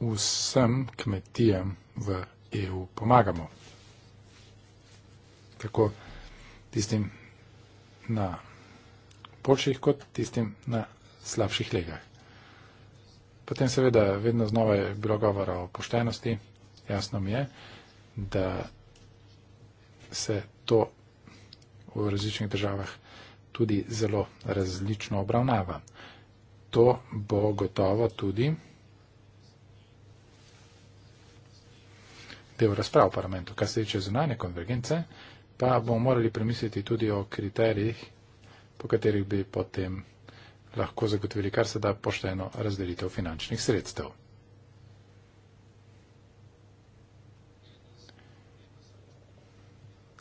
[SPEAKER 1] vsem kmetijam v EU pomagamo. Tako tistim na boljših, kot tistim na slabših legah. Potem seveda vedno znova je bilo govora o poštenosti, jasno mi je da se to v različnih državah tudi zelo različno obravnava. To bo gotovo tudi del razprav v parlamentu. Kar se tiče zunanje konvergence, pa bomo morali premisliti tudi o kriterijih, po katerih bi potem lahko zagotovili kar se da pošteno razdelitev finančnih sredstev.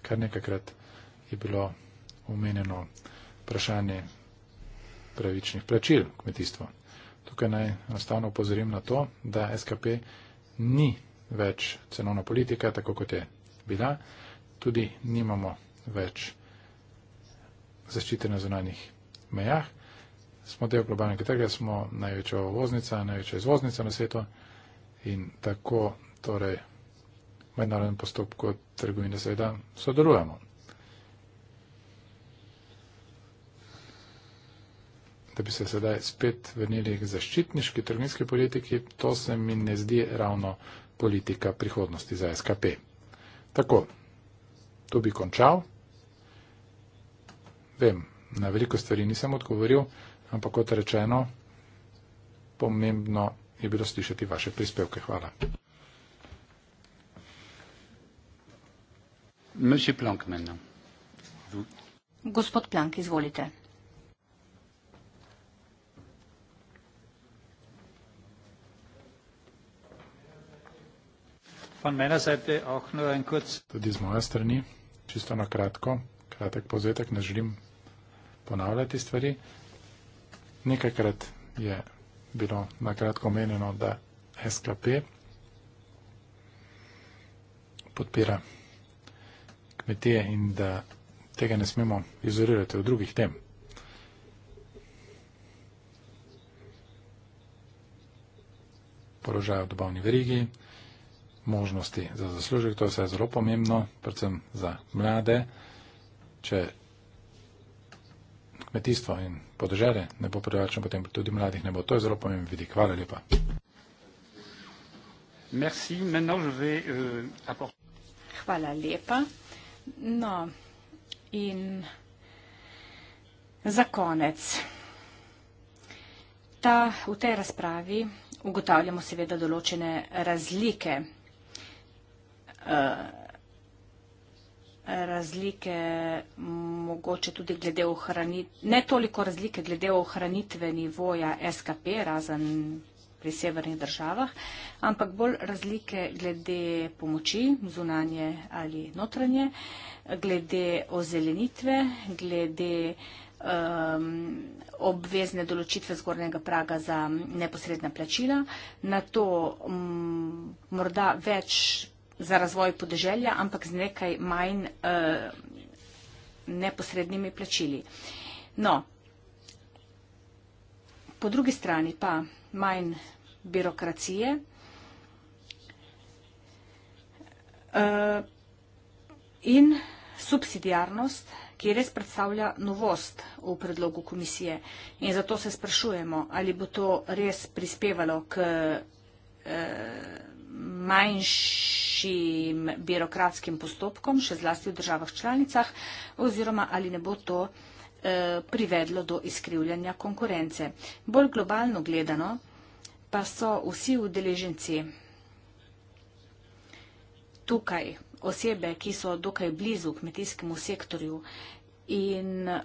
[SPEAKER 1] kar nekakrat je bilo omenjeno vprašanje pravičnih plačil kmetijstvo. Tukaj naj enostavno upozorim na to, da SKP ni več cenovna politika, tako kot je bila. Tudi nimamo več zaščite na zonanih mejah. Smo del globalnega trga, smo največja uvoznica, največja izvoznica na svetu in tako torej mednarodnem postopku trgovine seveda sodelujemo. Da bi se sedaj spet vrnili k zaščitniški trgovinski politiki, to se mi ne zdi ravno politika prihodnosti za SKP. Tako, to bi končal. Vem, na veliko stvari nisem odgovoril, ampak kot rečeno, pomembno je bilo slišati vaše prispevke. Hvala.
[SPEAKER 3] gospod Plank, izvolite.
[SPEAKER 1] Tudi z moje strani, čisto na kratko, kratek povzetek, ne želim ponavljati stvari. Nekajkrat je bilo na kratko omenjeno, da SKP podpira kmetije in da tega ne smemo izolirati v drugih tem. Položaj v dobavni verigi, možnosti za zaslužek, to je vse zelo pomembno, predvsem za mlade. Če kmetijstvo in podržare ne bo privlačno, potem tudi mladih ne bo. To je zelo pomemben vidik. Hvala lepa.
[SPEAKER 2] Merci, maintenant je vais euh, apporter.
[SPEAKER 3] Hvala lepa. No, in za konec. Ta, v tej razpravi ugotavljamo seveda določene razlike, uh, razlike mogoče tudi glede ohranitve, ne toliko razlike glede ohranitve nivoja SKP, razen pri severnih državah, ampak bolj razlike glede pomoči, zunanje ali notranje, glede ozelenitve, glede um, obvezne določitve zgornjega praga za neposredna plačila, na to um, morda več za razvoj podeželja, ampak z nekaj manj uh, neposrednimi plačili. No, po drugi strani pa manj birokracije. Eh, in subsidijarnost, ki res predstavlja novost v predlogu komisije. In zato se sprašujemo, ali bo to res prispevalo k eh, manjšim birokratskim postopkom, še zlasti v državah članicah, oziroma ali ne bo to prispevalo Eh, privedlo do izkrivljanja konkurence. Bolj globalno gledano pa so vsi udeleženci tukaj osebe, ki so dokaj blizu kmetijskemu sektorju in uh,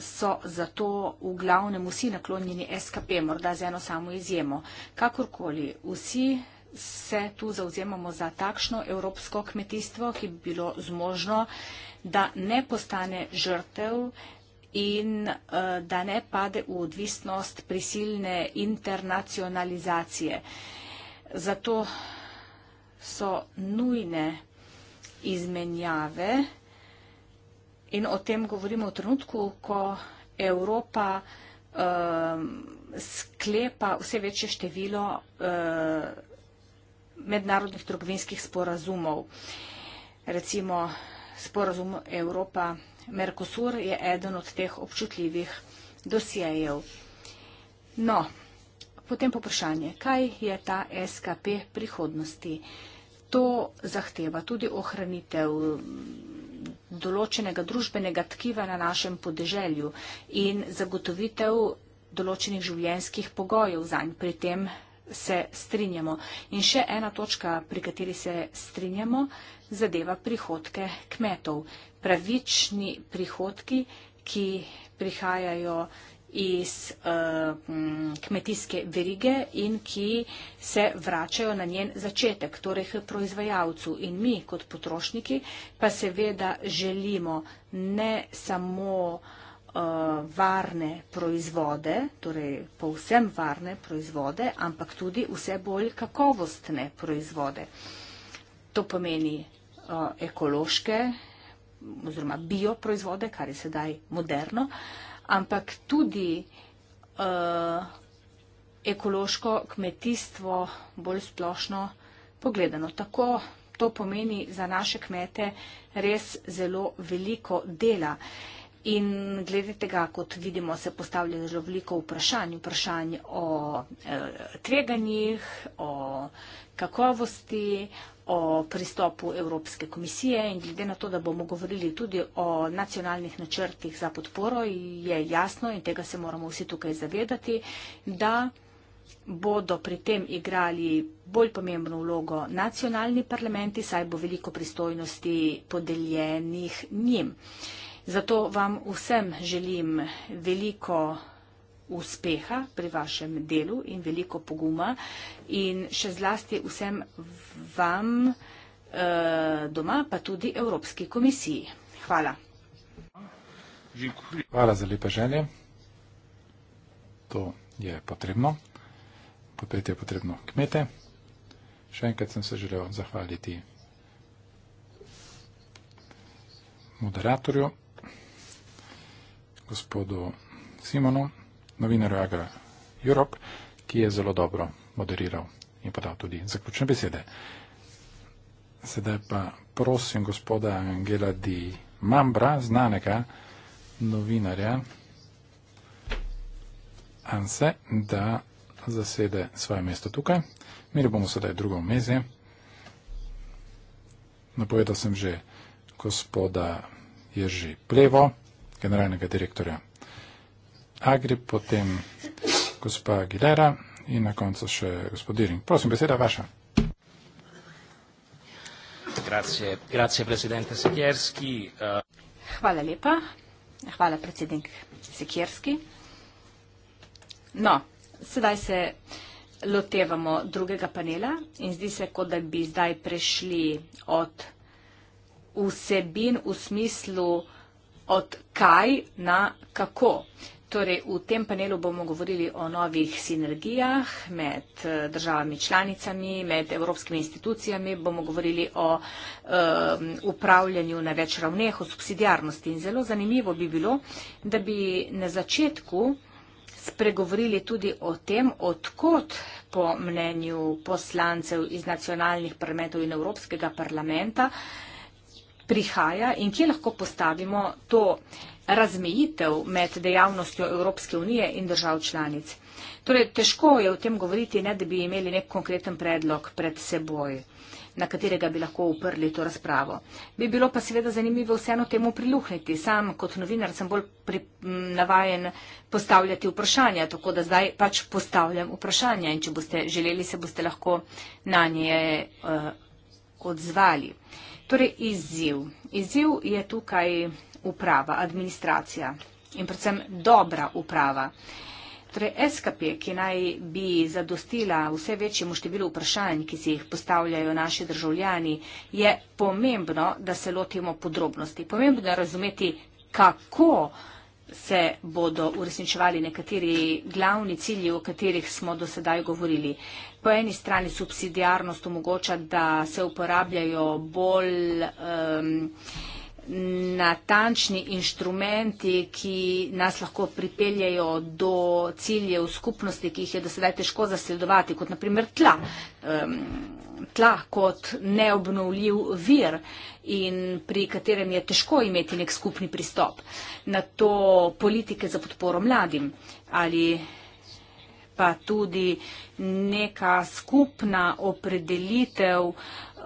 [SPEAKER 3] so zato v glavnem vsi naklonjeni SKP, morda z eno samo izjemo. Kakorkoli, vsi se tu zauzemamo za takšno evropsko kmetijstvo, ki bi bilo zmožno uh, da ne postane žrtev in uh, da ne pade v odvisnost prisilne internacionalizacije. Zato so nujne izmenjave in o tem govorimo v trenutku, ko Evropa uh, sklepa vse večje število uh, mednarodnih trgovinskih sporazumov. Recimo, Sporazum Evropa-Merkosur je eden od teh občutljivih dosijejev. No, potem poprašanje, kaj je ta SKP prihodnosti? To zahteva tudi ohranitev določenega družbenega tkiva na našem podeželju in zagotovitev določenih življenjskih pogojev zanj pri tem se strinjamo. In še ena točka, pri kateri se strinjamo, zadeva prihodke kmetov. Pravični prihodki, ki prihajajo iz uh, kmetijske verige in ki se vračajo na njen začetek, torej k proizvajalcu. In mi kot potrošniki pa seveda želimo ne samo uh, Eh, varne proizvode, torej povsem varne proizvode, ampak tudi vse bolj kakovostne proizvode. To pomeni eh, ekološke oziroma bioproizvode, kar je sedaj moderno, ampak tudi eh, ekološko kmetijstvo bolj splošno pogledano. Tako to pomeni za naše kmete res zelo veliko dela. In glede tega, kot vidimo, se postavlja zelo veliko vprašanj, vprašanj o e, tveganjih, o kakovosti, o pristopu Evropske komisije in glede na to, da bomo govorili tudi o nacionalnih načrtih za podporo, je jasno in tega se moramo vsi tukaj zavedati, da bodo pri tem igrali bolj pomembno vlogo nacionalni parlamenti, saj bo veliko pristojnosti podeljenih njim. E, Zato vam vsem želim veliko uspeha pri vašem delu in veliko poguma in še zlasti vsem vam eh, doma, pa tudi Evropski komisiji. Hvala.
[SPEAKER 1] Hvala za lepe želje. To je potrebno. Podpreti je potrebno kmete. Še enkrat sem se želel zahvaliti moderatorju gospodu Simonu, novinarju Agra Europe, ki je zelo dobro moderiral in podal tudi zaključne besede. Sedaj pa prosim gospoda Angela Di Mambra, znanega novinarja Anse, da zasede svoje mesto tukaj. Mili bomo sedaj drugo mezje. Napovedal sem že gospoda Ježi Plevo generalnega direktorja. Agri, potem gospa Gilera in na koncu še gospod Diring. Prosim, beseda vaša.
[SPEAKER 2] Grazie, grazie, predsedente Sekjerski. Eh,
[SPEAKER 3] Hvala lepa. Hvala, predsednik Sekjerski. No, sedaj se lotevamo drugega panela in zdi se, kot da bi zdaj prešli od vsebin v smislu od kaj na kako. Torej, v tem panelu bomo govorili o novih sinergijah med eh, državami članicami, med evropskimi institucijami, bomo govorili o um, upravljanju na več ravneh, o subsidijarnosti. In zelo zanimivo bi bilo, da bi na začetku spregovorili tudi o tem, odkot po mnenju poslancev iz nacionalnih parlamentov in Evropskega parlamenta uh, prihaja in kje lahko postavimo to razmejitev med dejavnostjo Evropske unije in držav članic. Torej, težko je o tem govoriti, ne da bi imeli nek konkreten predlog pred seboj, na katerega bi lahko uprli to razpravo. Bi bilo pa seveda zanimivo vseeno temu priluhniti. Sam kot novinar sem bolj pri, m, navajen postavljati vprašanja, tako da zdaj pač postavljam vprašanja in če boste želeli, se boste lahko na nje uh, eh, odzvali. Uh, Torej, izziv. Izziv je tukaj uprava, administracija in predvsem dobra uprava. Torej, SKP, ki naj bi zadostila vse večjemu številu vprašanj, ki si jih postavljajo naši državljani, je pomembno, da se lotimo podrobnosti. Pomembno je razumeti, kako se bodo uresničevali nekateri glavni cilji, o katerih smo do sedaj govorili. Po eni strani subsidijarnost omogoča, da se uporabljajo bolj um, natančni inštrumenti, ki nas lahko pripeljajo do ciljev skupnosti, ki jih je do sedaj težko zasledovati, kot naprimer tla. Um, tla kot neobnovljiv vir in pri katerem je težko imeti nek skupni pristop. Na to politike za podporo mladim ali pa tudi neka skupna opredelitev eh,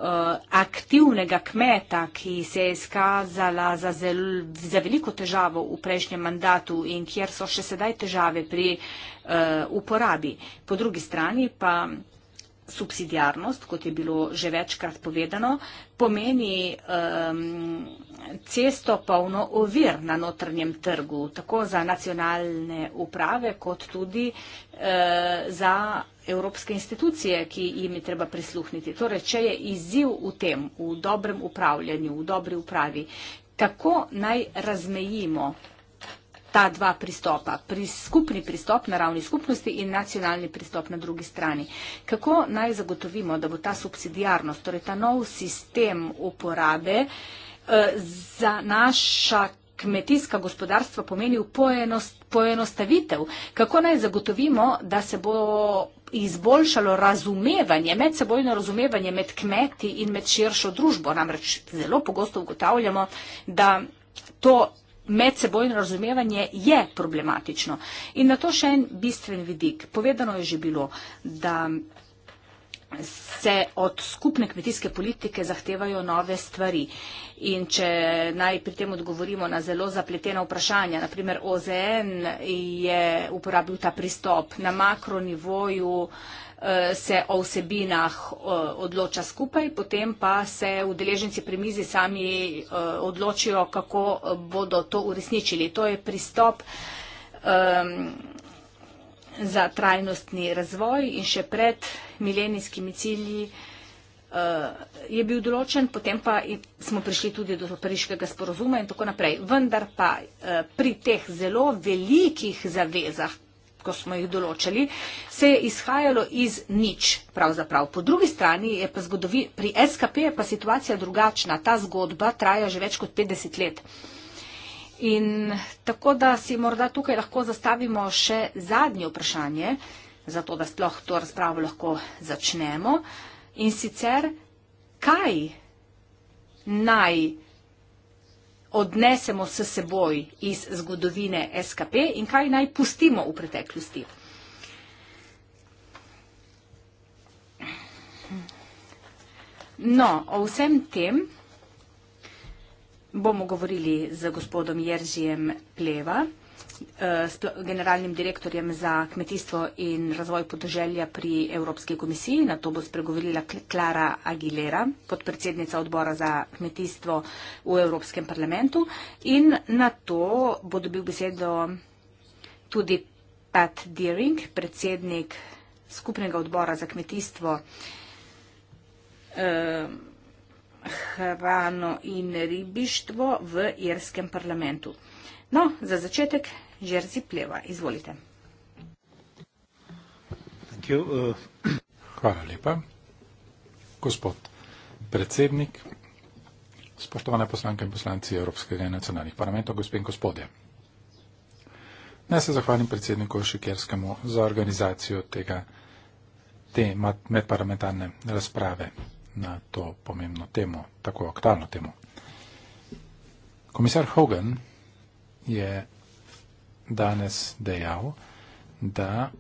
[SPEAKER 3] aktivnega kmeta, ki se je izkazala za, zel, za veliko težavo v prejšnjem mandatu in kjer so še sedaj težave pri uh, uporabi. Po drugi strani pa subsidijarnost, kot je bilo že večkrat povedano, pomeni um, cesto polno ovir na notrnjem trgu, tako za nacionalne uprave, kot tudi eh, za evropske institucije, ki jim je treba prisluhniti. Torej, če je izziv v tem, v dobrem upravljanju, v dobri upravi, kako naj razmejimo ta dva pristopa, pri skupni pristop na ravni skupnosti in nacionalni pristop na drugi strani. Kako naj zagotovimo, da bo ta subsidijarnost, torej ta nov sistem uporabe, eh, Eh, za naša kmetijska gospodarstva pomeni poenost, poenostavitev. Kako naj zagotovimo, da se bo izboljšalo razumevanje, medsebojno razumevanje med kmeti in med širšo družbo. Namreč zelo pogosto ugotavljamo, da to medsebojno razumevanje je problematično. In na to še en bistven vidik. Povedano je že bilo, da se od skupne kmetijske politike zahtevajo nove stvari. In če naj pri tem odgovorimo na zelo zapletena vprašanja, naprimer OZN je uporabil ta pristop na makronivoju, eh, se o vsebinah eh, odloča skupaj, potem pa se udeleženci pri mizi sami eh, odločijo, kako bodo to uresničili. To je pristop. Um, za trajnostni razvoj in še pred milenijskimi cilji eh, je bil določen, potem pa smo prišli tudi do pariškega sporozuma in tako naprej. Vendar pa eh, pri teh zelo velikih zavezah, ko smo jih določili, se je izhajalo iz nič pravzaprav. Po drugi strani je pa zgodovina, pri SKP je pa situacija drugačna. Ta zgodba traja že več kot 50 let. In tako da si morda tukaj lahko zastavimo še zadnje vprašanje, zato da sploh to razpravo lahko začnemo. In sicer, kaj naj odnesemo s seboj iz zgodovine SKP in kaj naj pustimo v preteklosti? No, o vsem tem bomo govorili z gospodom Jeržijem Pleva, eh, generalnim direktorjem za kmetijstvo in razvoj podoželja pri Evropski komisiji. Na to bo spregovorila Klara Aguilera, podpredsednica odbora za kmetijstvo v Evropskem parlamentu. In na to bo dobil besedo tudi Pat Deering, predsednik skupnega odbora za kmetijstvo. Uh, hrano in ribištvo v irskem parlamentu. No, za začetek Žerzi Pleva, izvolite.
[SPEAKER 1] Uh, (clears throat) Hvala lepa. Gospod predsednik, spoštovane poslanke in poslanci Evropskega in nacionalnih parlamentov, gospod in gospodje. Naj se zahvalim predsedniku Šikerskemu za organizacijo tega te medparlamentarne razprave na to pomembno temo, tako aktualno temo. Komisar Hogan je danes dejal, da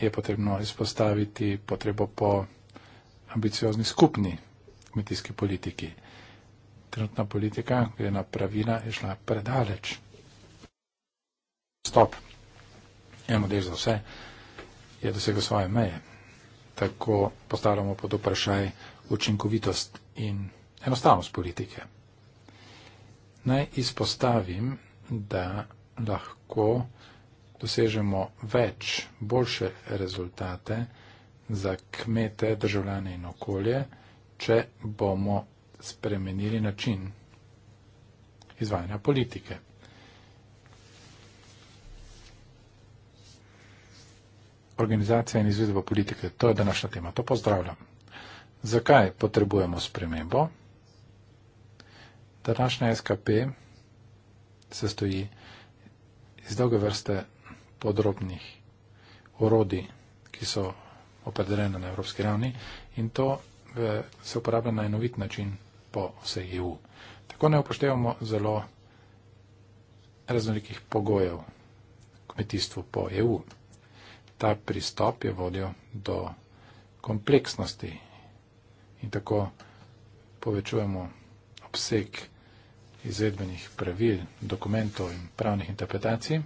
[SPEAKER 1] je potrebno izpostaviti potrebo po ambiciozni skupni kmetijski politiki. Trenutna politika, ki je napravila, je šla predaleč. Stop. En model za vse je dosegel svoje meje. Tako postavljamo pod vprašaj učinkovitost in enostavnost politike. Naj izpostavim, da lahko dosežemo več boljše rezultate za kmete, državljane in okolje, če bomo spremenili način izvajanja politike. Organizacija in izvedba politike, to je današnja tema, to pozdravljam. Zakaj potrebujemo spremembo? Današnja SKP se stoji iz dolge vrste podrobnih orodij, ki so opredeljene na evropski ravni in to se uporablja na enovit način po vsej EU. Tako ne upoštevamo zelo raznolikih pogojev kmetijstvu po EU. Ta pristop je vodil do kompleksnosti in tako povečujemo obseg izvedbenih pravil, dokumentov in pravnih interpretacij,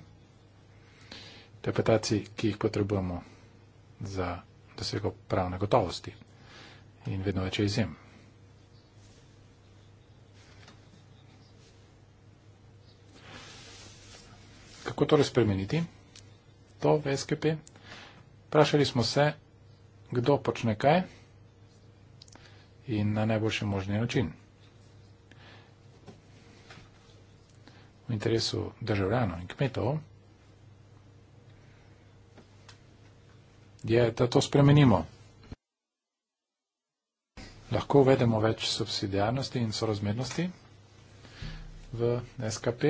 [SPEAKER 1] interpretacij, ki jih potrebujemo za dosego pravne gotovosti in vedno več izjem. Kako torej spremeniti to v SKP? Prašali smo se, kdo počne kaj in na najboljši možni način. V interesu državljanov in kmetov je, da to spremenimo. Lahko uvedemo več subsidijarnosti in sorazmernosti v SKP.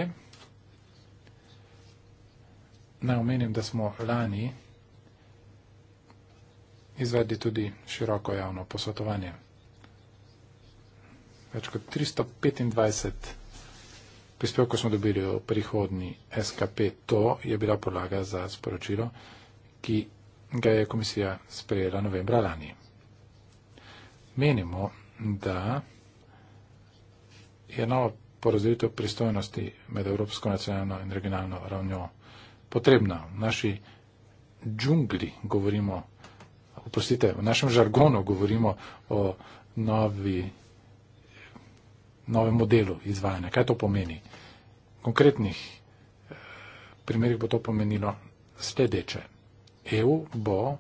[SPEAKER 1] Naj omenim, da smo lani izvedli tudi široko javno posvetovanje več kot 325 prispevkov smo dobili o prihodni SKP. To je bila podlaga za sporočilo, ki ga je komisija sprejela novembra lani. Menimo, da je novo porazdelitev pristojnosti med Evropsko nacionalno in regionalno ravnjo potrebna. V naši džungli govorimo, oprostite, v našem žargonu govorimo o novi novem modelu izvajanja. Kaj to pomeni? V konkretnih eh, primerih bo to pomenilo sledeče. EU bo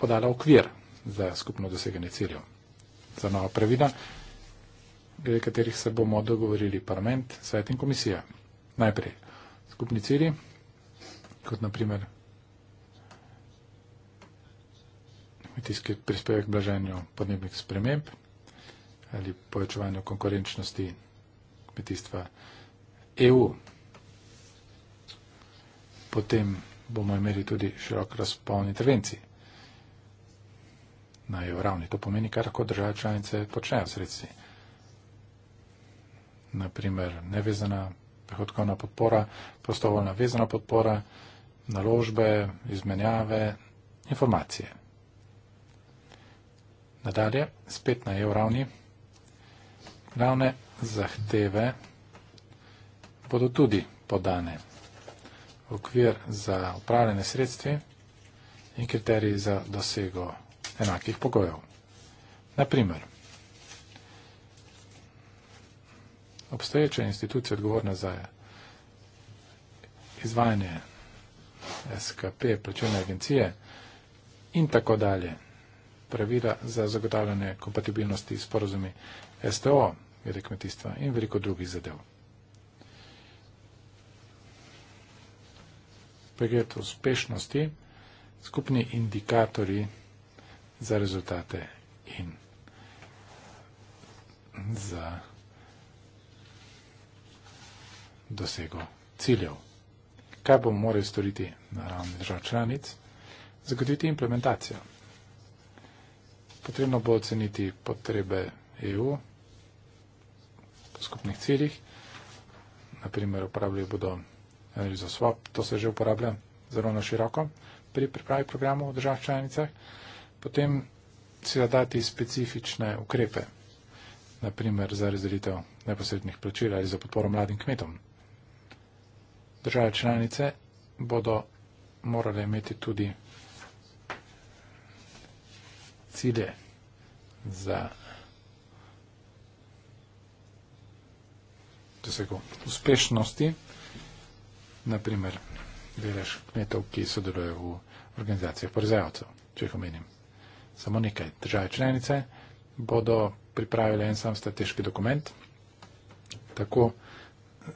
[SPEAKER 1] podala okvir za skupno doseganje ciljev, za nova pravila, glede katerih se bomo dogovorili parlament, svet in komisija. Najprej skupni cilji, kot naprimer kmetijski prispevek blaženju podnebnih sprememb, ali povečevanju konkurenčnosti kmetijstva EU. Potem bomo imeli tudi širok razpon intervencij na EU ravni. To pomeni, kar lahko države članice počnejo s sredstvi. Naprimer, nevezana prihodkovna podpora, prostovoljna vezana podpora, naložbe, izmenjave, informacije. Nadalje, spet na EU ravni glavne zahteve bodo tudi podane. Okvir za upravljene sredstvi in kriteriji za dosego enakih pogojev. Naprimer, obstoječa institucija odgovorna za izvajanje SKP, plačevne agencije in tako dalje, pravila za zagotavljanje kompatibilnosti s porozumi STO, glede kmetijstva in veliko drugih zadev. Pregled uspešnosti, skupni indikatori za rezultate in za dosego ciljev. Kaj bomo morali storiti na ravni držav članic? Zagotoviti implementacijo. Potrebno bo oceniti potrebe vsega, EU v skupnih ciljih. Naprimer, uporabljali bodo analizo SWAP, to se že uporablja zelo na široko pri pripravi programov v državah članicah. Potem si da dati specifične ukrepe, naprimer za razdelitev neposrednih plačil ali za podporo mladim kmetom. Države članice bodo morale imeti tudi cilje za dosegu uspešnosti, naprimer, delež kmetov, ki sodelujejo v organizacijah porezajalcev, če jih omenim. Samo nekaj države članice bodo pripravile en sam strateški dokument, tako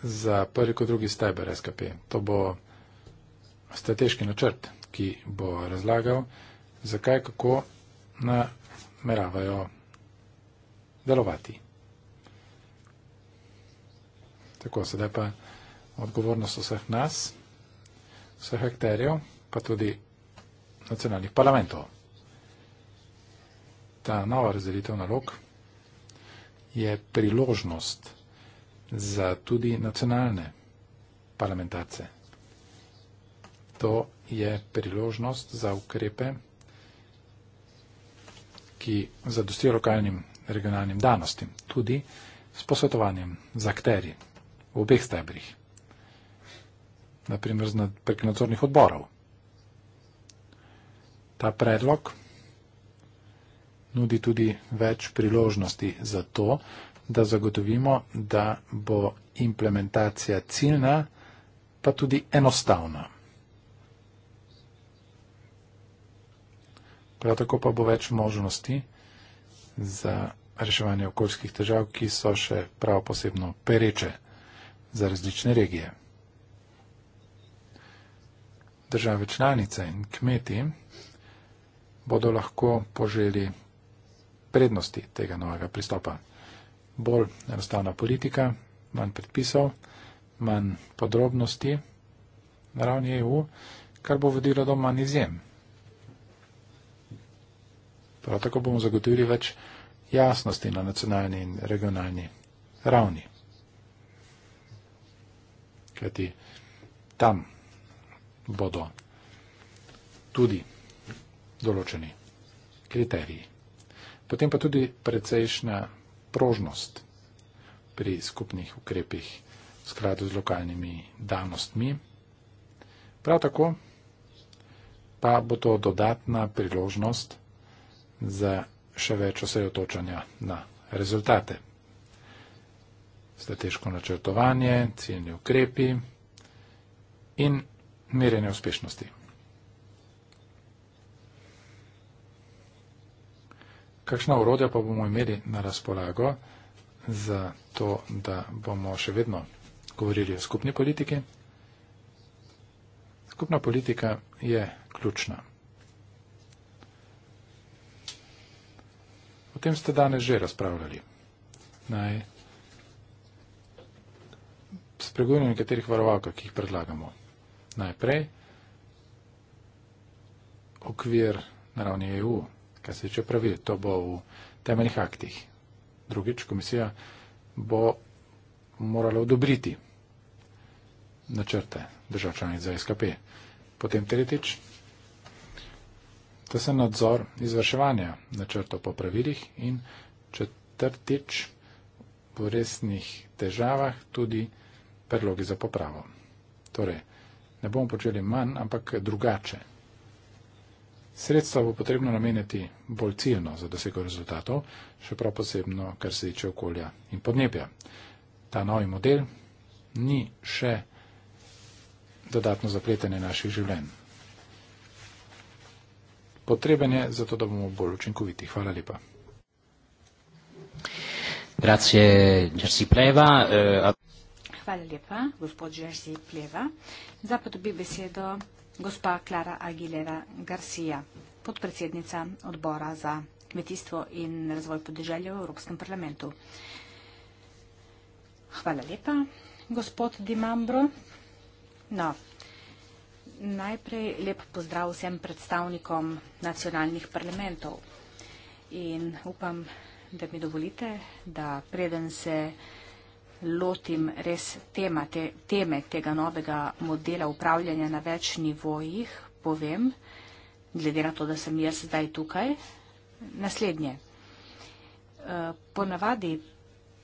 [SPEAKER 1] za prvi kot drugi steber SKP. To bo strateški načrt, ki bo razlagal, zakaj kako nameravajo delovati. Tako sedaj pa odgovornost vseh nas, vseh akterjev, pa tudi nacionalnih parlamentov. Ta nova razdelitev nalog je priložnost za tudi nacionalne parlamentarce. To je priložnost za ukrepe, ki zadostijo lokalnim regionalnim danostim, tudi s posvetovanjem z akterji v obeh stebrih, naprimer prek nadzornih odborov. Ta predlog nudi tudi več priložnosti za to, da zagotovimo, da bo implementacija ciljna, pa tudi enostavna. Prav tako pa bo več možnosti za reševanje okoljskih težav, ki so še prav posebno pereče za različne regije. Države članice in kmeti bodo lahko poželi prednosti tega novega pristopa. Bolj enostavna politika, manj predpisov, manj podrobnosti na ravni EU, kar bo vodilo do manj izjem. Prav tako bomo zagotovili več jasnosti na nacionalni in regionalni ravni kajti tam bodo tudi določeni kriteriji. Potem pa tudi precejšnja prožnost pri skupnih ukrepih v skladu z lokalnimi danostmi. Prav tako pa bo to dodatna priložnost za še več osredotočanja na rezultate strateško načrtovanje, ciljni ukrepi in merjenje uspešnosti. Kakšna urodja pa bomo imeli na razpolago za to, da bomo še vedno govorili o skupni politiki? Skupna politika je ključna. O tem ste danes že razpravljali. Naj spregovorimo o nekaterih varovalkah, ki jih predlagamo. Najprej okvir na ravni EU, kar se tiče pravil, to bo v temeljnih aktih. Drugič, komisija bo morala odobriti načrte držav članic za SKP. Potem tretjič, to se nadzor izvrševanja načrtov po pravilih in četrtič, po resnih težavah tudi izvrševanja predlogi za popravo. Torej, ne bomo počeli manj, ampak drugače. Sredstva bo potrebno nameniti bolj ciljno za dosego rezultatov, še prav posebno, kar se tiče okolja in podnebja. Ta novi model ni še dodatno zapletenje naših življenj. Potreben je zato, da bomo bolj učinkoviti. Hvala lepa. Grazie,
[SPEAKER 3] Hvala lepa, gospod Žerzi Pleva. Za podobi besedo gospa Klara Aguilera Garcia, podpredsednica odbora za kmetijstvo in razvoj podeželja v Evropskem parlamentu. Hvala lepa, gospod Dimambro. No, najprej lep pozdrav vsem predstavnikom nacionalnih parlamentov in upam, da mi dovolite, da preden se vsega, lotim res tema, te, teme tega novega modela upravljanja na več nivojih, povem, glede na to, da sem jaz zdaj tukaj, naslednje. Eh, ponavadi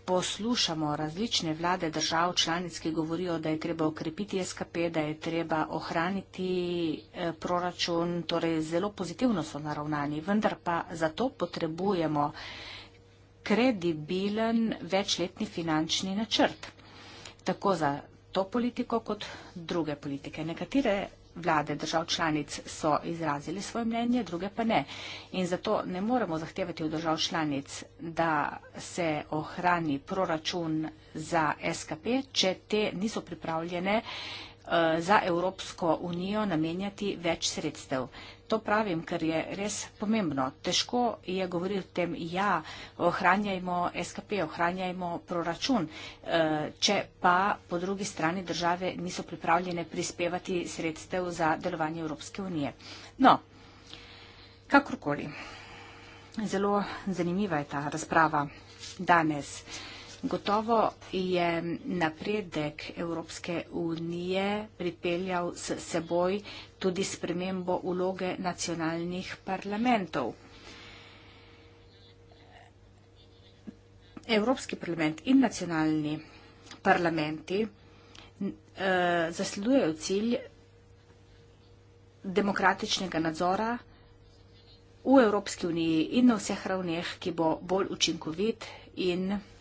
[SPEAKER 3] poslušamo različne vlade držav članic, ki govorijo, da je treba okrepiti SKP, da je treba ohraniti eh, proračun, torej zelo pozitivno so naravnani, vendar pa zato potrebujemo kredibilen večletni finančni načrt. Tako za to politiko kot druge politike. Nekatere vlade držav članic so izrazili svoje mnenje, druge pa ne. In zato ne moremo zahtevati od držav članic, da se ohrani proračun za SKP, če te niso pripravljene Eh, za Evropsko unijo namenjati več sredstev. To pravim, ker je res pomembno. Težko je govoriti o tem, ja, ohranjajmo SKP, ohranjajmo proračun, eh, če pa po drugi strani države niso pripravljene prispevati sredstev za delovanje Evropske unije. No, kakorkoli. Zelo zanimiva je ta razprava danes. Gotovo je napredek Evropske unije pripeljal s seboj tudi spremembo uloge nacionalnih parlamentov. Evropski parlament in nacionalni parlamenti eh, zasledujejo cilj demokratičnega nadzora v Evropski uniji in na vseh ravneh, ki bo bolj učinkovit in učinkovit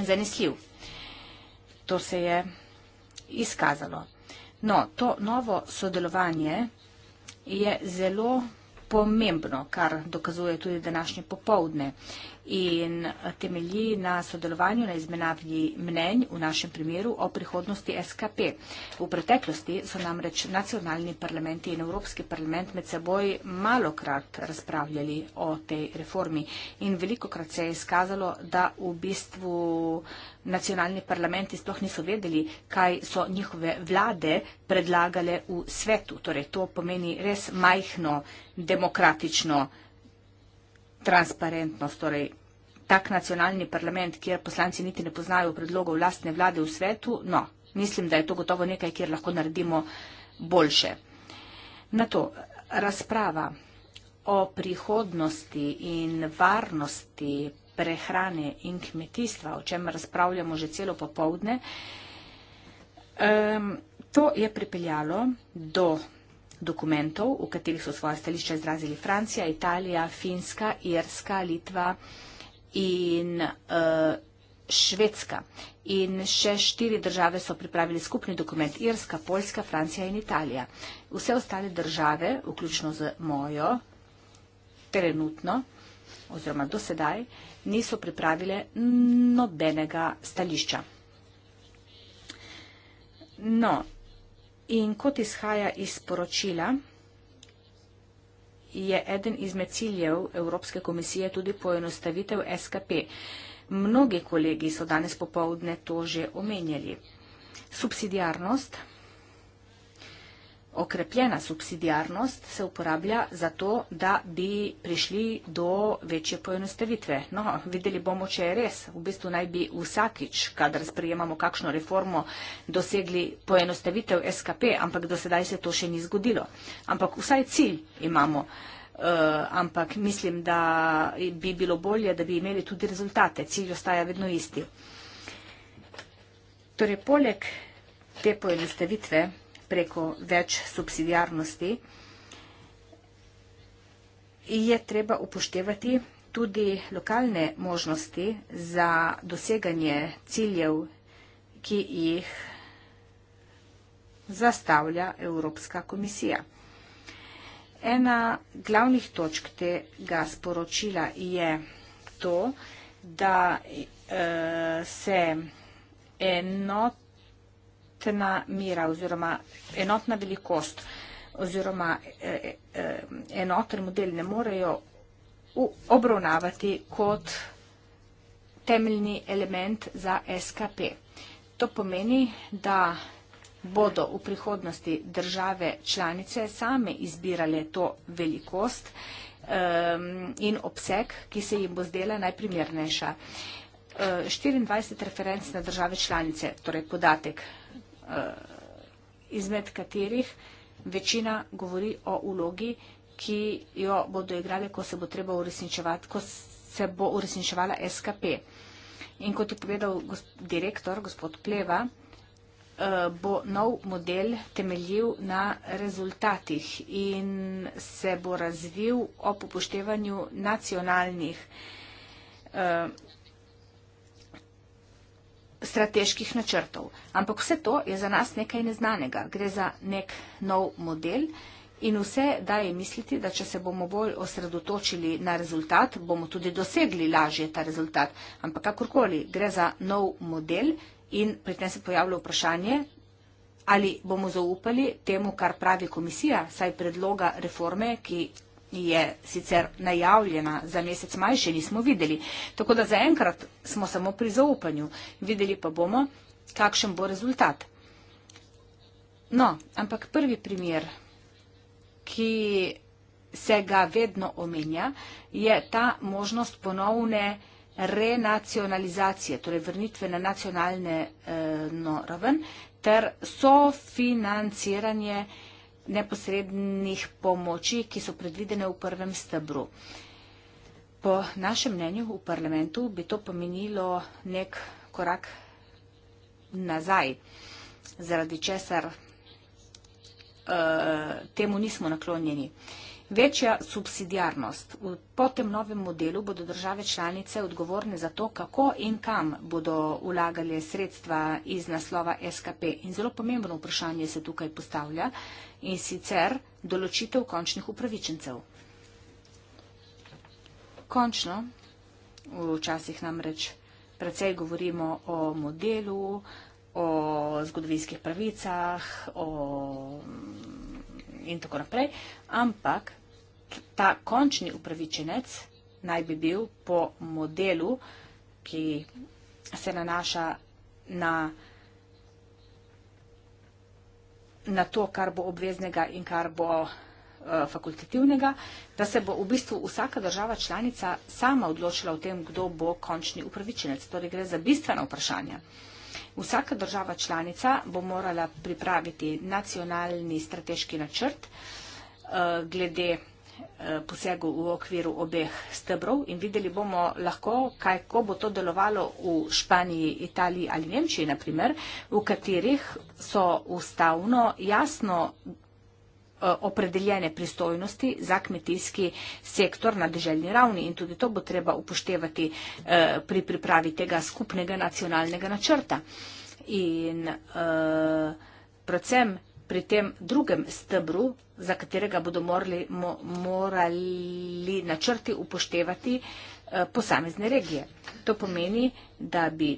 [SPEAKER 3] zanesljiv. To se je izkazalo. No, to novo sodelovanje je zelo pomembno, kar dokazuje tudi današnje popovdne. Uh, in temelji na sodelovanju, na izmenavlji mnenj v našem primeru o prihodnosti SKP. V preteklosti so namreč nacionalni parlamenti in Evropski parlament med seboj malokrat razpravljali o tej reformi in veliko krat se je izkazalo, da v bistvu nacionalni parlamenti sploh niso vedeli, kaj so njihove vlade predlagale v svetu. Torej, to pomeni res majhno demokratično transparentnost, torej tak nacionalni parlament, kjer poslanci niti ne poznajo predlogov lastne vlade v svetu, no, mislim, da je to gotovo nekaj, kjer lahko naredimo boljše. Na to razprava o prihodnosti in varnosti prehrane in kmetijstva, o čem razpravljamo že celo popovdne, ehm, to je pripeljalo do dokumentov, v katerih so svoje stališče izrazili Francija, Italija, Finska, Irska, Litva in uh, Švedska. In še štiri države so pripravili skupni dokument Irska, Poljska, Francija in Italija. Vse ostale države, vključno z mojo, trenutno oziroma dosedaj, niso pripravile nobenega stališča. No, In kot izhaja iz poročila, je eden izmed ciljev Evropske komisije tudi poenostavitev SKP. Mnogi kolegi so danes popovdne to že omenjali. Subsidijarnost okrepljena subsidijarnost se uporablja za to, da bi prišli do večje poenostavitve. No, videli bomo, če je res. V bistvu naj bi vsakič, kadar sprejemamo kakšno reformo, dosegli poenostavitev SKP, ampak do sedaj se to še ni zgodilo. Ampak vsaj cilj imamo. Uh, ampak mislim, da bi bilo bolje, da bi imeli tudi rezultate. Cilj ostaja vedno isti. Torej, poleg te poenostavitve preko več subsidijarnosti, je treba upoštevati tudi lokalne možnosti za doseganje ciljev, ki jih zastavlja Evropska komisija. Ena glavnih točk tega sporočila je to, da eh, se enot enotna mera oziroma enotna velikost oziroma e, e, e, enoten model ne morejo obravnavati kot temeljni element za SKP. To pomeni, da bodo v prihodnosti države članice same izbirale to velikost in obseg, ki se jim bo zdela najprimernejša. 24 referenc na države članice, torej podatek, Eh, izmed katerih večina govori o ulogi, ki jo bodo igrali, ko se bo treba uresničevati, ko se bo uresničevala SKP. In kot je povedal gosp direktor, gospod Pleva, eh, bo nov model temeljil na rezultatih in se bo razvil ob upoštevanju nacionalnih eh, strateških načrtov. Ampak vse to je za nas nekaj neznanega. Gre za nek nov model in vse daje misliti, da če se bomo bolj osredotočili na rezultat, bomo tudi dosegli lažje ta rezultat. Ampak kakorkoli, gre za nov model in pri tem se pojavlja vprašanje, ali bomo zaupali temu, kar pravi komisija, saj predloga reforme, ki je sicer najavljena za mesec maj, še nismo videli. Tako da zaenkrat smo samo pri zaupanju. Videli pa bomo, kakšen bo rezultat. No, ampak prvi primer, ki se ga vedno omenja, je ta možnost ponovne renacionalizacije, torej vrnitve na nacionalne eh, no, raven ter sofinanciranje eh, neposrednih pomoči, ki so predvidene v prvem stebru. Po našem mnenju v parlamentu bi to pomenilo nek korak nazaj, zaradi česar uh, temu nismo naklonjeni. Večja subsidiarnost. Po tem novem modelu bodo države članice odgovorne za to, kako in kam bodo vlagali sredstva iz naslova SKP. In zelo pomembno vprašanje se tukaj postavlja, in sicer določitev končnih upravičencev. Končno, včasih namreč precej govorimo o modelu, o zgodovinskih pravicah o in tako naprej, ampak ta končni upravičenec naj bi bil po modelu, ki se nanaša na na to, kar bo obveznega in kar bo eh, fakultativnega, da se bo v bistvu vsaka država članica sama odločila o tem, kdo bo končni upravičenec. Torej gre za bistvena vprašanja. Vsaka država članica bo morala pripraviti nacionalni strateški načrt eh, glede Eh, posegu v okviru obeh stebrov in videli bomo lahko, kaj ko bo to delovalo v Španiji, Italiji ali Nemčiji, naprimer, v katerih so ustavno jasno eh, opredeljene pristojnosti za kmetijski sektor na deželjni ravni in tudi to bo treba upoštevati eh, pri pripravi tega skupnega nacionalnega načrta. In predvsem pri tem drugem stebru, za katerega bodo morali, mo, morali načrti upoštevati eh, posamezne regije. To pomeni, da bi,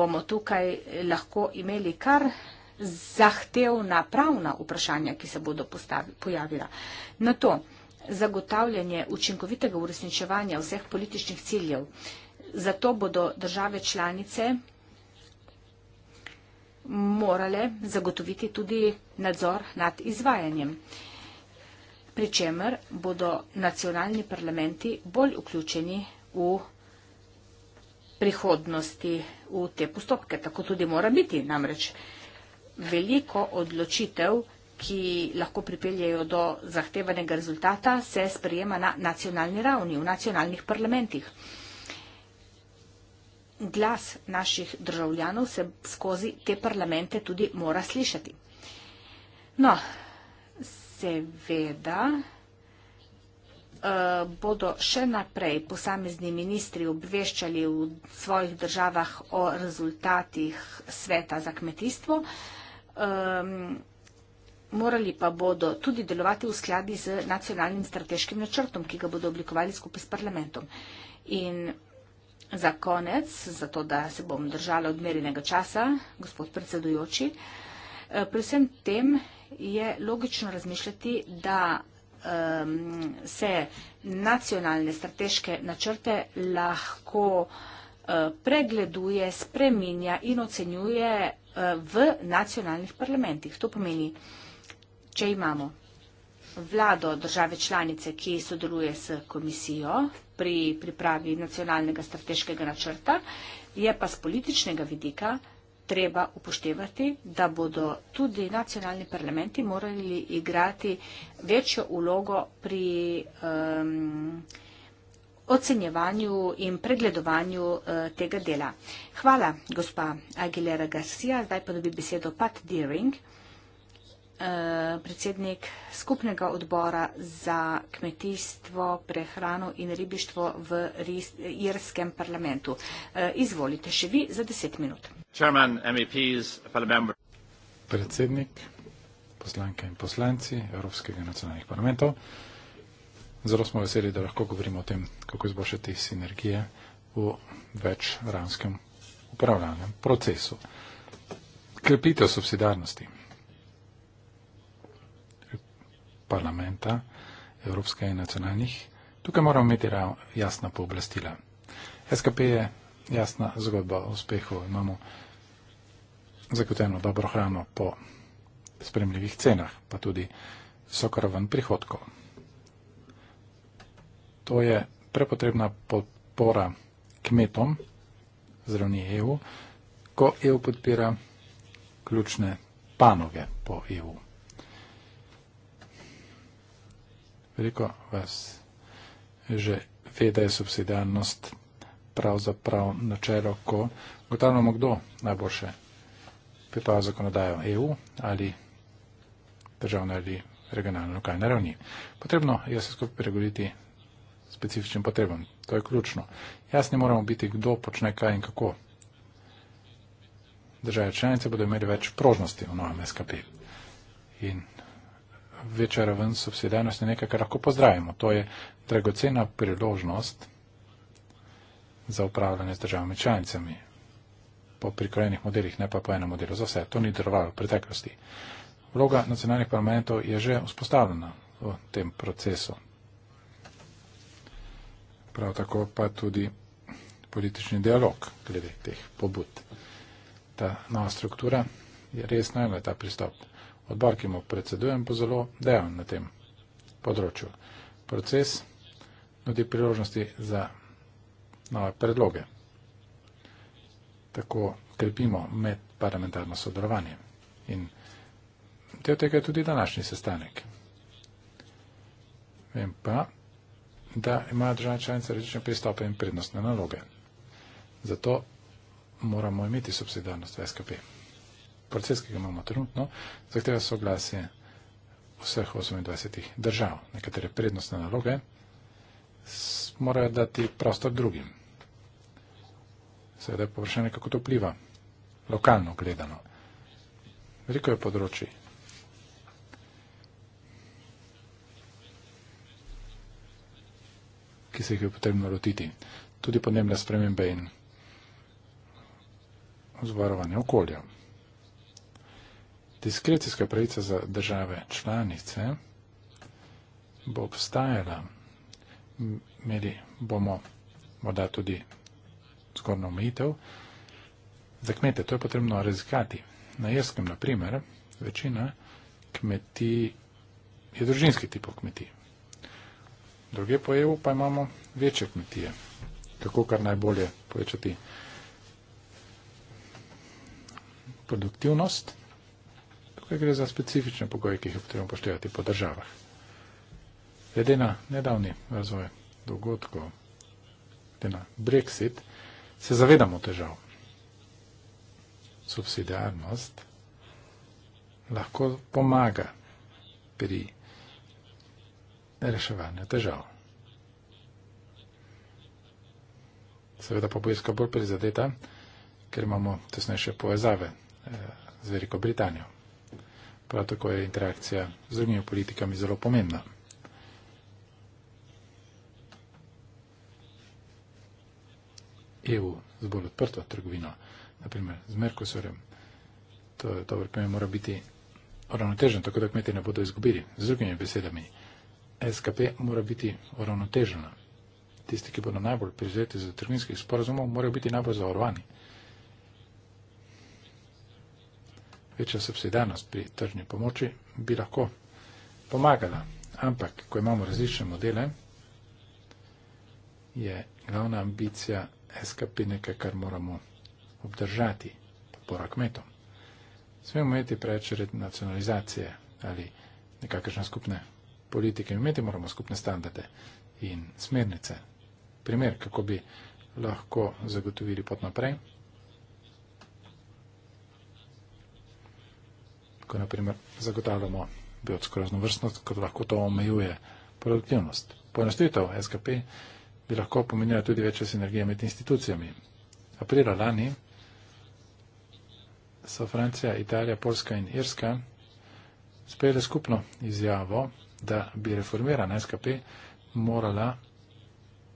[SPEAKER 3] bomo tukaj lahko imeli kar zahtevna pravna vprašanja, ki se bodo postavi, pojavila. Na to zagotavljanje učinkovitega uresničevanja vseh političnih ciljev, zato bodo države članice morale zagotoviti tudi nadzor nad izvajanjem, pri čemer bodo nacionalni parlamenti bolj vključeni v prihodnosti v te postopke. Tako tudi mora biti namreč veliko odločitev ki lahko pripeljejo do zahtevanega rezultata, se sprejema na nacionalni ravni, v nacionalnih parlamentih glas naših državljanov se skozi te parlamente tudi mora slišati. No, seveda eh, bodo še naprej posamezni ministri obveščali v svojih državah o rezultatih sveta za kmetijstvo, ehm, morali pa bodo tudi delovati v skladi z nacionalnim strateškim načrtom, ki ga bodo oblikovali skupaj s parlamentom. In Za konec, zato da se bom držala odmerjenega časa, gospod predsedujoči, eh, pri vsem tem je logično razmišljati, da um, se nacionalne strateške načrte lahko uh, pregleduje, spreminja in ocenjuje uh, v nacionalnih parlamentih. To pomeni, če imamo vlado države članice, ki sodeluje s komisijo pri pripravi nacionalnega strateškega načrta, je pa z političnega vidika treba upoštevati, da bodo tudi nacionalni parlamenti morali igrati večjo ulogo pri um, ocenjevanju in pregledovanju uh, tega dela. Hvala, gospa Aguilera Garcia. Zdaj pa dobi besedo Pat Deering. Eh, predsednik skupnega odbora za kmetijstvo, prehrano in ribištvo v irskem parlamentu. Eh, izvolite še vi za deset minut.
[SPEAKER 1] Chairman, MEPs, predsednik, poslanke in poslanci Evropskega nacionalnih parlamentov. Zelo smo veseli, da lahko govorimo o tem, kako izboljšati sinergije v večranskem upravljalnem procesu. Krepitev subsidarnosti. parlamenta, evropske in nacionalnih, tukaj moramo imeti jasna pooblastila. SKP je jasna zgodba o uspehu, imamo zagotovljeno dobro hrano po spremljivih cenah, pa tudi visoko raven prihodkov. To je prepotrebna podpora kmetom zravni EU, ko EU podpira ključne panoge po EU. Veliko vas že ve, da je subsidijarnost pravzaprav načelo, ko gotovimo, kdo najboljše pripravlja zakonodajo EU ali državno ali regionalno, lokalno ravni. Potrebno je se skupaj pregovoriti specifičnim potrebam. To je ključno. Jasni moramo biti, kdo počne kaj in kako. Države članice bodo imeli več prožnosti v novem SKP. In večja raven subsidijarnosti nekaj, kar lahko pozdravimo. To je dragocena priložnost za upravljanje z državami članicami po prikrojenih modelih, ne pa po enem modelu za vse. To ni delovalo v preteklosti. Vloga nacionalnih parlamentov je že vzpostavljena v tem procesu. Prav tako pa tudi politični dialog glede teh pobud. Ta nova struktura je res najla ta pristop odbor, ki mu predsedujem, bo zelo dejan na tem področju. Proces nudi priložnosti za nove predloge. Tako krepimo medparlamentarno sodelovanje. In del tega je tudi današnji sestanek. Vem pa, da imajo državne članice različne pristope in prednostne naloge. Zato moramo imeti subsidarnost v SKP proces, ki ga imamo trenutno, zahteva soglasje vseh 28 držav. Nekatere prednostne naloge morajo dati prostor drugim. Seveda je površanje, kako to pliva, lokalno gledano. Veliko je področji. ki se jih je potrebno lotiti. Tudi podnebne spremembe in vzvarovanje okolja diskrecijska pravica za države članice bo obstajala, imeli bomo morda tudi zgodno omejitev, za kmete to je potrebno razikati. Na jeskem, na primer, večina kmetij je družinski tip kmetij. Druge po EU pa imamo večje kmetije. Kako kar najbolje povečati produktivnost, Tukaj gre za specifične pogoje, ki jih je potrebno poštevati po državah. Glede na nedavni razvoj dogodkov, glede na Brexit, se zavedamo težav. Subsidiarnost lahko pomaga pri nereševanju težav. Seveda pa bo iskal bolj prizadeta, ker imamo tesnejše povezave eh, z Veliko Britanijo prav tako je interakcija z drugimi politikami zelo pomembna. EU z bolj odprto trgovino, naprimer z Merkosorjem, to je dobro, pa mora biti uravnotežen, tako da kmeti ne bodo izgubili. Z drugimi besedami, SKP mora biti uravnotežena. Tisti, ki bodo najbolj prizeti za trgovinskih sporazumov, morajo biti najbolj zavarovani. večja subsidarnost pri tržni pomoči bi lahko pomagala. Ampak, ko imamo različne modele, je glavna ambicija SKP nekaj, kar moramo obdržati, podpora kmetom. Smemo imeti preveč nacionalizacije ali nekakšne skupne politike. Imeti moramo skupne standarde in smernice. Primer, kako bi lahko zagotovili pot naprej. ko naprimer zagotavljamo biotsko raznovrstnost, kot lahko to omejuje produktivnost. Poenostavitev SKP bi lahko pomenila tudi večjo sinergijo med institucijami. Aprila lani so Francija, Italija, Polska in Irska sprejeli skupno izjavo, da bi reformirana SKP morala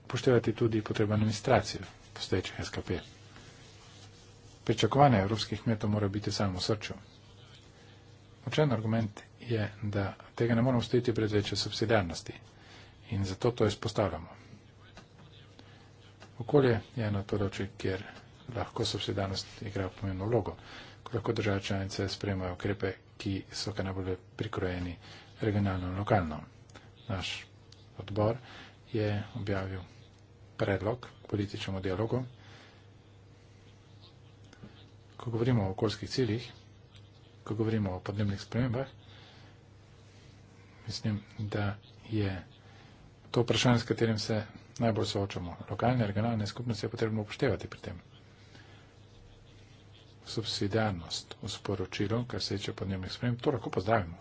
[SPEAKER 1] upoštevati tudi potrebno administracijo postoječih SKP. Pričakovanja evropskih metov mora biti samo v srču. Močen argument je, da tega ne moramo stojiti pred večjo subsidijarnosti in zato to izpostavljamo. Okolje je na področju, kjer lahko subsidijarnost igra pomembno vlogo, ko lahko države članice sprejmajo ukrepe, ki so kar najbolj prikrojeni regionalno in lokalno. Naš odbor je objavil predlog k političnemu dialogu. Ko govorimo o okoljskih ciljih, ko govorimo o podnebnih spremembah. Mislim, da je to vprašanje, s katerim se najbolj soočamo. Lokalne, regionalne skupnosti je potrebno upoštevati pri tem. Subsidijarnost v sporočilu, kar se tiče podnebnih sprememb, to lahko pozdravimo.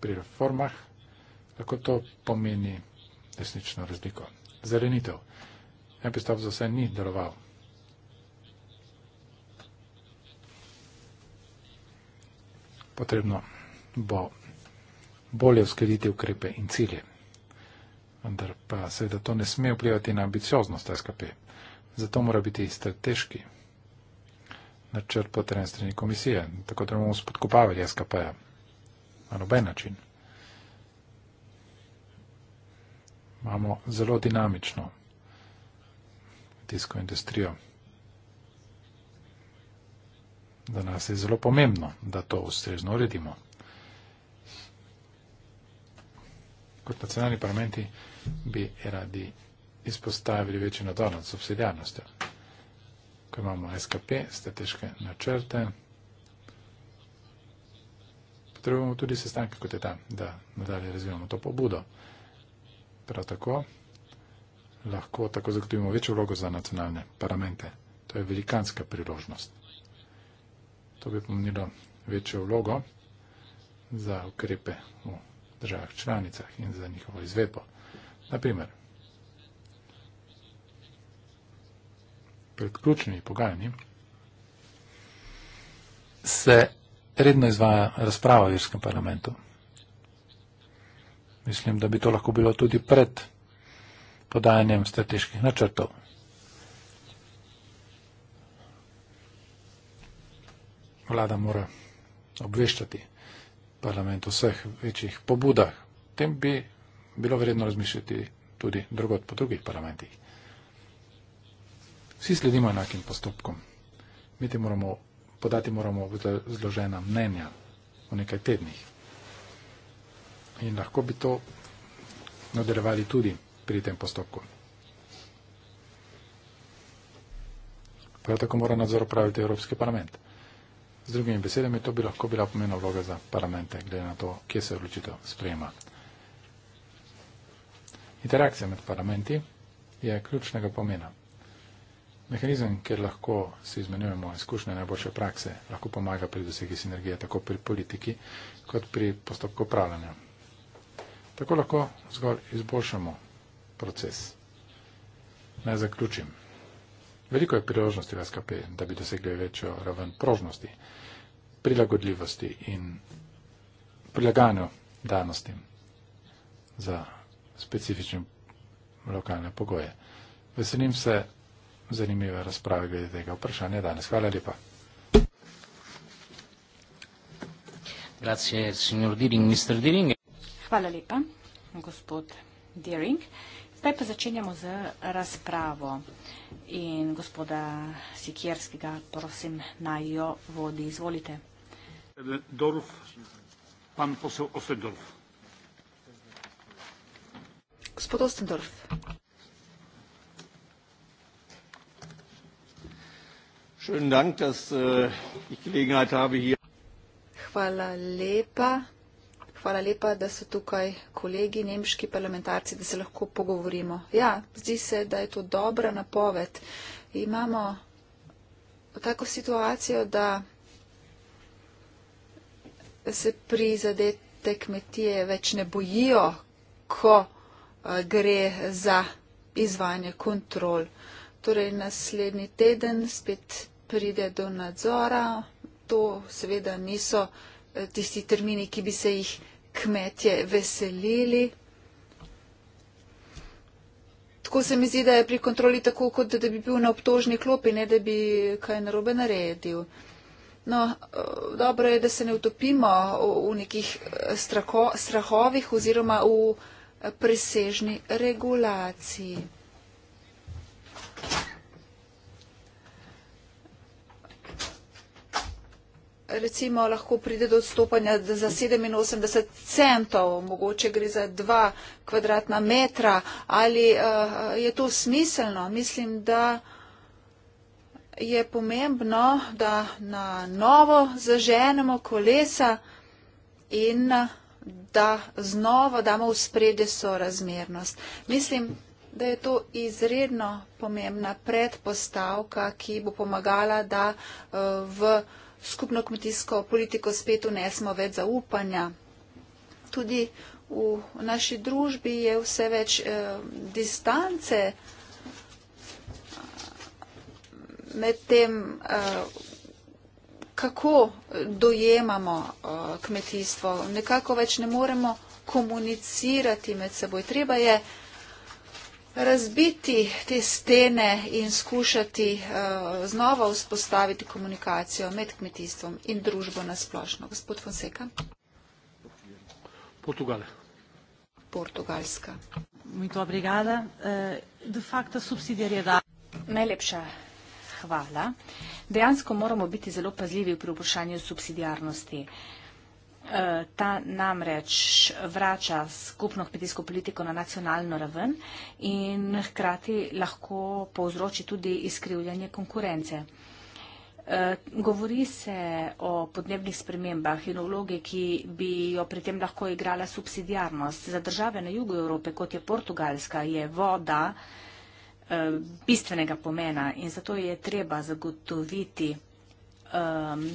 [SPEAKER 1] Pri reformah lahko to pomeni resnično razliko. Zelenitev. En pristop za vse ni deloval. potrebno bo bolje uskladiti ukrepe in cilje. Vendar pa seveda to ne sme vplivati na ambicioznost SKP. Zato mora biti strateški načrt potrebne strani komisije, tako da bomo spodkopavali SKP-ja na noben način. Imamo zelo dinamično tisko industrijo. Za nas je zelo pomembno, da to ustrezno uredimo. Kot nacionalni parlamenti bi radi izpostavili večji nadzor nad subsidijarnostjo. Ko imamo SKP, strateške načrte, potrebujemo tudi sestanke, kot je ta, da nadalje razvijamo to pobudo. Prav tako lahko tako zagotovimo večjo vlogo za nacionalne parlamente. To je velikanska priložnost. To bi pomenilo večjo vlogo za ukrepe v državah članicah in za njihovo izvedbo. Naprimer, pred ključnimi pogajanji se redno izvaja razprava v Irskem parlamentu. Mislim, da bi to lahko bilo tudi pred podajanjem strateških načrtov. vlada mora obveščati parlament o vseh večjih pobudah. O tem bi bilo vredno razmišljati tudi drugot po drugih parlamentih. Vsi sledimo enakim postopkom. Mi ti moramo, podati moramo zložena mnenja v nekaj tednih. In lahko bi to nadaljevali tudi pri tem postopku. Prav tako mora nadzor upraviti Evropski parlament. Z drugimi besedami, to bi lahko bila pomena vloga za parlamente, glede na to, kje se odločitev sprejema. Interakcija med parlamenti je ključnega pomena. Mehanizem, kjer lahko si izmenjujemo izkušnje najboljše prakse, lahko pomaga pri dosegi sinergije tako pri politiki kot pri postopku upravljanja. Tako lahko zgolj izboljšamo proces. Naj zaključim. Veliko je priložnosti v SKP, da bi dosegli večjo raven prožnosti prilagodljivosti in prilagajanju danostim za specifične lokalne pogoje. Veselim se zanimive razprave glede tega vprašanja danes. Hvala lepa.
[SPEAKER 3] Hvala lepa, gospod Dering. Zdaj pa začenjamo z razpravo in gospoda Sikjerskega prosim naj jo vodi. Izvolite
[SPEAKER 2] gospod oettinger schönen dank dass äh, ich gelegenheit habe hier
[SPEAKER 4] hvala lepa hvala lepa da so tukaj kolegi nemški parlamentarci da se lahko pogovorimo ja zdi se da je to dobra napoved imamo tako situacijo da se prizadete kmetije več ne bojijo, ko eh, gre za izvajanje kontrol. Torej, naslednji teden spet pride do nadzora. To seveda niso eh, tisti termini, ki bi se jih kmetje veselili. Tako se mi zdi, da je pri kontroli tako, kot da bi bil na obtožni klopi, ne da bi kaj narobe naredil. No, eh, dobro je, da se ne utopimo v nekih eh, strako, strahovih oziroma v eh, presežni regulaciji. Recimo lahko pride do odstopanja za 87 centov, mogoče gre za 2 kvadratna metra. Ali uh, je to smiselno? Mislim, da. Uh, je pomembno, da na novo zaženemo kolesa in da znova damo v spredje sorazmernost. Mislim, da je to izredno pomembna predpostavka, ki bo pomagala, da v skupno kmetijsko politiko spet unesmo več zaupanja. Tudi v naši družbi je vse več eh, distance eh, med tem, eh, kako dojemamo eh, kmetijstvo. Nekako več ne moremo komunicirati med seboj. Treba je razbiti te stene in skušati eh, znova vzpostaviti komunikacijo med kmetijstvom in družbo nasplošno. Gospod Fonseka. Portugal. Portugalska.
[SPEAKER 3] Najlepša hvala. Dejansko moramo biti zelo pazljivi pri vprašanju subsidijarnosti. E, ta namreč vrača skupno kmetijsko politiko na nacionalno raven in hkrati lahko povzroči tudi izkrivljanje konkurence. E, govori se o podnebnih spremembah in o vlogi, ki bi jo pri tem lahko igrala subsidijarnost. Za države na jugu Evrope, kot je Portugalska, je voda, Eh, bistvenega pomena in zato je treba zagotoviti um,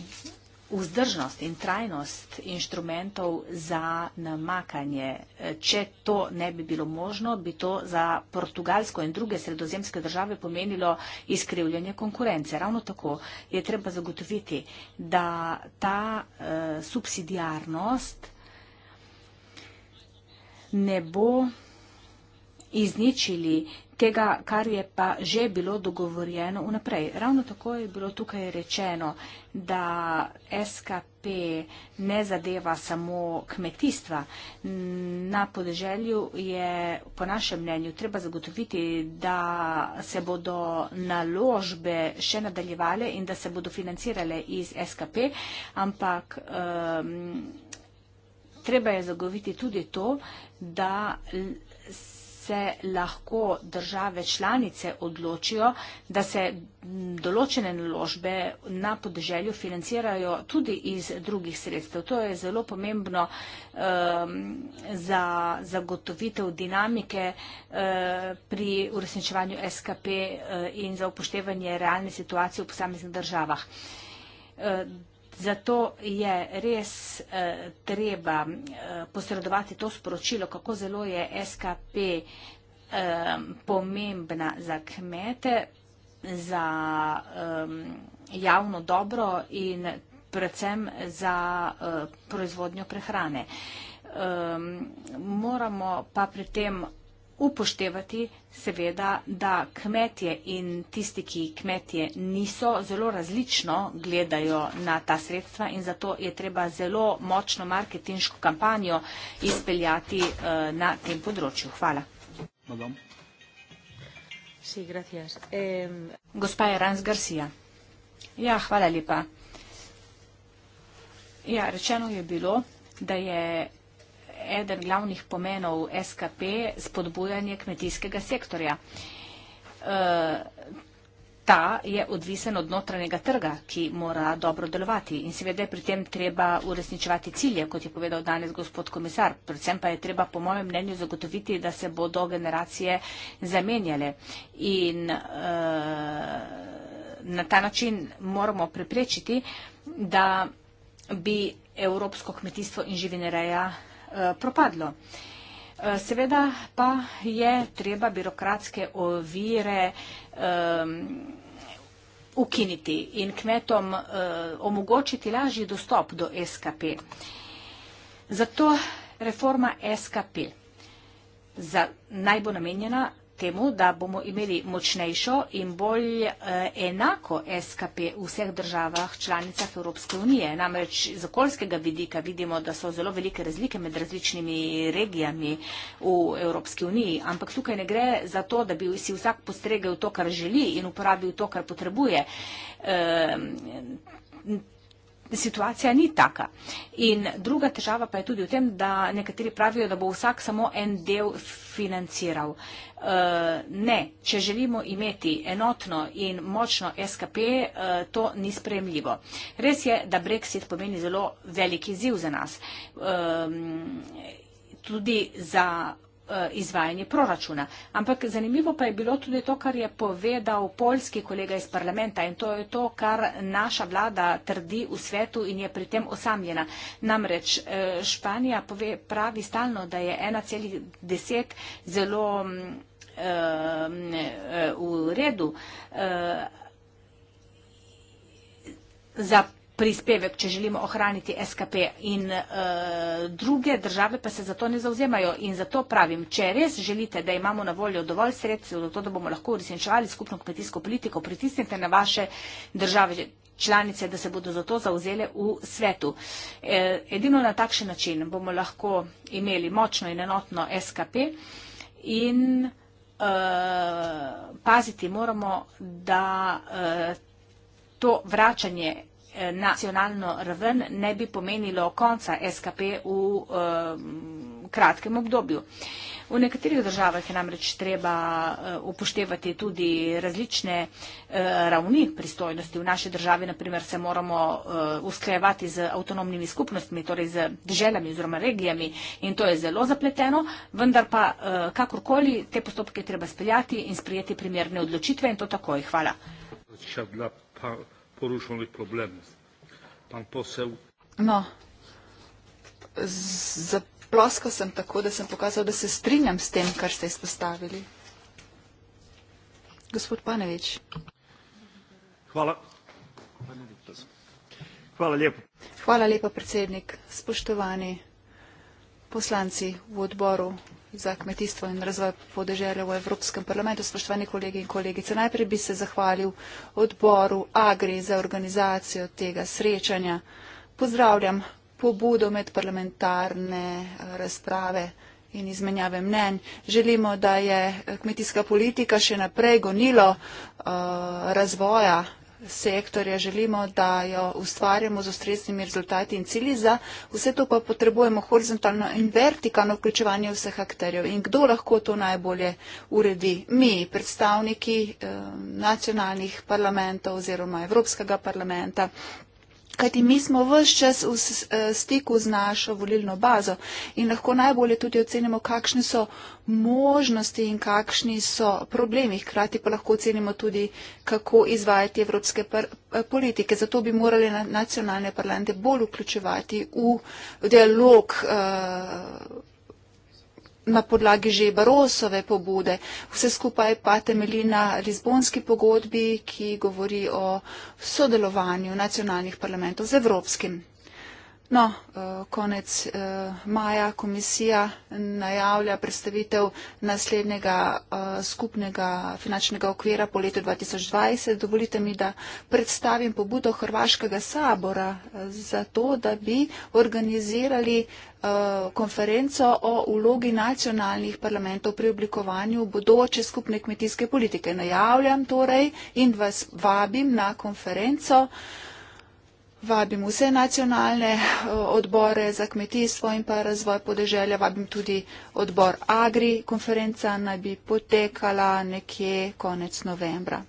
[SPEAKER 3] vzdržnost in trajnost inštrumentov za namakanje. Eh, če to ne bi bilo možno, bi to za Portugalsko in druge sredozemske države pomenilo izkrivljanje konkurence. Ravno tako je treba zagotoviti, da ta uh, eh, subsidijarnost ne bo izničili uh, tega, kar je pa že bilo dogovorjeno vnaprej. Ravno tako je bilo tukaj rečeno, da SKP ne zadeva samo kmetijstva. Na podeželju je, po našem mnenju, treba zagotoviti, da se bodo naložbe še nadaljevale in da se bodo financirale iz SKP, ampak. Um, Treba je zagoviti tudi to, da se lahko države članice odločijo, da se določene naložbe na podeželju financirajo tudi iz drugih sredstev. To je zelo pomembno um, za zagotovitev dinamike uh, pri uresničevanju SKP uh, in za upoštevanje realne situacije v posameznih državah. Uh, Zato je res eh, treba eh, posredovati to sporočilo, kako zelo je SKP eh, pomembna za kmete, za eh, javno dobro in predvsem za eh, proizvodnjo prehrane. Eh, moramo pa pri tem upoštevati seveda, da kmetje in tisti, ki kmetje niso, zelo različno gledajo na ta sredstva in zato je treba zelo močno marketinško kampanjo izpeljati eh, na tem področju. Hvala. Gospa je Ranz Garcia. Ja, hvala lepa. Ja, rečeno je bilo, da je eden glavnih pomenov SKP spodbujanje kmetijskega sektorja. E, ta je odvisen od notranjega trga, ki mora dobro delovati in seveda je pri tem treba uresničevati cilje, kot je povedal danes gospod komisar. Predvsem pa je treba po mojem mnenju zagotoviti, da se bodo generacije zamenjale in uh, na ta način moramo preprečiti, da bi evropsko kmetijstvo in živinereja uh, Eh, propadlo. Eh, seveda pa je treba birokratske ovire ukiniti in kmetom eh, omogočiti lažji dostop do SKP. Zato reforma SKP naj bo namenjena temu, da bomo imeli močnejšo in bolj eh, enako SKP v vseh državah članicah Evropske unije. Namreč z okoljskega vidika vidimo, da so zelo velike razlike med različnimi regijami v Evropski uniji, ampak tukaj ne gre za to, da bi si vsak postregel to, kar želi in uporabil to, kar potrebuje. E, situacija ni taka. In druga težava pa je tudi v tem, da nekateri pravijo, da bo vsak samo en del financiral. Eh, ne, če želimo imeti enotno in močno SKP, eh, to ni spremljivo. Res je, da Brexit pomeni zelo veliki ziv za nas. Ehm, tudi za Eh, izvajanje proračuna. Ampak zanimivo pa je bilo tudi to, kar je povedal polski kolega iz parlamenta in to je to, kar naša vlada trdi v svetu in je pri tem osamljena. Namreč eh, Španija pove, pravi stalno, da je 1,10 zelo uh, v redu. Uh, za prispevek, če želimo ohraniti SKP in e, druge države pa se za to ne zauzemajo. In zato pravim, če res želite, da imamo na voljo dovolj sredstev za to, da bomo lahko uresničevali skupno kmetijsko politiko, pritisnite na vaše države članice, da se bodo za to zauzele v svetu. E, edino na takšen način bomo lahko imeli močno in enotno SKP in e, paziti moramo, da e, to vračanje nacionalno raven ne bi pomenilo konca SKP v kratkem obdobju. V nekaterih državah je namreč treba eh, upoštevati tudi različne eh, ravni pristojnosti. V naši državi, naprimer, se moramo eh, usklejevati z avtonomnimi skupnostmi, torej z državami oziroma regijami in to je zelo zapleteno, vendar pa kakorkoli te postopke treba speljati in sprijeti primerne odločitve in to takoj. Hvala
[SPEAKER 2] poruszonych problemów. Pan poseł.
[SPEAKER 4] No, zaploskał sam tak, że sam pokazał, że się strinam z tym, co ste postawili. Gospod Panewicz.
[SPEAKER 2] Hvala. Hvala lepo.
[SPEAKER 4] Hvala lepo, predsednik. Spoštovani poslanci v odboru za kmetijstvo in razvoj podeželja v Evropskem parlamentu. Spoštovani kolegi in kolegice, najprej bi se zahvalil odboru Agri za organizacijo tega srečanja. Pozdravljam pobudo med parlamentarne eh, razprave in izmenjave mnen. Želimo, da je kmetijska politika še naprej gonilo uh, razvoja sektorja želimo, da jo ustvarjamo z ustreznimi rezultati in cilji. Za vse to pa potrebujemo horizontalno in vertikalno vključevanje vseh akterjev. In kdo lahko to najbolje uredi? Mi, predstavniki eh, nacionalnih parlamentov oziroma Evropskega parlamenta. Kajti mi smo vse čas v eh, stiku z našo volilno bazo in lahko najbolje tudi ocenimo, kakšne so možnosti in kakšni so problemi. Hkrati pa lahko ocenimo tudi, kako izvajati evropske eh, politike. Zato bi morali nacionalne parlante bolj vključevati v dialog. Uh, na podlagi že Barosove pobude. Vse skupaj pa temelji na Lizbonski pogodbi, ki govori o sodelovanju nacionalnih parlamentov z Evropskim. No, eh, konec eh, maja komisija najavlja predstavitev naslednjega eh, skupnega finančnega okvira po letu 2020. Dovolite mi, da predstavim pobudo Hrvaškega sabora za to, da bi organizirali konferenco o ulogi nacionalnih parlamentov pri oblikovanju bodoče skupne kmetijske politike. Najavljam torej in vas vabim na konferenco. Vabim vse nacionalne eh, odbore za kmetijstvo in pa razvoj podeželja, vabim tudi odbor Agri. Konferenca naj bi potekala nekje konec novembra.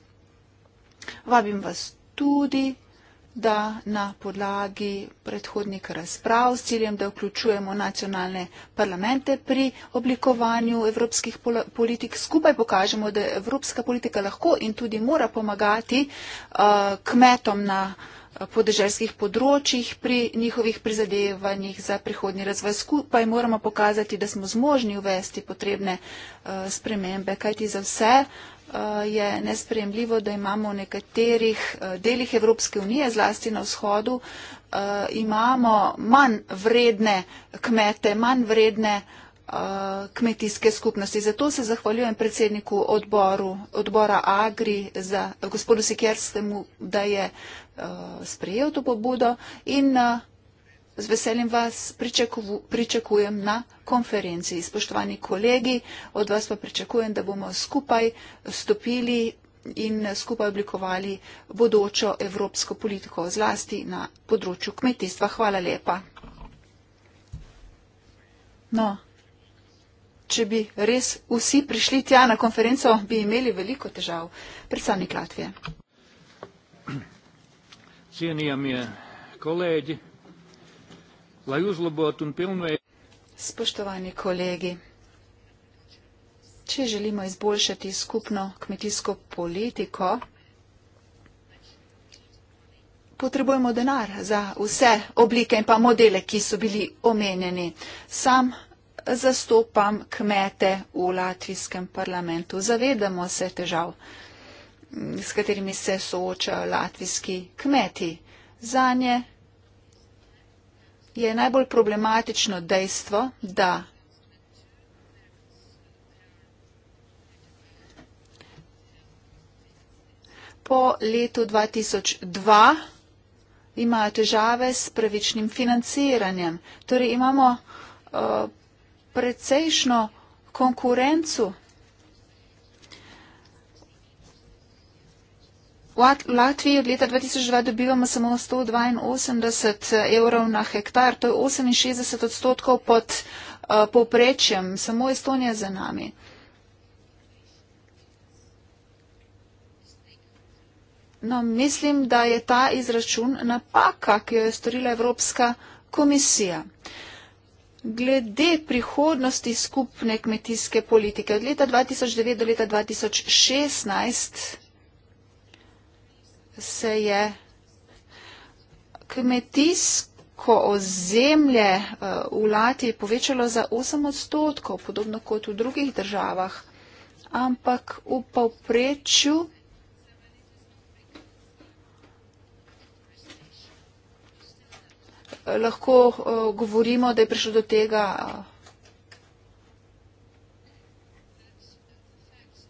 [SPEAKER 4] Vabim vas tudi, da na podlagi predhodnik razprav s ciljem, da vključujemo nacionalne parlamente pri oblikovanju evropskih politik, skupaj pokažemo, da evropska politika lahko in tudi mora pomagati uh, kmetom na podlagi podeželskih področjih pri njihovih prizadevanjih za prihodnji razvoj. Skupaj moramo pokazati, da smo zmožni uvesti potrebne eh, spremembe, kajti za vse eh, je nespremljivo, da imamo v nekaterih eh, delih Evropske unije, zlasti na vzhodu, imamo manj vredne kmete, manj vredne kmetijske skupnosti. Zato se zahvaljujem predsedniku odboru, odbora Agri za gospodu Sikerstemu, da je Eh, sprejel to pobudo in eh, z veseljem vas pričakujem na konferenci. Spoštovani kolegi, od vas pa pričakujem, da bomo skupaj stopili in skupaj oblikovali bodočo evropsko politiko zlasti na področju kmetijstva. Hvala lepa. No, če bi res vsi prišli tja na konferenco, bi imeli veliko težav. Predstavnik Latvije
[SPEAKER 2] cienījamie kolēģi, lai uzlabotu un pilnveidotu.
[SPEAKER 4] Spoštovani kolēģi, če želimo izboljšati skupno kmetijsko politiko, potrebujemo denar za vse oblike in pa modele, ki so bili omenjeni. Sam zastopam kmete v latvijskem parlamentu. Zavedamo se težav s katerimi se soočajo latvijski kmeti. Za nje je najbolj problematično dejstvo, da po letu 2002 imajo težave s pravičnim financiranjem. Torej imamo uh, precejšno konkurencu V Latviji od leta 2002 dobivamo samo 182 eh, evrov na hektar, to je 68 odstotkov pod uh, povprečjem, samo Estonija za nami. No, mislim, da je ta izračun napaka, ki jo je storila Evropska komisija. Glede prihodnosti skupne kmetijske politike od leta 2009 do leta 2016 se je kmetijsko ozemlje eh, v Lati povečalo za 8 odstotkov, podobno kot v drugih državah, ampak v povprečju lahko eh, govorimo, da je prišlo do tega.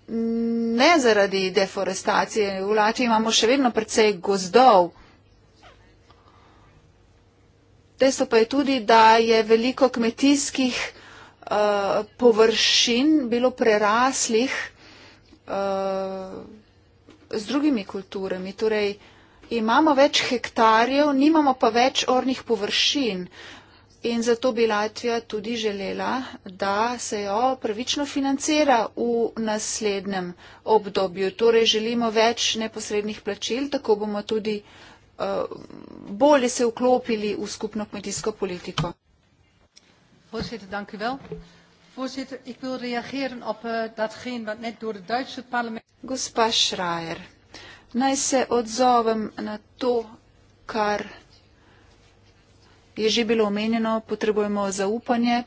[SPEAKER 4] ne zaradi deforestacije. V Lači imamo še vedno precej gozdov. Dejstvo pa je tudi, da je veliko kmetijskih uh, površin bilo preraslih uh, z drugimi kulturami. Torej, imamo več hektarjev, nimamo pa več ornih površin. Uh, In zato bi Latvija tudi želela, da se jo pravično financira v naslednjem obdobju. Torej želimo več neposrednih plačil, tako bomo tudi uh, bolje se vklopili v skupno kmetijsko politiko. Voorzitter, dank u wel. Voorzitter, ik wil reageren op uh, datgene wat net door het Duitse parlement. Gospa Schreier, naj se odzovem na to, kar je že bilo omenjeno, potrebujemo zaupanje,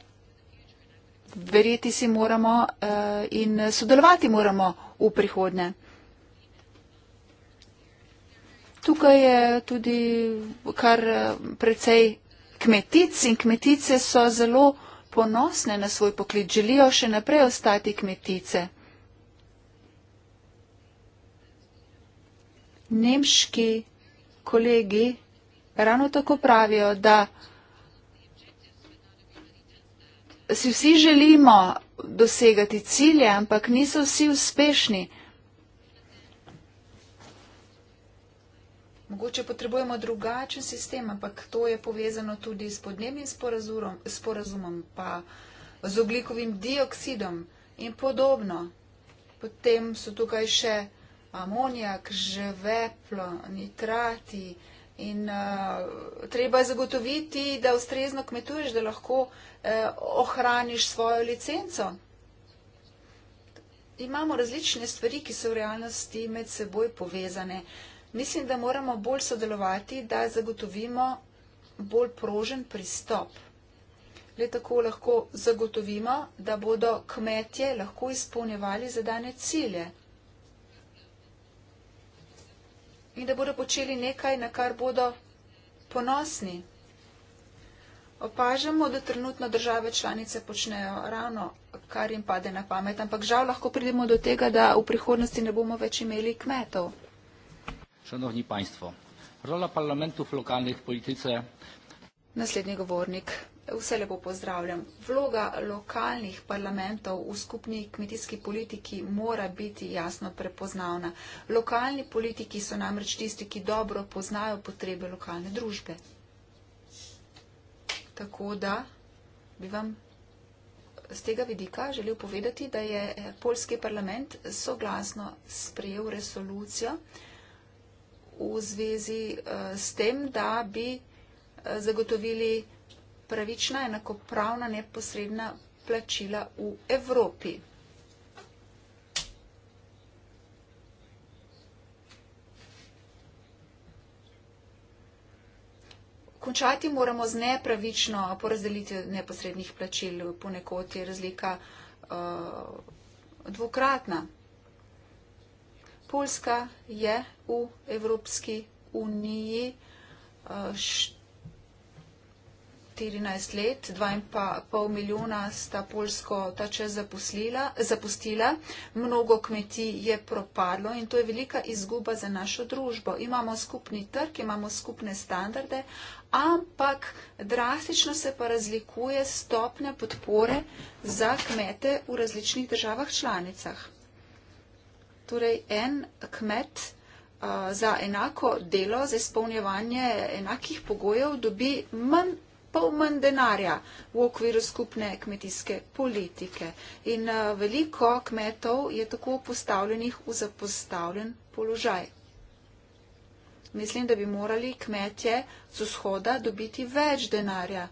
[SPEAKER 4] verjeti si moramo eh, in sodelovati moramo v prihodnje. Tukaj je tudi kar eh, precej kmetic in kmetice so zelo ponosne na svoj poklic, želijo še naprej ostati kmetice. Nemški kolegi ravno tako pravijo, da si vsi želimo dosegati cilje, ampak niso vsi uspešni. Mogoče potrebujemo drugačen sistem, ampak to je povezano tudi s podnebnim sporazumom, sporazumom, pa z oglikovim dioksidom in podobno. Potem so tukaj še amonijak, žveplo, nitrati, In uh, treba je zagotoviti, da ustrezno kmetuješ, da lahko eh, ohraniš svojo licenco. Imamo različne stvari, ki so v realnosti med seboj povezane. Mislim, da moramo bolj sodelovati, da zagotovimo bolj prožen pristop. Le tako lahko zagotovimo, da bodo kmetje lahko izpolnjevali zadane cilje. in da bodo počeli nekaj, na kar bodo ponosni. Opažamo, da trenutno države članice počnejo ravno, kar jim pade na pamet, ampak žal lahko pridemo do tega, da v prihodnosti ne bomo več imeli kmetov.
[SPEAKER 2] Šanovni panjstvo, rola parlamentov lokalnih politice.
[SPEAKER 4] Naslednji govornik, vse lepo pozdravljam. Vloga lokalnih parlamentov v skupni kmetijski politiki mora biti jasno prepoznavna. Lokalni politiki so namreč tisti, ki dobro poznajo potrebe lokalne družbe. Tako da bi vam z tega vidika želel povedati, da je eh, polski parlament soglasno sprejel resolucijo v zvezi eh, s tem, da bi eh, zagotovili pravična, enakopravna, neposredna plačila v Evropi. Končati moramo z nepravično porazdelitev neposrednih plačil, ponekod je razlika uh, dvokratna. Poljska je v Evropski uniji uh, eh, št, 14 let, 2,5 milijona sta Polsko ta čas zapustila, mnogo kmetij je propadlo in to je velika izguba za našo družbo. Imamo skupni trg, imamo skupne standarde, ampak drastično se pa razlikuje stopnja podpore za kmete v različnih državah članicah. Torej en kmet za enako delo, za izpolnjevanje enakih pogojev dobi manj pomen denarja v okviru skupne kmetijske politike. In eh, veliko kmetov je tako postavljenih v zapostavljen položaj. Mislim, da bi morali kmetje z vzhoda dobiti več denarja,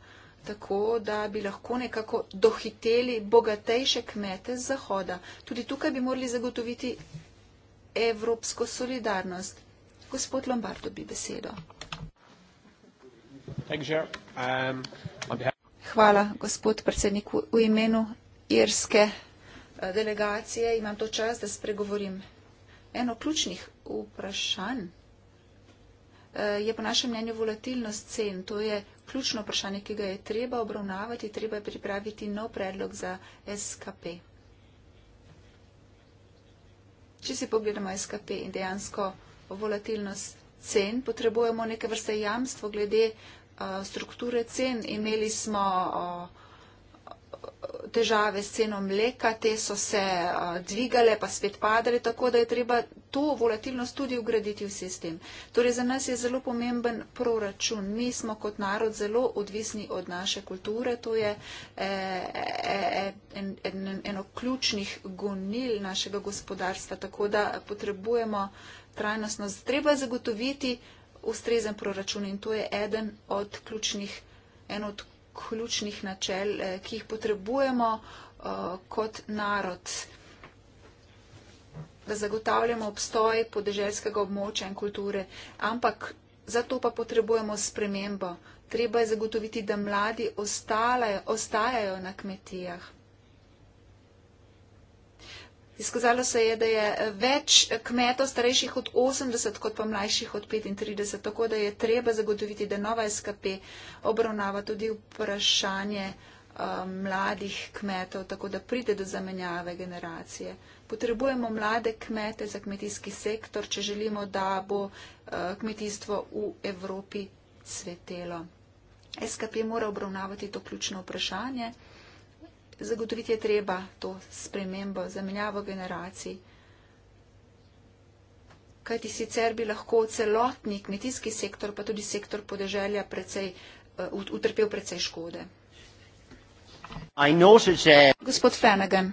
[SPEAKER 4] tako da bi lahko nekako dohiteli bogatejše kmete z zahoda. Tudi tukaj bi morali zagotoviti evropsko solidarnost. Gospod Lombardo bi besedo.
[SPEAKER 2] Um,
[SPEAKER 4] Hvala, gospod predsednik. V imenu irske eh, delegacije imam to čas, da spregovorim. Eno ključnih vprašanj eh, je po našem mnenju volatilnost cen. To je ključno vprašanje, ki ga je treba obravnavati, treba je pripraviti nov predlog za SKP. Če si pogledamo SKP in dejansko volatilnost cen, potrebujemo neke vrste jamstvo glede uh, Eh, strukture cen. Imeli smo težave s ceno mleka, te so se eh, dvigale, pa spet padale, tako da je treba to volatilnost tudi ugraditi v sistem. Torej za nas je zelo pomemben proračun. Mi smo kot narod zelo odvisni od naše kulture, to je eh, e, e, eno ključnih gonil našega gospodarstva, tako da potrebujemo trajnostnost. Treba zagotoviti ustrezen proračun in to je eden od ključnih, en od ključnih načel, eh, ki jih potrebujemo eh, kot narod, da zagotavljamo obstoj podeželskega območja in kulture, ampak za to pa potrebujemo spremembo. Treba je zagotoviti, da mladi ostalajo, ostajajo na kmetijah. Izkazalo se je, da je več kmetov starejših od 80 kot pa mlajših od 35, tako da je treba zagotoviti, da nova SKP obravnava tudi vprašanje mladih kmetov, tako da pride do zamenjave generacije. Potrebujemo mlade kmete za kmetijski sektor, če želimo, da bo kmetijstvo v Evropi cvetelo. SKP mora obravnavati to ključno vprašanje zagotoviti je treba to spremembo, zamenjavo generacij. Kaj ti sicer bi lahko celotni kmetijski sektor, pa tudi sektor podeželja, precej, eh, utrpel precej škode. Gospod Fenegan.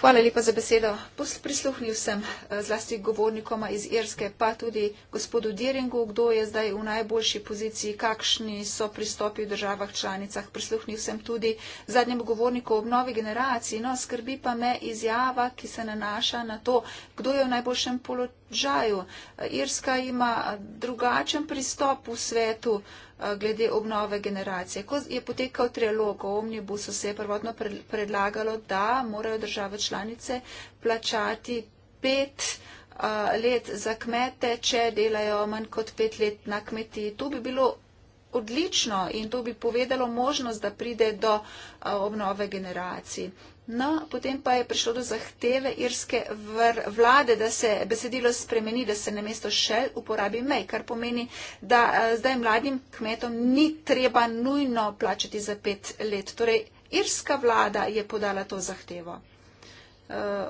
[SPEAKER 4] Hvala lepa za besedo. Prisluhnil sem eh, zlasti govornikoma iz Irske, pa tudi gospodu Diringu, kdo je zdaj v najboljši poziciji, kakšni so pristopi v državah članicah. Prisluhnil sem tudi zadnjemu govorniku ob novi generaciji. No, skrbi pa me izjava, ki se nanaša na to, kdo je v najboljšem položaju. Eh, Irska ima eh, drugačen pristop v svetu. Eh, glede obnove generacije. Ko je potekal trilog o omnibusu, se je prvotno predlagalo, da morajo države članice plačati pet eh, let za kmete, če delajo manj kot pet let na kmetiji. To bi bilo odlično in to bi povedalo možnost, da pride do eh, obnove generacij. No, potem pa je prišlo do zahteve irske vlade, da se besedilo spremeni, da se na mesto šel uporabi mej, kar pomeni, da eh, zdaj mladim kmetom ni treba nujno plačati za pet let. Torej, irska vlada je podala to zahtevo. Eh,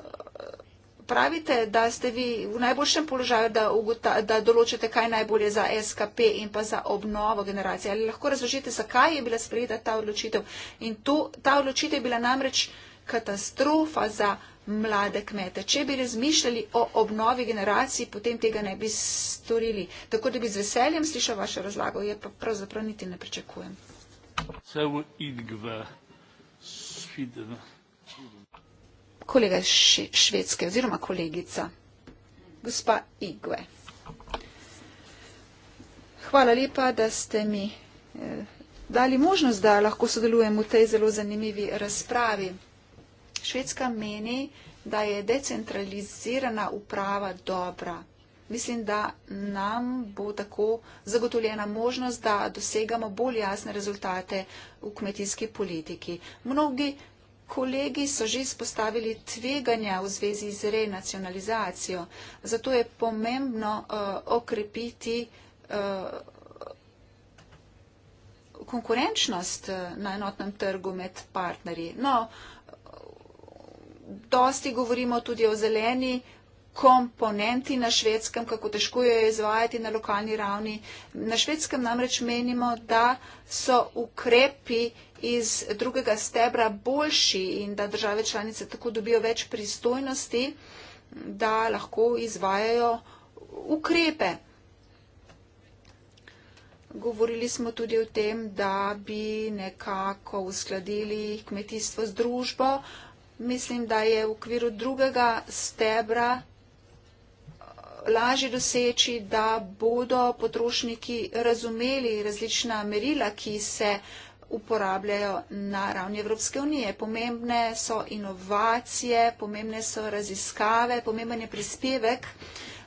[SPEAKER 4] pravite, da ste vi v najboljšem položaju, da, ugota, da določite, kaj najbolje za SKP in pa za obnovo generacije. Ali lahko razložite, zakaj je bila sprejeta ta odločitev? In to, ta odločitev je bila namreč katastrofa za mlade kmete. Če bi razmišljali o obnovi generacij, potem tega ne bi storili. Tako da bi z veseljem slišal vaše razlago, je pa pravzaprav niti ne pričakujem. Kolega Švedske oziroma kolegica. Gospa Igve. Hvala lepa, da ste mi eh, dali možnost, da lahko sodelujem v tej zelo zanimivi razpravi. Švedska meni, da je decentralizirana uprava dobra. Mislim, da nam bo tako zagotovljena možnost, da dosegamo bolj jasne rezultate v kmetijski politiki. Mnogi kolegi so že izpostavili tveganja v zvezi z renacionalizacijo. Zato je pomembno uh, okrepiti uh, konkurenčnost eh, na enotnem trgu med partnerji. No, uh, dosti govorimo tudi o zeleni komponenti na švedskem, kako težko jo je izvajati na lokalni ravni. Na švedskem namreč menimo, da so ukrepi iz drugega stebra boljši in da države članice tako dobijo več pristojnosti, da lahko izvajajo ukrepe. Govorili smo tudi o tem, da bi nekako uskladili kmetijstvo z družbo. Uh, mislim, da je v okviru drugega stebra eh, lažje doseči, da bodo potrošniki razumeli različna merila, ki se uporabljajo na ravni Evropske unije. Pomembne so inovacije, pomembne so raziskave, pomemben je prispevek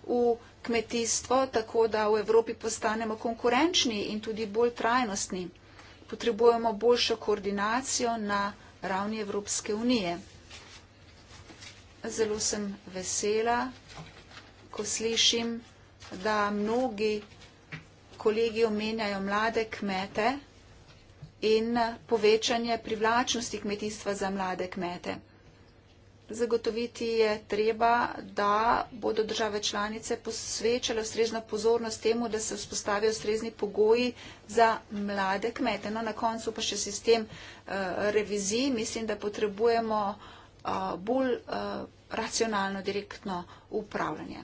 [SPEAKER 4] v kmetijstvo, tako da v Evropi postanemo konkurenčni in tudi bolj trajnostni. Potrebujemo boljšo koordinacijo na ravni Evropske unije zelo sem vesela, ko slišim, da mnogi kolegi omenjajo mlade kmete in povečanje privlačnosti kmetijstva za mlade kmete. Zagotoviti je treba, da bodo države članice posvečale ustrezno pozornost temu, da se vzpostavijo ustrezni pogoji za mlade kmete. No, na koncu pa še sistem uh, revizij. Mislim, da potrebujemo uh, Eh, bolj eh, racionalno, direktno upravljanje.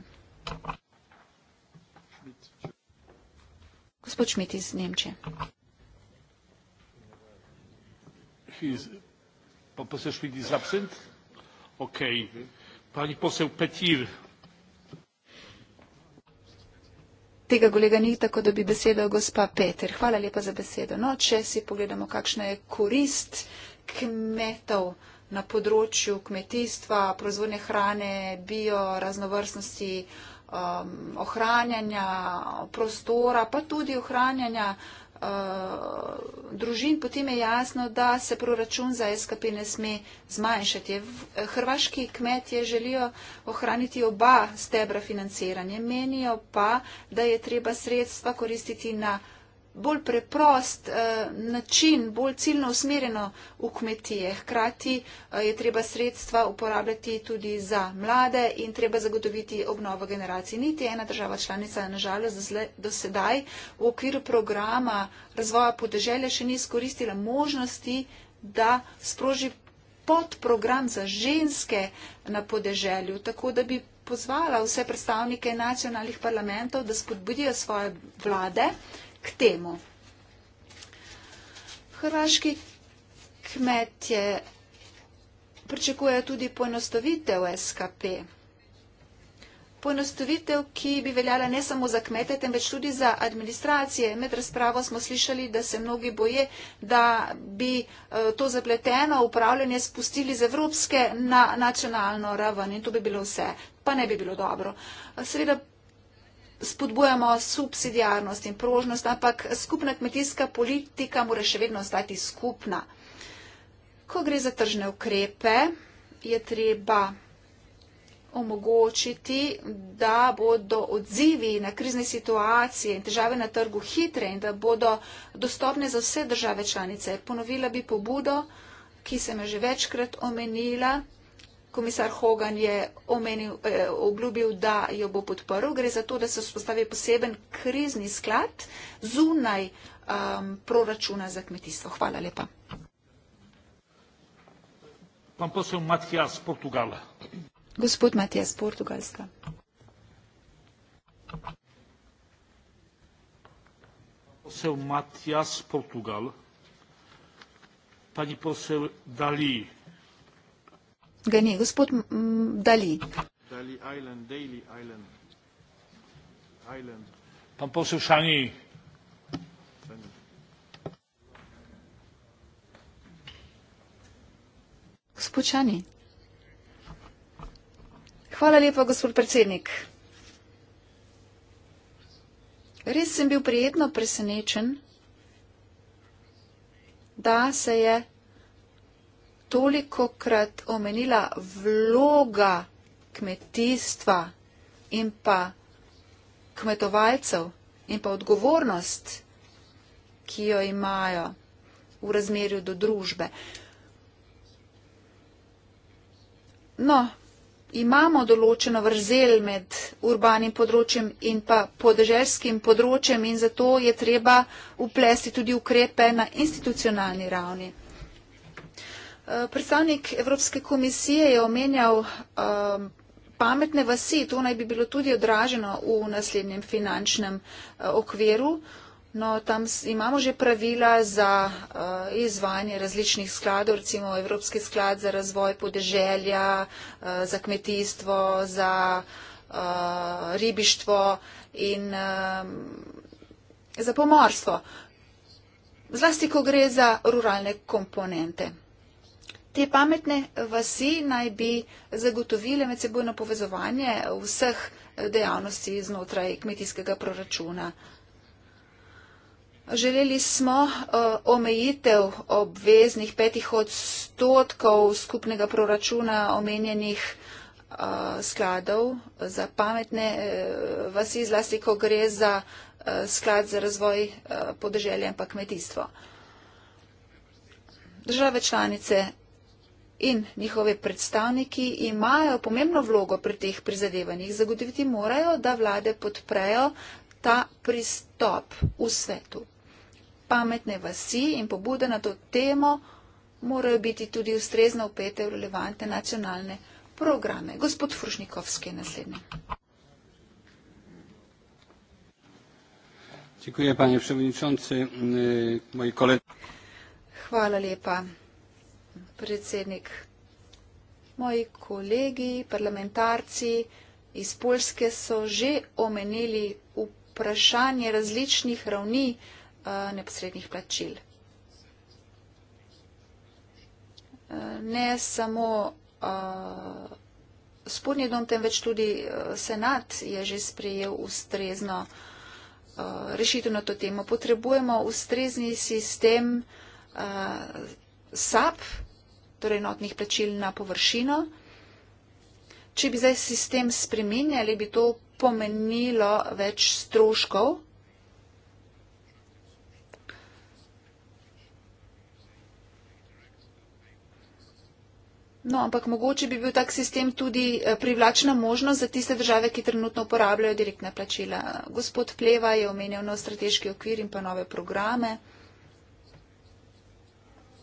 [SPEAKER 4] Gospod Šmit iz Nemčije.
[SPEAKER 2] Pan poseł Schmidt jest absent? Okej. Okay. Pani poseł Petir.
[SPEAKER 4] Tega kolega ni tako, da bi besedo gospa Peter. Hvala lepa za besedo. No, če si pogledamo, kakšna je korist kmetov na področju kmetijstva, proizvodne hrane, bio, raznovrstnosti, um, ohranjanja prostora, pa tudi ohranjanja uh, družin, potem je jasno, da se proračun za SKP ne sme zmanjšati. Hrvaški kmetje želijo ohraniti oba stebra financiranja, menijo pa, da je treba sredstva koristiti na bolj preprost eh, način, bolj ciljno usmerjeno v kmetije. Hkrati eh, je treba sredstva uporabljati tudi za mlade in treba zagotoviti obnovo generacij. Niti ena država članica, nažalost, do sedaj v okviru programa razvoja podeželja še ni izkoristila možnosti, da sproži podprogram za ženske na podeželju, tako da bi pozvala vse predstavnike nacionalnih parlamentov, da spodbudijo svoje vlade k temu. Hrvaški kmetje pričakujejo tudi poenostavitev SKP. Poenostavitev, ki bi veljala ne samo za kmete, temveč tudi za administracije. Med razpravo smo slišali, da se mnogi boje, da bi eh, to zapleteno upravljanje spustili z evropske na nacionalno raven in to bi bilo vse, pa ne bi bilo dobro. Seveda spodbujamo subsidijarnost in prožnost, ampak skupna kmetijska politika mora še vedno ostati skupna. Ko gre za tržne ukrepe, je treba omogočiti, da bodo odzivi na krizne situacije in težave na trgu hitre in da bodo dostopne za vse države članice. Ponovila bi pobudo, ki sem jo že večkrat omenila, Komisar Hogan je omenil, eh, obljubil, da jo bo podporil. Gre za to, da se vzpostavi poseben krizni sklad zunaj um, proračuna za kmetijstvo. Hvala lepa.
[SPEAKER 2] Pan posel Matijas, Portugala.
[SPEAKER 4] Gospod Matijas, Portugalska. Pan
[SPEAKER 2] posel Matijas, Portugal. Pani posel Dali
[SPEAKER 4] ga ni. Gospod Dali.
[SPEAKER 2] Dali Island, Daily Island. Island. Pan poseł Szani.
[SPEAKER 4] Gospod Šani. Hvala lepa, gospod predsednik. Res sem bil prijetno presenečen, da se je toliko krat omenila vloga kmetijstva in pa kmetovalcev in pa odgovornost, ki jo imajo v razmerju do družbe. No, imamo določeno vrzel med urbanim področjem in pa podeželskim področjem in zato je treba uplesti tudi ukrepe na institucionalni ravni. Predstavnik Evropske komisije je omenjal um, pametne vasi, to naj bi bilo tudi odraženo v naslednjem finančnem uh, okviru. No, tam imamo že pravila za uh, izvajanje različnih skladov, recimo Evropski sklad za razvoj podeželja, uh, za kmetijstvo, za uh, ribištvo in um, za pomorstvo. Zlasti, ko gre za ruralne komponente. Te pametne vasi naj bi zagotovile medsebojno povezovanje vseh dejavnosti znotraj kmetijskega proračuna. Želeli smo e, omejitev obveznih petih odstotkov skupnega proračuna omenjenih e, skladov za pametne e, vasi, zlasti ko gre za sklad za razvoj podeželja in pa kmetijstvo. Države članice in njihovi predstavniki imajo pomembno vlogo pri teh prizadevanjih. Zagotoviti morajo, da vlade podprejo ta pristop v svetu. Pametne vasi in pobude na to temo morajo biti tudi ustrezno upete v relevante nacionalne programe. Gospod Frušnikovski je naslednji.
[SPEAKER 2] Dziękuję panie przewodniczący, moi koledzy.
[SPEAKER 4] Hvala lepa predsednik. Moji kolegi, parlamentarci iz Polske so že omenili vprašanje različnih ravni eh, neposrednih plačil. Eh, ne samo eh, spodnji dom, temveč tudi senat je že sprejel ustrezno rešitev na to temo. Potrebujemo ustrezni sistem SAP, torej enotnih plačil na površino. Če bi zdaj sistem spremenjali, bi to pomenilo več stroškov. No, ampak mogoče bi bil tak sistem tudi eh, privlačna možnost za tiste države, ki trenutno uporabljajo direktna plačila. Gospod Pleva je omenjal nov strateški okvir in pa nove programe.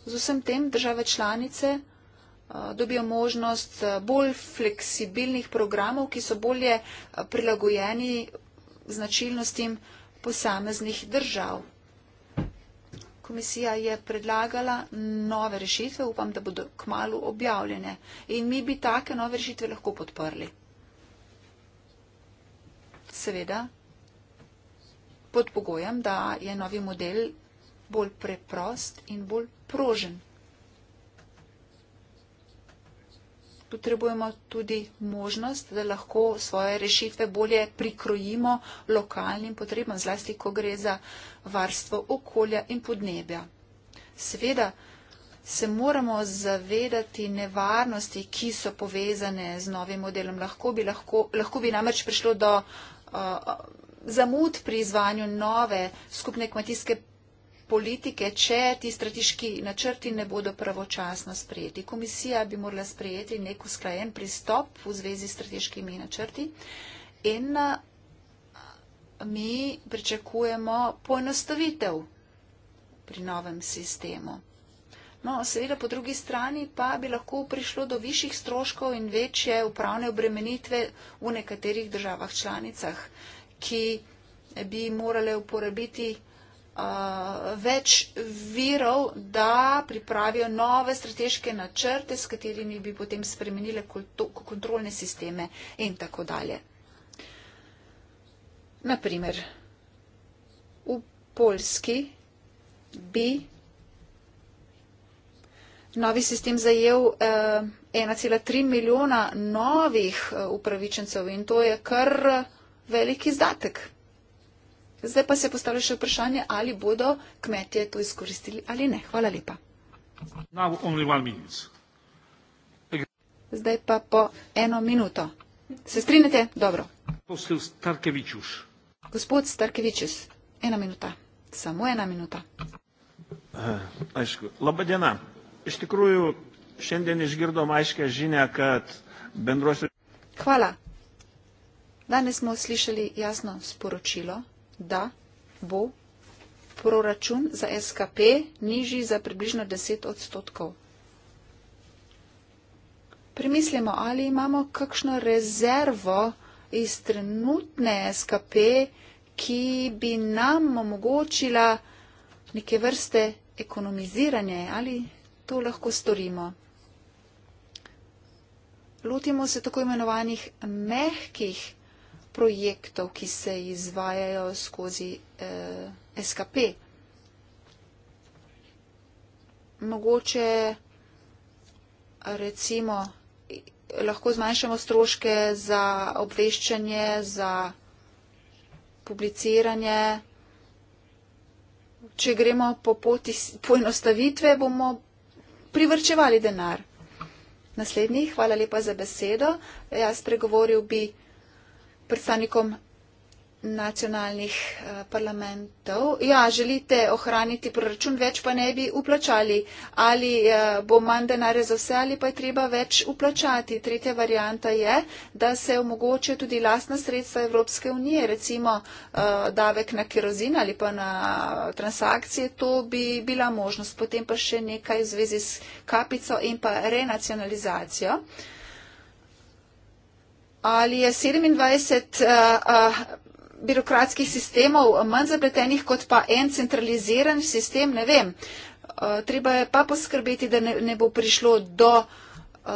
[SPEAKER 4] Z vsem tem države članice eh, dobijo možnost eh, bolj fleksibilnih programov, ki so bolje eh, prilagojeni značilnostim posameznih držav. Komisija je predlagala nove rešitve, upam, da bodo k malu objavljene in mi bi take nove rešitve lahko podprli. Seveda, pod pogojem, da je novi model bolj preprost in bolj prožen. Potrebujemo tudi možnost, da lahko svoje rešitve bolje prikrojimo lokalnim potrebam, zlasti, ko gre za varstvo okolja in podnebja. Seveda se moramo zavedati nevarnosti, ki so povezane z novim modelom. Lahko bi, lahko, lahko bi namreč prišlo do uh, zamud pri izvanju nove skupne kmetijske politike, če ti strateški načrti ne bodo pravočasno sprejeti. Komisija bi morala sprejeti nek usklajen pristop v zvezi s strateškimi načrti in mi pričakujemo poenostavitev pri novem sistemu. No, seveda po drugi strani pa bi lahko prišlo do višjih stroškov in večje upravne obremenitve v nekaterih državah članicah, ki bi morale uporabiti uh, več virov, da pripravijo nove strateške načrte, s katerimi bi potem spremenile kontrolne sisteme in tako dalje. Naprimer, v Polski bi novi sistem zajel uh, e, 1,3 milijona novih e, upravičencev in to je kar velik izdatek. Zdaj pa se postavlja še vprašanje, ali bodo kmetje to izkoristili ali ne. Hvala lepa. Zdaj pa po eno minuto. Se strinjate? Dobro. Gospod Starkevičus, ena minuta. Samo ena minuta.
[SPEAKER 2] Eh, Labą dieną. Iš tikrųjų, šiandien išgirdom aiškę žinę, kad bendruosiu.
[SPEAKER 4] Hvala. Danes smo slišali jasno sporočilo da bo proračun za SKP nižji za približno 10 odstotkov. Primislimo, ali imamo kakšno rezervo iz trenutne SKP, ki bi nam omogočila neke vrste ekonomiziranje, ali to lahko storimo. Lotimo se tako imenovanih mehkih projektov, ki se izvajajo skozi eh, SKP. Mogoče recimo lahko zmanjšamo stroške za obveščanje, za publiciranje. Če gremo po poti poenostavitve, bomo privrčevali denar. Naslednji, hvala lepa za besedo. Jaz pregovoril bi predstavnikom nacionalnih eh, parlamentov. Ja, želite ohraniti proračun, več pa ne bi uplačali. Ali eh, bo manj denarja za vse, ali pa je treba več uplačati. Tretja varijanta je, da se omogoče tudi lastna sredstva Evropske unije, recimo eh, davek na kerozin ali pa na transakcije, to bi bila možnost. Potem pa še nekaj v zvezi s kapico in pa renacionalizacijo ali je 27 uh, uh, birokratskih sistemov manj zapletenih kot pa en centraliziran sistem, ne vem. Uh, treba je pa poskrbeti, da ne, ne bo prišlo do uh,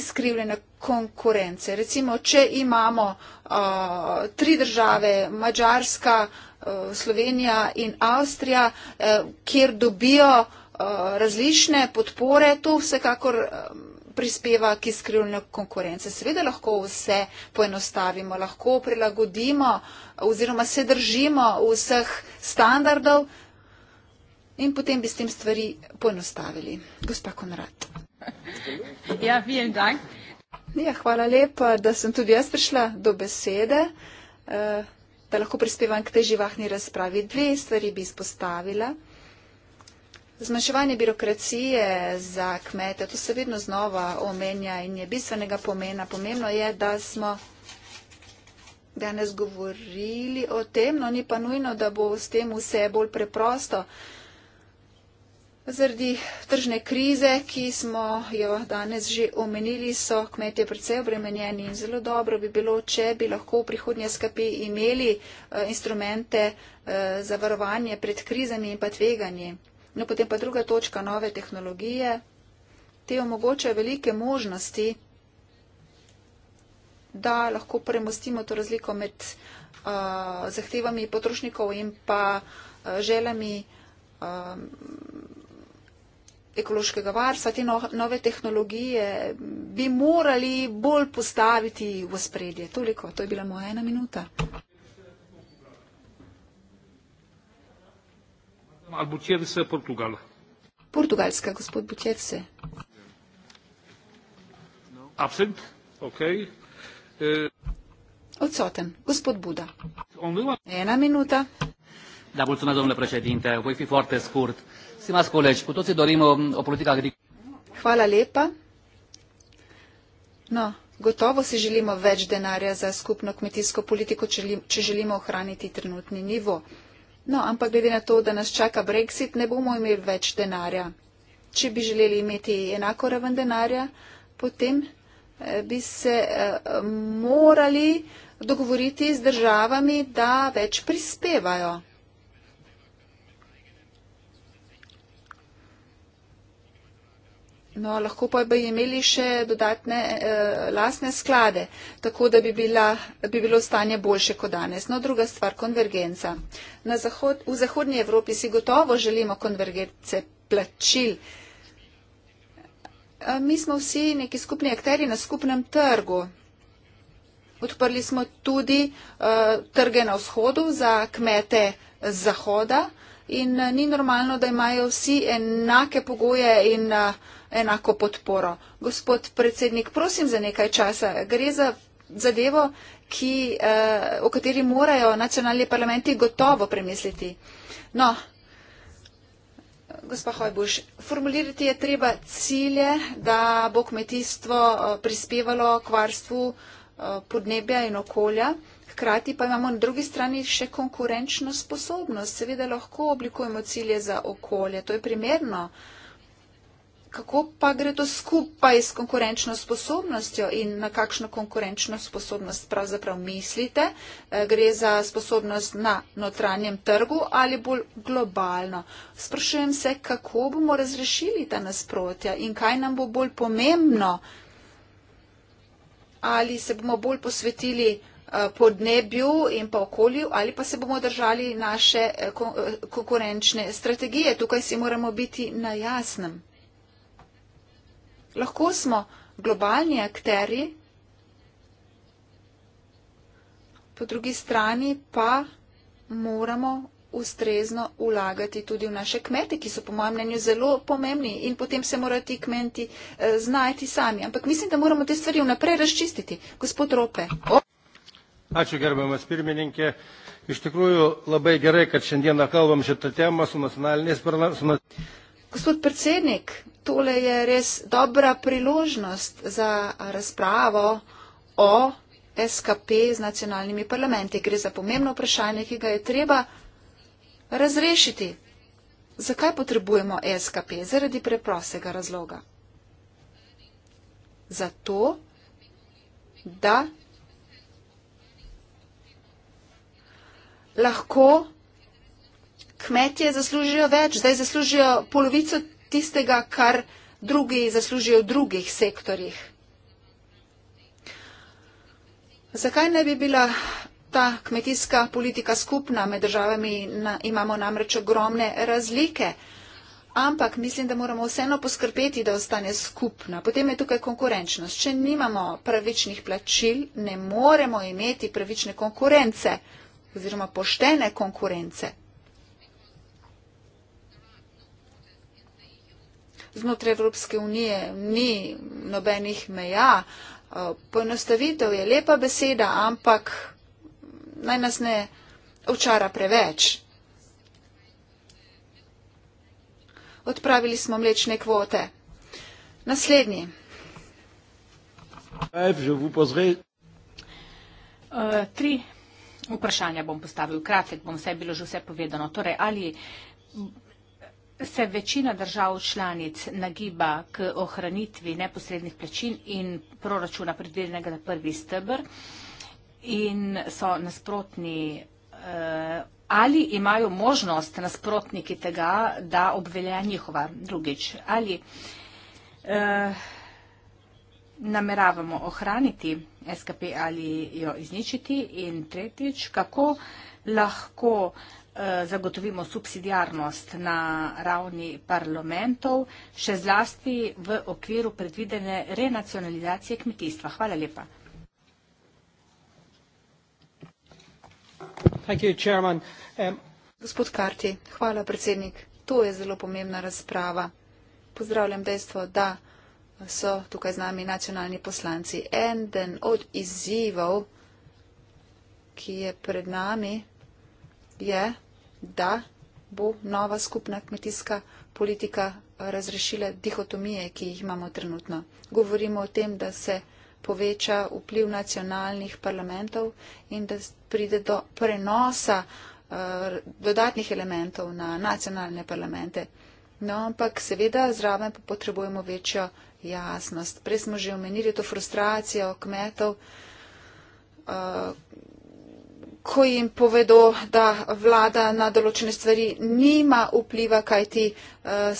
[SPEAKER 4] izkrivljene konkurence. Recimo, če imamo uh, tri države, Mačarska, Slovenija in Avstrija, kjer dobijo različne podpore, to vsekakor prispeva k izkrivljanju konkurence. Seveda lahko vse poenostavimo, lahko prilagodimo oziroma se držimo vseh standardov in potem bi s tem stvari poenostavili. Gospa Konrad. Ja, vielen Dank. Ja, hvala lepa, da sem tudi jaz prišla do besede, eh, da lahko prispevam k tej živahni razpravi. Dve stvari bi izpostavila. Zmanjševanje birokracije za kmete, to se vedno znova omenja in je bistvenega pomena. Pomembno je, da smo danes govorili o tem, no ni pa nujno, da bo s tem vse bolj preprosto. Zaradi tržne krize, ki smo jo danes že omenili, so kmetje precej obremenjeni in zelo dobro bi bilo, če bi lahko v prihodnje skapi imeli uh, instrumente uh, za varovanje pred krizami in pa tveganji. No, potem pa druga točka, nove tehnologije. Te omogočajo velike možnosti, da lahko premostimo to razliko med uh, zahtevami potrošnikov in pa uh, želami um, ekološkega varstva. Te no, nove tehnologije bi morali bolj postaviti v spredje. Toliko, to je bila moja ena minuta. Portugalska, gospod Bučevce.
[SPEAKER 2] Absent, ok. E,
[SPEAKER 4] Odsoten, gospod Buda. Ena minuta.
[SPEAKER 2] Da, mulțumesc, domnule președinte, voi fi foarte scurt. Stimați colegi, cu toții dorim o, o politică agricolă.
[SPEAKER 4] Hvala lepa. No, gotovo si želimo več denarja za skupno kmetijsko politiko, če želimo ohraniti trenutni nivo. No, ampak glede na to, da nas čaka Brexit, ne bomo imeli več denarja. Če bi želeli imeti enako raven denarja, potem eh, bi se eh, morali dogovoriti z državami, da več prispevajo. No, lahko pa bi imeli še dodatne eh, lasne sklade, tako da bi, bila, bi bilo stanje boljše kot danes. No, druga stvar, konvergenca. Na zahod, v Zahodnji Evropi si gotovo želimo konvergence plačil. Mi smo vsi neki skupni akteri na skupnem trgu. Odprli smo tudi uh, trge na vzhodu za kmete z zahoda. Uh, in eh, ni normalno, da imajo vsi enake pogoje in eh, enako podporo. Gospod predsednik, prosim za nekaj časa. Gre za zadevo, ki, eh, o kateri morajo nacionalni parlamenti gotovo premisliti. No, gospod Hojbuš, formulirati je treba cilje, da bo kmetijstvo prispevalo k varstvu podnebja in okolja. Hkrati pa imamo na drugi strani še konkurenčno sposobnost. Seveda lahko oblikujemo cilje za okolje, to je primerno. Kako pa gre to skupaj s konkurenčno sposobnostjo in na kakšno konkurenčno sposobnost pravzaprav mislite? Eh, gre za sposobnost na notranjem trgu ali bolj globalno? Sprašujem se, kako bomo razrešili ta nasprotja in kaj nam bo bolj pomembno? Ali se bomo bolj posvetili Eh, podnebju in pa okolju ali pa se bomo držali naše eh, eh, konkurenčne strategije. Tukaj si moramo biti na jasnem. Lahko smo globalni akteri, po drugi strani pa moramo ustrezno ulagati tudi v naše kmete, ki so po mojem mnenju zelo pomembni in potem se morajo ti kmeti eh, znajti sami. Ampak mislim, da moramo te stvari vnaprej razčistiti. Gospod Rope.
[SPEAKER 2] Ačiū gerbiamas pirmininkė. Iš tikrųjų labai gerai, kad šiandieną kalbam šitą temą su nacionaliniais parlamentais.
[SPEAKER 4] Gospod predsednik, tole je res dobra priložnost za razpravo o SKP z nacionalnimi parlamenti. Gre za pomembno vprašanje, ki ga je treba razrešiti. Zakaj potrebujemo SKP? Zaradi preprostega razloga. Zato, da lahko kmetje zaslužijo več, zdaj zaslužijo polovico tistega, kar drugi zaslužijo v drugih sektorjih. Zakaj ne bi bila ta kmetijska politika skupna med državami? Na, imamo namreč ogromne razlike, ampak mislim, da moramo vseeno poskrbeti, da ostane skupna. Potem je tukaj konkurenčnost. Če nimamo pravičnih plačil, ne moremo imeti pravične konkurence oziroma poštene konkurence. Znotraj Evropske unije ni nobenih meja. Eh, poenostavitev je lepa beseda, ampak naj nas ne očara preveč. Odpravili smo mlečne kvote. Naslednji.
[SPEAKER 3] Uh, tri vprašanja bom postavil kratek, bom vse bilo že vse povedano. Torej, ali se večina držav članic nagiba k ohranitvi neposrednih plačin in proračuna predeljenega na prvi stebr in so nasprotni eh, ali imajo možnost nasprotniki tega, da obvelja njihova drugič. Ali eh, nameravamo ohraniti vprašanje, SKP ali jo izničiti in tretjič, kako lahko eh, zagotovimo subsidijarnost na ravni parlamentov, še zlasti v okviru predvidene renacionalizacije kmetijstva. Hvala lepa.
[SPEAKER 2] Um,
[SPEAKER 4] Gospod Karti, hvala predsednik. To je zelo pomembna razprava. Pozdravljam dejstvo, da so tukaj z nami nacionalni poslanci. Eden od izzivov, ki je pred nami, je, da bo nova skupna kmetijska politika razrešila dihotomije, ki jih imamo trenutno. Govorimo o tem, da se poveča vpliv nacionalnih parlamentov in da pride do prenosa eh, dodatnih elementov na nacionalne parlamente. No, ampak seveda zraven potrebujemo večjo jasnost. Prej smo že omenili to frustracijo kmetov, eh, ko jim povedo, da vlada na določene stvari nima vpliva, kaj ti eh,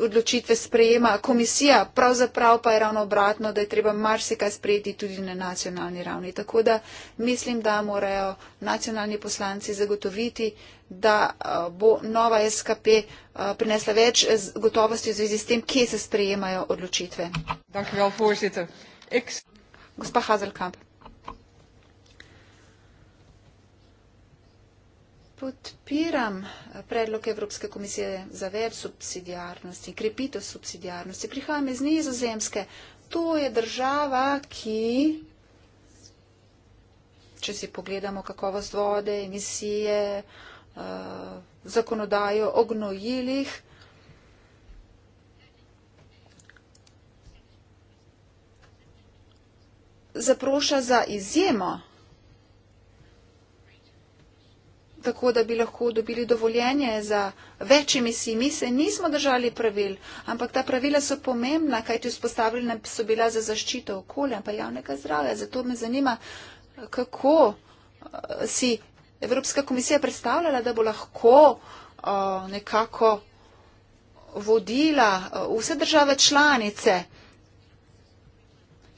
[SPEAKER 4] odločitve sprejema komisija, pravzaprav pa je ravno obratno, da je treba marsikaj sprejeti tudi na nacionalni ravni. Tako da mislim, da morajo nacionalni poslanci zagotoviti, da bo nova SKP prinesla več gotovosti v zvezi s tem, kje se sprejemajo odločitve. Gospa Hazelkamp. podpiram eh, predlog Evropske komisije za več subsidijarnosti, krepitev subsidijarnosti. Prihajam iz Nizozemske. To je država, ki, če si pogledamo kakovost vode, emisije, eh, zakonodajo o gnojilih, zaproša za izjemo tako, da bi lahko dobili dovoljenje za več emisij. Mi se nismo držali pravil, ampak ta pravila so pomembna, kajti vzpostavljena so bila za zaščito okolja in pa javnega zdravja. Zato me zanima, kako eh, si Evropska komisija predstavljala, da bo lahko uh, nekako vodila eh, vse države članice,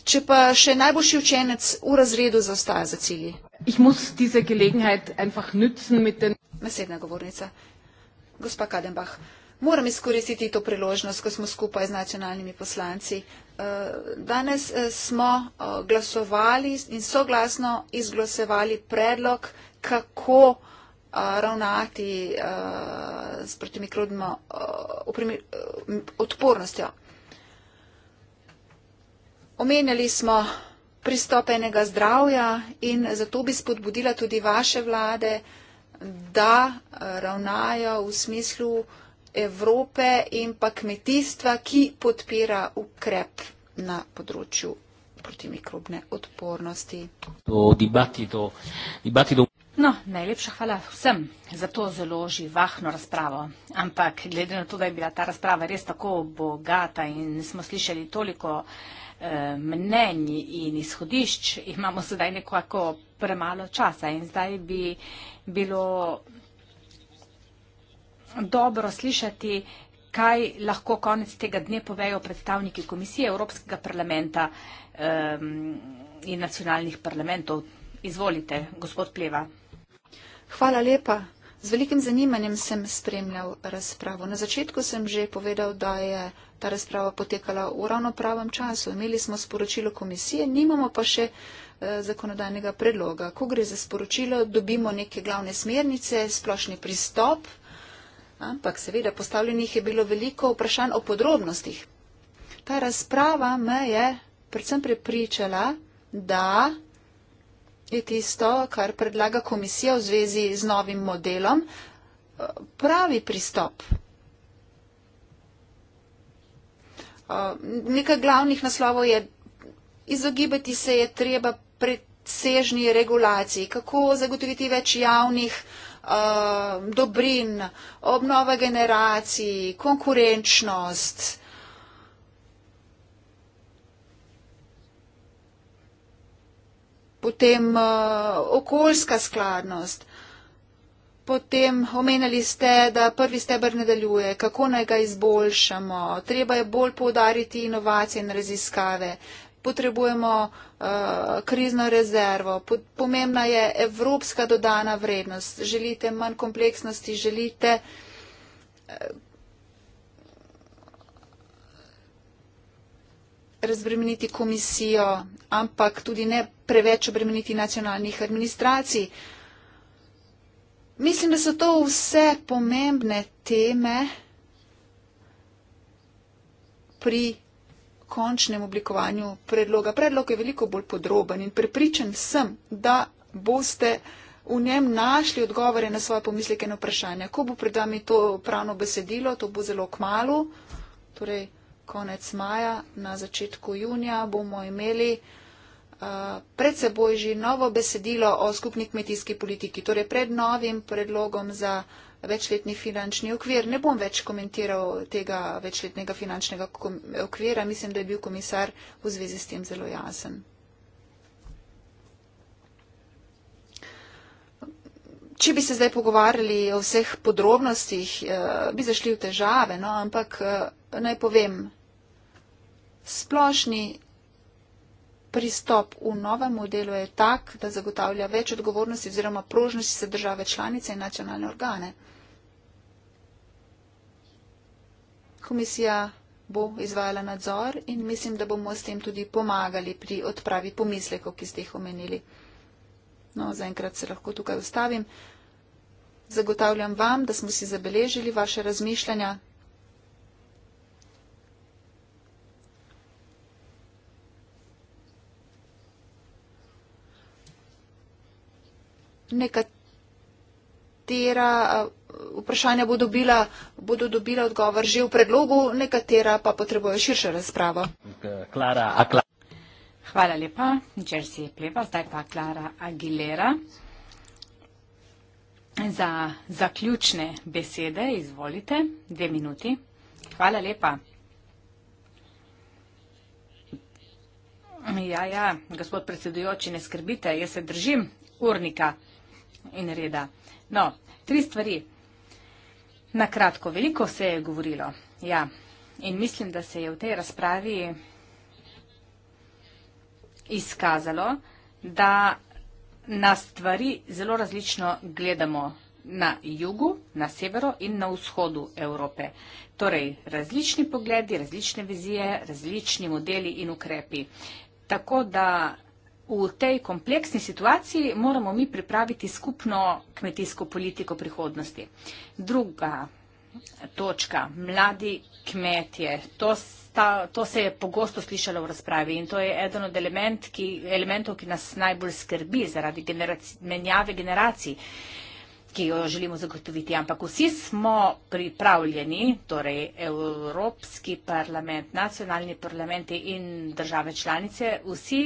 [SPEAKER 4] če pa še najboljši učenec v razredu zaostaja za cilji. Ich muss diese Gelegenheit einfach nützen mit den. Naslednja govornica. Gospa Kadenbach, moram izkoristiti to priložnost, ko smo skupaj z nacionalnimi poslanci. Eh, danes eh, smo eh, glasovali in soglasno izglasovali predlog, kako ravnati s protimikrobno odpornostjo. Omenjali smo pristop enega zdravja in zato bi spodbudila tudi vaše vlade, da eh, ravnajo v smislu Evrope in pa kmetijstva, ki podpira ukrep na področju protimikrobne odpornosti. No, najlepša hvala
[SPEAKER 3] vsem za to zelo živahno razpravo. Ampak glede na to, da je bila ta razprava res tako bogata in smo slišali toliko Eh, mnenj in izhodišč, imamo sedaj nekako premalo časa in zdaj bi bilo dobro slišati, kaj lahko konec tega dne povejo predstavniki Komisije Evropskega parlamenta in nacionalnih parlamentov. Izvolite, gospod Pleva.
[SPEAKER 4] Hvala lepa. Z velikim zanimanjem sem spremljal razpravo. Na začetku sem že povedal, da je ta razprava potekala v ravno pravem času. Imeli smo sporočilo komisije, nimamo pa še eh, zakonodajnega predloga. Ko gre za sporočilo, dobimo neke glavne smernice, splošni pristop, ampak seveda postavljenih je bilo veliko vprašanj o podrobnostih. Ta razprava me je predvsem prepričala, da je tisto, kar predlaga komisija v zvezi z novim modelom, pravi pristop. Nekaj glavnih naslovov je, izogibati se je treba presežni regulaciji, kako zagotoviti več javnih dobrin, obnova generacij, konkurenčnost, potem uh, okoljska skladnost. Potem omenjali ste, da prvi stebr ne deluje, kako naj ga izboljšamo. Treba je bolj poudariti inovacije in raziskave. Potrebujemo uh, krizno rezervo. Po, pomembna je evropska dodana vrednost. Želite manj kompleksnosti, želite. Eh, razbremeniti komisijo, ampak tudi ne preveč obremeniti nacionalnih administracij. Mislim, da so to vse pomembne teme pri končnem oblikovanju predloga. Predlog je veliko bolj podroben in prepričan sem, da boste v njem našli odgovore na svoje pomisleke in vprašanja. Ko bo pred vami to pravno besedilo, to bo zelo kmalo, torej konec maja, na začetku junija bomo imeli. Eh, pred seboj že novo besedilo o skupni kmetijski politiki, torej pred novim predlogom za večletni finančni okvir. Ne bom več komentiral tega večletnega finančnega okvira, mislim, da je bil komisar v zvezi s tem zelo jasen. Če bi se zdaj pogovarjali o vseh podrobnostih, eh, bi zašli v težave, no, ampak eh, naj povem, splošni pristop v novem modelu je tak, da zagotavlja več odgovornosti oziroma prožnosti se države članice in nacionalne organe. Komisija bo izvajala nadzor in mislim, da bomo s tem tudi pomagali pri odpravi pomislekov, ki ste jih omenili. No, zaenkrat se lahko tukaj ustavim. Zagotavljam vam, da smo si zabeležili vaše razmišljanja. nekatera eh, vprašanja bodo dobila, bodo dobila odgovor že v predlogu, nekatera pa potrebujejo širšo razpravo.
[SPEAKER 3] Klara, akla.
[SPEAKER 4] Hvala lepa, Jersey Pleva, zdaj pa Klara Aguilera.
[SPEAKER 3] Za zaključne besede izvolite, dve minuti. Hvala lepa. Ja, ja, gospod predsedujoči, ne skrbite, jaz se držim urnika in reda. No, tri stvari. Na kratko, veliko se je govorilo. Ja, in mislim, da se je v tej razpravi izkazalo, da na stvari zelo različno gledamo na jugu, na severu in na vzhodu Evrope. Torej, različni pogledi, različne vizije, različni modeli in ukrepi. Tako da v tej kompleksni situaciji moramo mi pripraviti skupno kmetijsko politiko prihodnosti. Druga točka, mladi kmetje, to, sta, to se je pogosto slišalo v razpravi in to je eden od element, ki, elementov, ki nas najbolj skrbi zaradi generaci, menjave generacij ki jo želimo zagotoviti. Ampak vsi smo pripravljeni, torej Evropski parlament, nacionalni parlamenti in države članice, vsi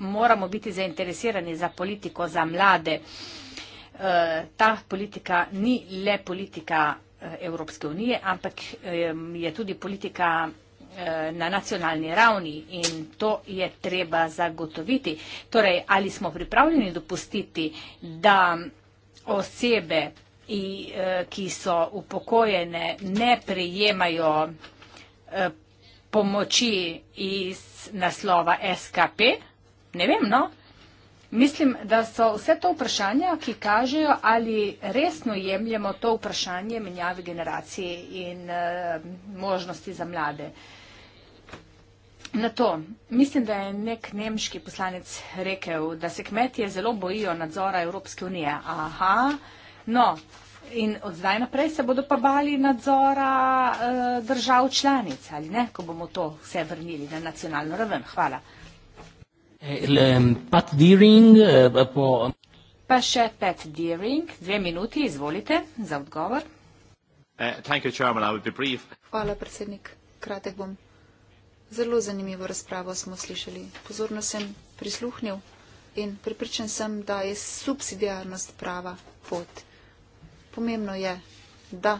[SPEAKER 3] moramo biti zainteresirani za politiko za mlade. Eh, ta politika ni le politika eh, Evropske unije, ampak je tudi politika eh, na nacionalni ravni in to je treba zagotoviti. Torej, ali smo pripravljeni dopustiti, da osebe, ki so upokojene, ne prejemajo pomoči iz naslova SKP? ne vem, no. Mislim, da so vse to vprašanja, ki kažejo, ali resno jemljemo to vprašanje menjave generacije in uh, možnosti za mlade. Na to, mislim, da je nek nemški poslanec rekel, da se kmetije zelo bojijo nadzora Evropske unije. Aha, no, in od zdaj naprej se bodo pa bali nadzora uh, držav članic, ali ne, ko bomo to vse vrnili na nacionalno raven. Hvala.
[SPEAKER 2] Il, eh, um, Pat Deering uh, po...
[SPEAKER 3] Pa še Pat Deering, dve minuti,
[SPEAKER 2] izvolite
[SPEAKER 4] za odgovor.
[SPEAKER 2] Uh, thank you, Chairman. I will be brief.
[SPEAKER 4] Hvala, predsednik. Kratek bom. Zelo zanimivo razpravo smo slišali. Pozorno sem prisluhnil in pripričan sem, da je subsidijarnost prava pot. Pomembno je, da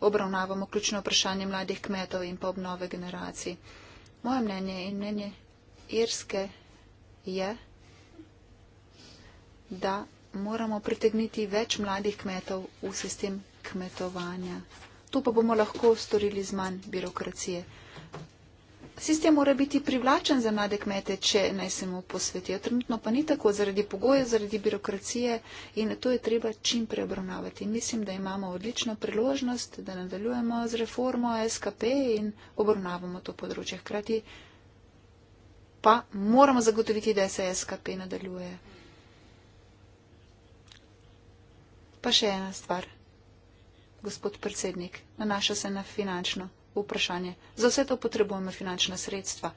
[SPEAKER 4] obravnavamo ključno vprašanje mladih kmetov in pa obnove generacij. Moje mnenje in mnenje Irske je, da moramo pritegniti več mladih kmetov v sistem kmetovanja. To pa bomo lahko storili z manj birokracije. Sistem mora biti privlačen za mlade kmete, če naj se mu posvetijo. Trenutno pa ni tako zaradi pogoja, zaradi birokracije in to je treba čim prej obravnavati. Mislim, da imamo odlično priložnost, da nadaljujemo z reformo SKP in obravnavamo to področje. Hkrati pa moramo zagotoviti, da se SKP nadaljuje. Pa še ena stvar, gospod predsednik, nanaša se na finančno vprašanje. Za vse to potrebujemo finančna sredstva.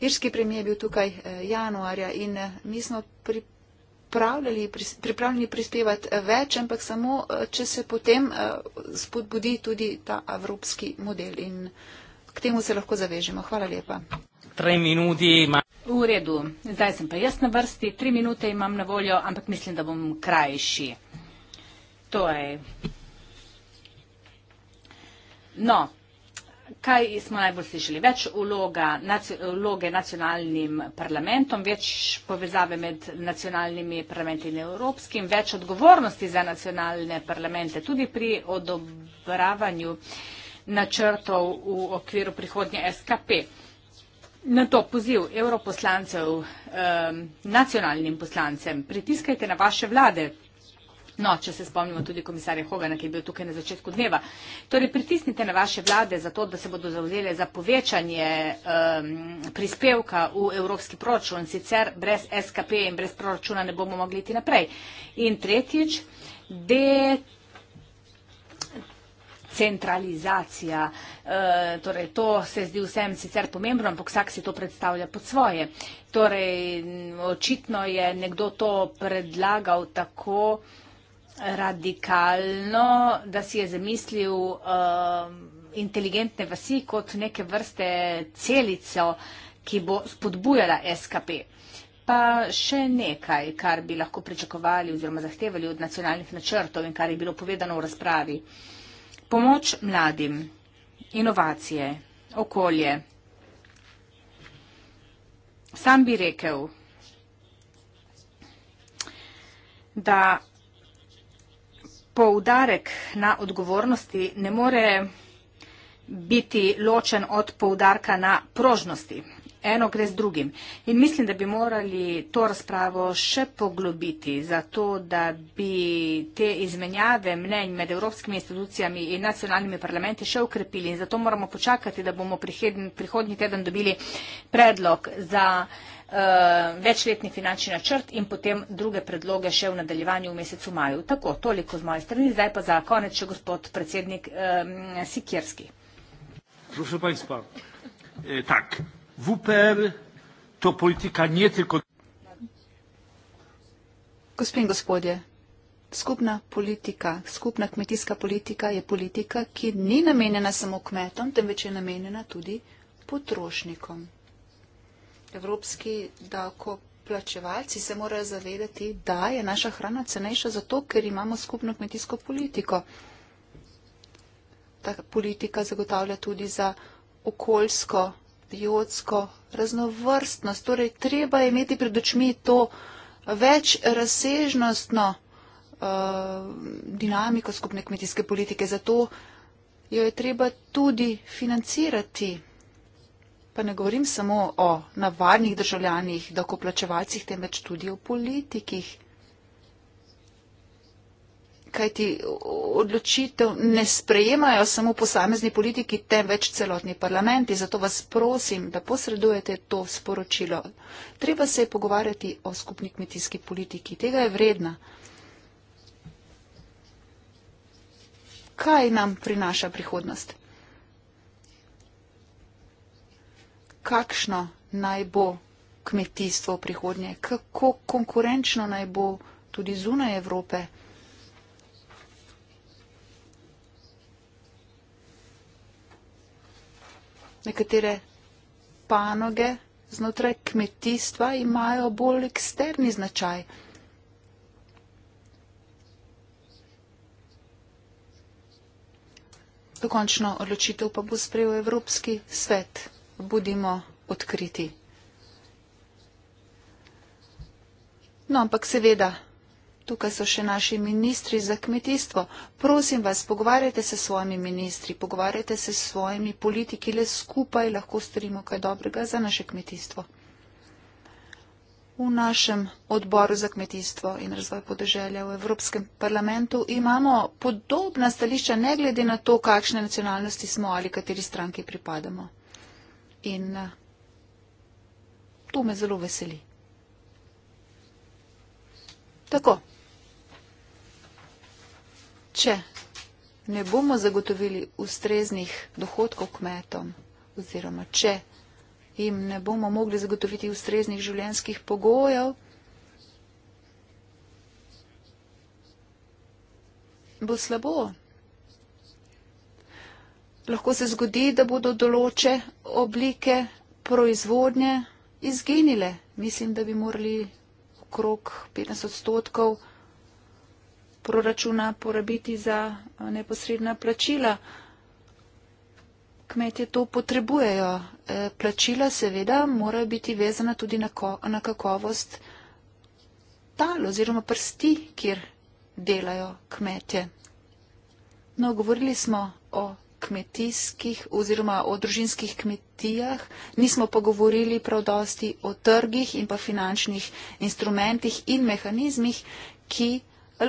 [SPEAKER 4] Irski premijer je bil tukaj eh, januarja in eh, mi smo pripravili pripravljali, pripravljeni prispevati več, ampak samo, eh, če se potem eh, spodbudi tudi ta evropski model in k temu se lahko zavežemo. Hvala lepa. V redu, zdaj sem pa jaz na
[SPEAKER 3] vrsti, tri minute imam na voljo, ampak mislim, da bom krajši. To je. No, Kaj smo najbolj slišali? Več vloga, naci, vloge nacionalnim parlamentom, več povezave med nacionalnimi parlamenti in evropskim, več odgovornosti za nacionalne parlamente, tudi pri odobravanju načrtov v okviru prihodnje SKP. Na to poziv evroposlancev, eh, nacionalnim poslancem, pritiskajte na vaše vlade, No, če se spomnimo tudi komisarja Hogana, ki je bil tukaj na začetku dneva. Torej, pritisnite na vaše vlade za to, da se bodo zauzele za povečanje um, prispevka v evropski proračun, sicer brez SKP in brez proračuna ne bomo mogli iti naprej. In tretjič, de centralizacija. E, uh, torej, to se zdi vsem sicer pomembno, ampak vsak si to predstavlja pod svoje. Torej, očitno je nekdo to predlagal tako, radikalno, da si je zamislil uh, inteligentne vasi kot neke vrste celico, ki bo spodbujala SKP. Pa še nekaj, kar bi lahko pričakovali oziroma zahtevali od nacionalnih načrtov in kar je bilo povedano v razpravi. Pomoč mladim, inovacije, okolje. Sam bi rekel, da poudarek na odgovornosti ne more biti ločen od poudarka na prožnosti. Eno gre z drugim. In mislim, da bi morali to razpravo še poglobiti, zato da bi te izmenjave mnenj med evropskimi institucijami in nacionalnimi parlamenti še ukrepili. In zato moramo počakati, da bomo prihodnji teden dobili predlog za. Eh, večletni finančni načrt in potem druge predloge še v nadaljevanju v mesecu maju. Tako, toliko z moje strani, zdaj pa za konec še gospod predsednik Sikirski.
[SPEAKER 2] Proszę Państwa, e, tak, WPR to polityka nie tylko.
[SPEAKER 4] Gospodin gospodje, skupna politika, skupna kmetijska politika je politika, ki ni namenjena samo kmetom, temveč je namenjena tudi potrošnikom evropski davkoplačevalci se morajo zavedati, da je naša hrana cenejša zato, ker imamo skupno kmetijsko politiko. Ta politika zagotavlja tudi za okoljsko, biotsko raznovrstnost. Torej, treba je imeti pred očmi to več razsežnostno uh, dinamiko skupne kmetijske politike. Zato jo je treba tudi financirati pa ne govorim samo o navadnih državljanih, dokoplačevalcih, temveč tudi o politikih. Kaj ti odločitev ne sprejemajo samo posamezni politiki, temveč celotni parlamenti. Zato vas prosim, da posredujete to sporočilo. Treba se je pogovarjati o skupni kmetijski politiki. Tega je vredna. Kaj nam prinaša prihodnost? kakšno naj bo kmetijstvo v prihodnje, kako konkurenčno naj bo tudi zunaj Evrope. Nekatere panoge znotraj kmetijstva imajo bolj eksterni značaj. Dokončno odločitev pa bo sprejel Evropski svet budimo odkriti. No, ampak seveda, tukaj so še naši ministri za kmetijstvo. Prosim vas, pogovarjajte se s svojimi ministri, pogovarjajte se s svojimi politiki, le skupaj lahko storimo kaj dobrega za naše kmetijstvo. V našem odboru za kmetijstvo in razvoj podeželja v Evropskem parlamentu imamo podobna stališča, ne glede na to, kakšne nacionalnosti smo ali kateri stranki pripadamo. In eh, to me zelo veseli. Tako. Če ne bomo zagotovili ustreznih dohodkov kmetom oziroma če jim ne bomo mogli zagotoviti ustreznih življenjskih pogojev, bo slabo lahko se zgodi, da bodo določe oblike proizvodnje izginile. Mislim, da bi morali okrog 15 odstotkov proračuna porabiti za eh, neposredna plačila. Kmetje to potrebujejo. Eh, plačila seveda morajo biti vezana tudi na, ko, na kakovost tal oziroma prsti, kjer delajo kmetje. No, govorili smo o kmetijskih oziroma o družinskih kmetijah, nismo pogovorili prav dosti o trgih in pa finančnih instrumentih in mehanizmih, ki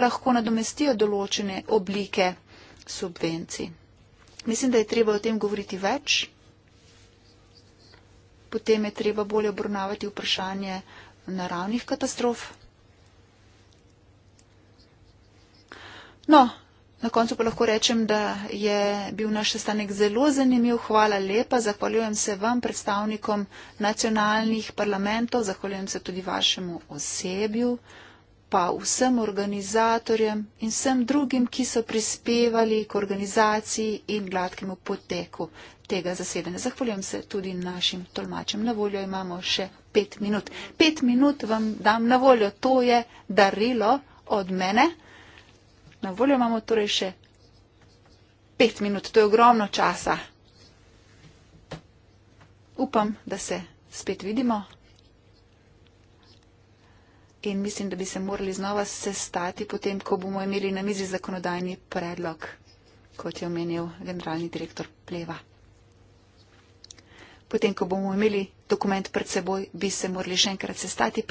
[SPEAKER 4] lahko nadomestijo določene oblike subvencij. Mislim, da je treba o tem govoriti več. Potem je treba bolje obravnavati vprašanje naravnih katastrof. No, Na koncu pa lahko rečem, da je bil naš sestanek zelo zanimiv. Hvala lepa. Zahvaljujem se vam, predstavnikom nacionalnih parlamentov, zahvaljujem se tudi vašemu osebju, pa vsem organizatorjem in vsem drugim, ki so prispevali k organizaciji in gladkemu poteku tega zasedanja. Zahvaljujem se tudi našim tolmačem. Na voljo imamo še pet minut. Pet minut vam dam na voljo. To je darilo od mene. Na voljo imamo torej še pet minut, to je ogromno časa. Upam, da se spet vidimo. In mislim, da bi se morali znova sestati potem, ko bomo imeli na mizi zakonodajni predlog, kot je omenil generalni direktor Pleva. Potem, ko bomo imeli dokument pred seboj, bi se morali še enkrat sestati.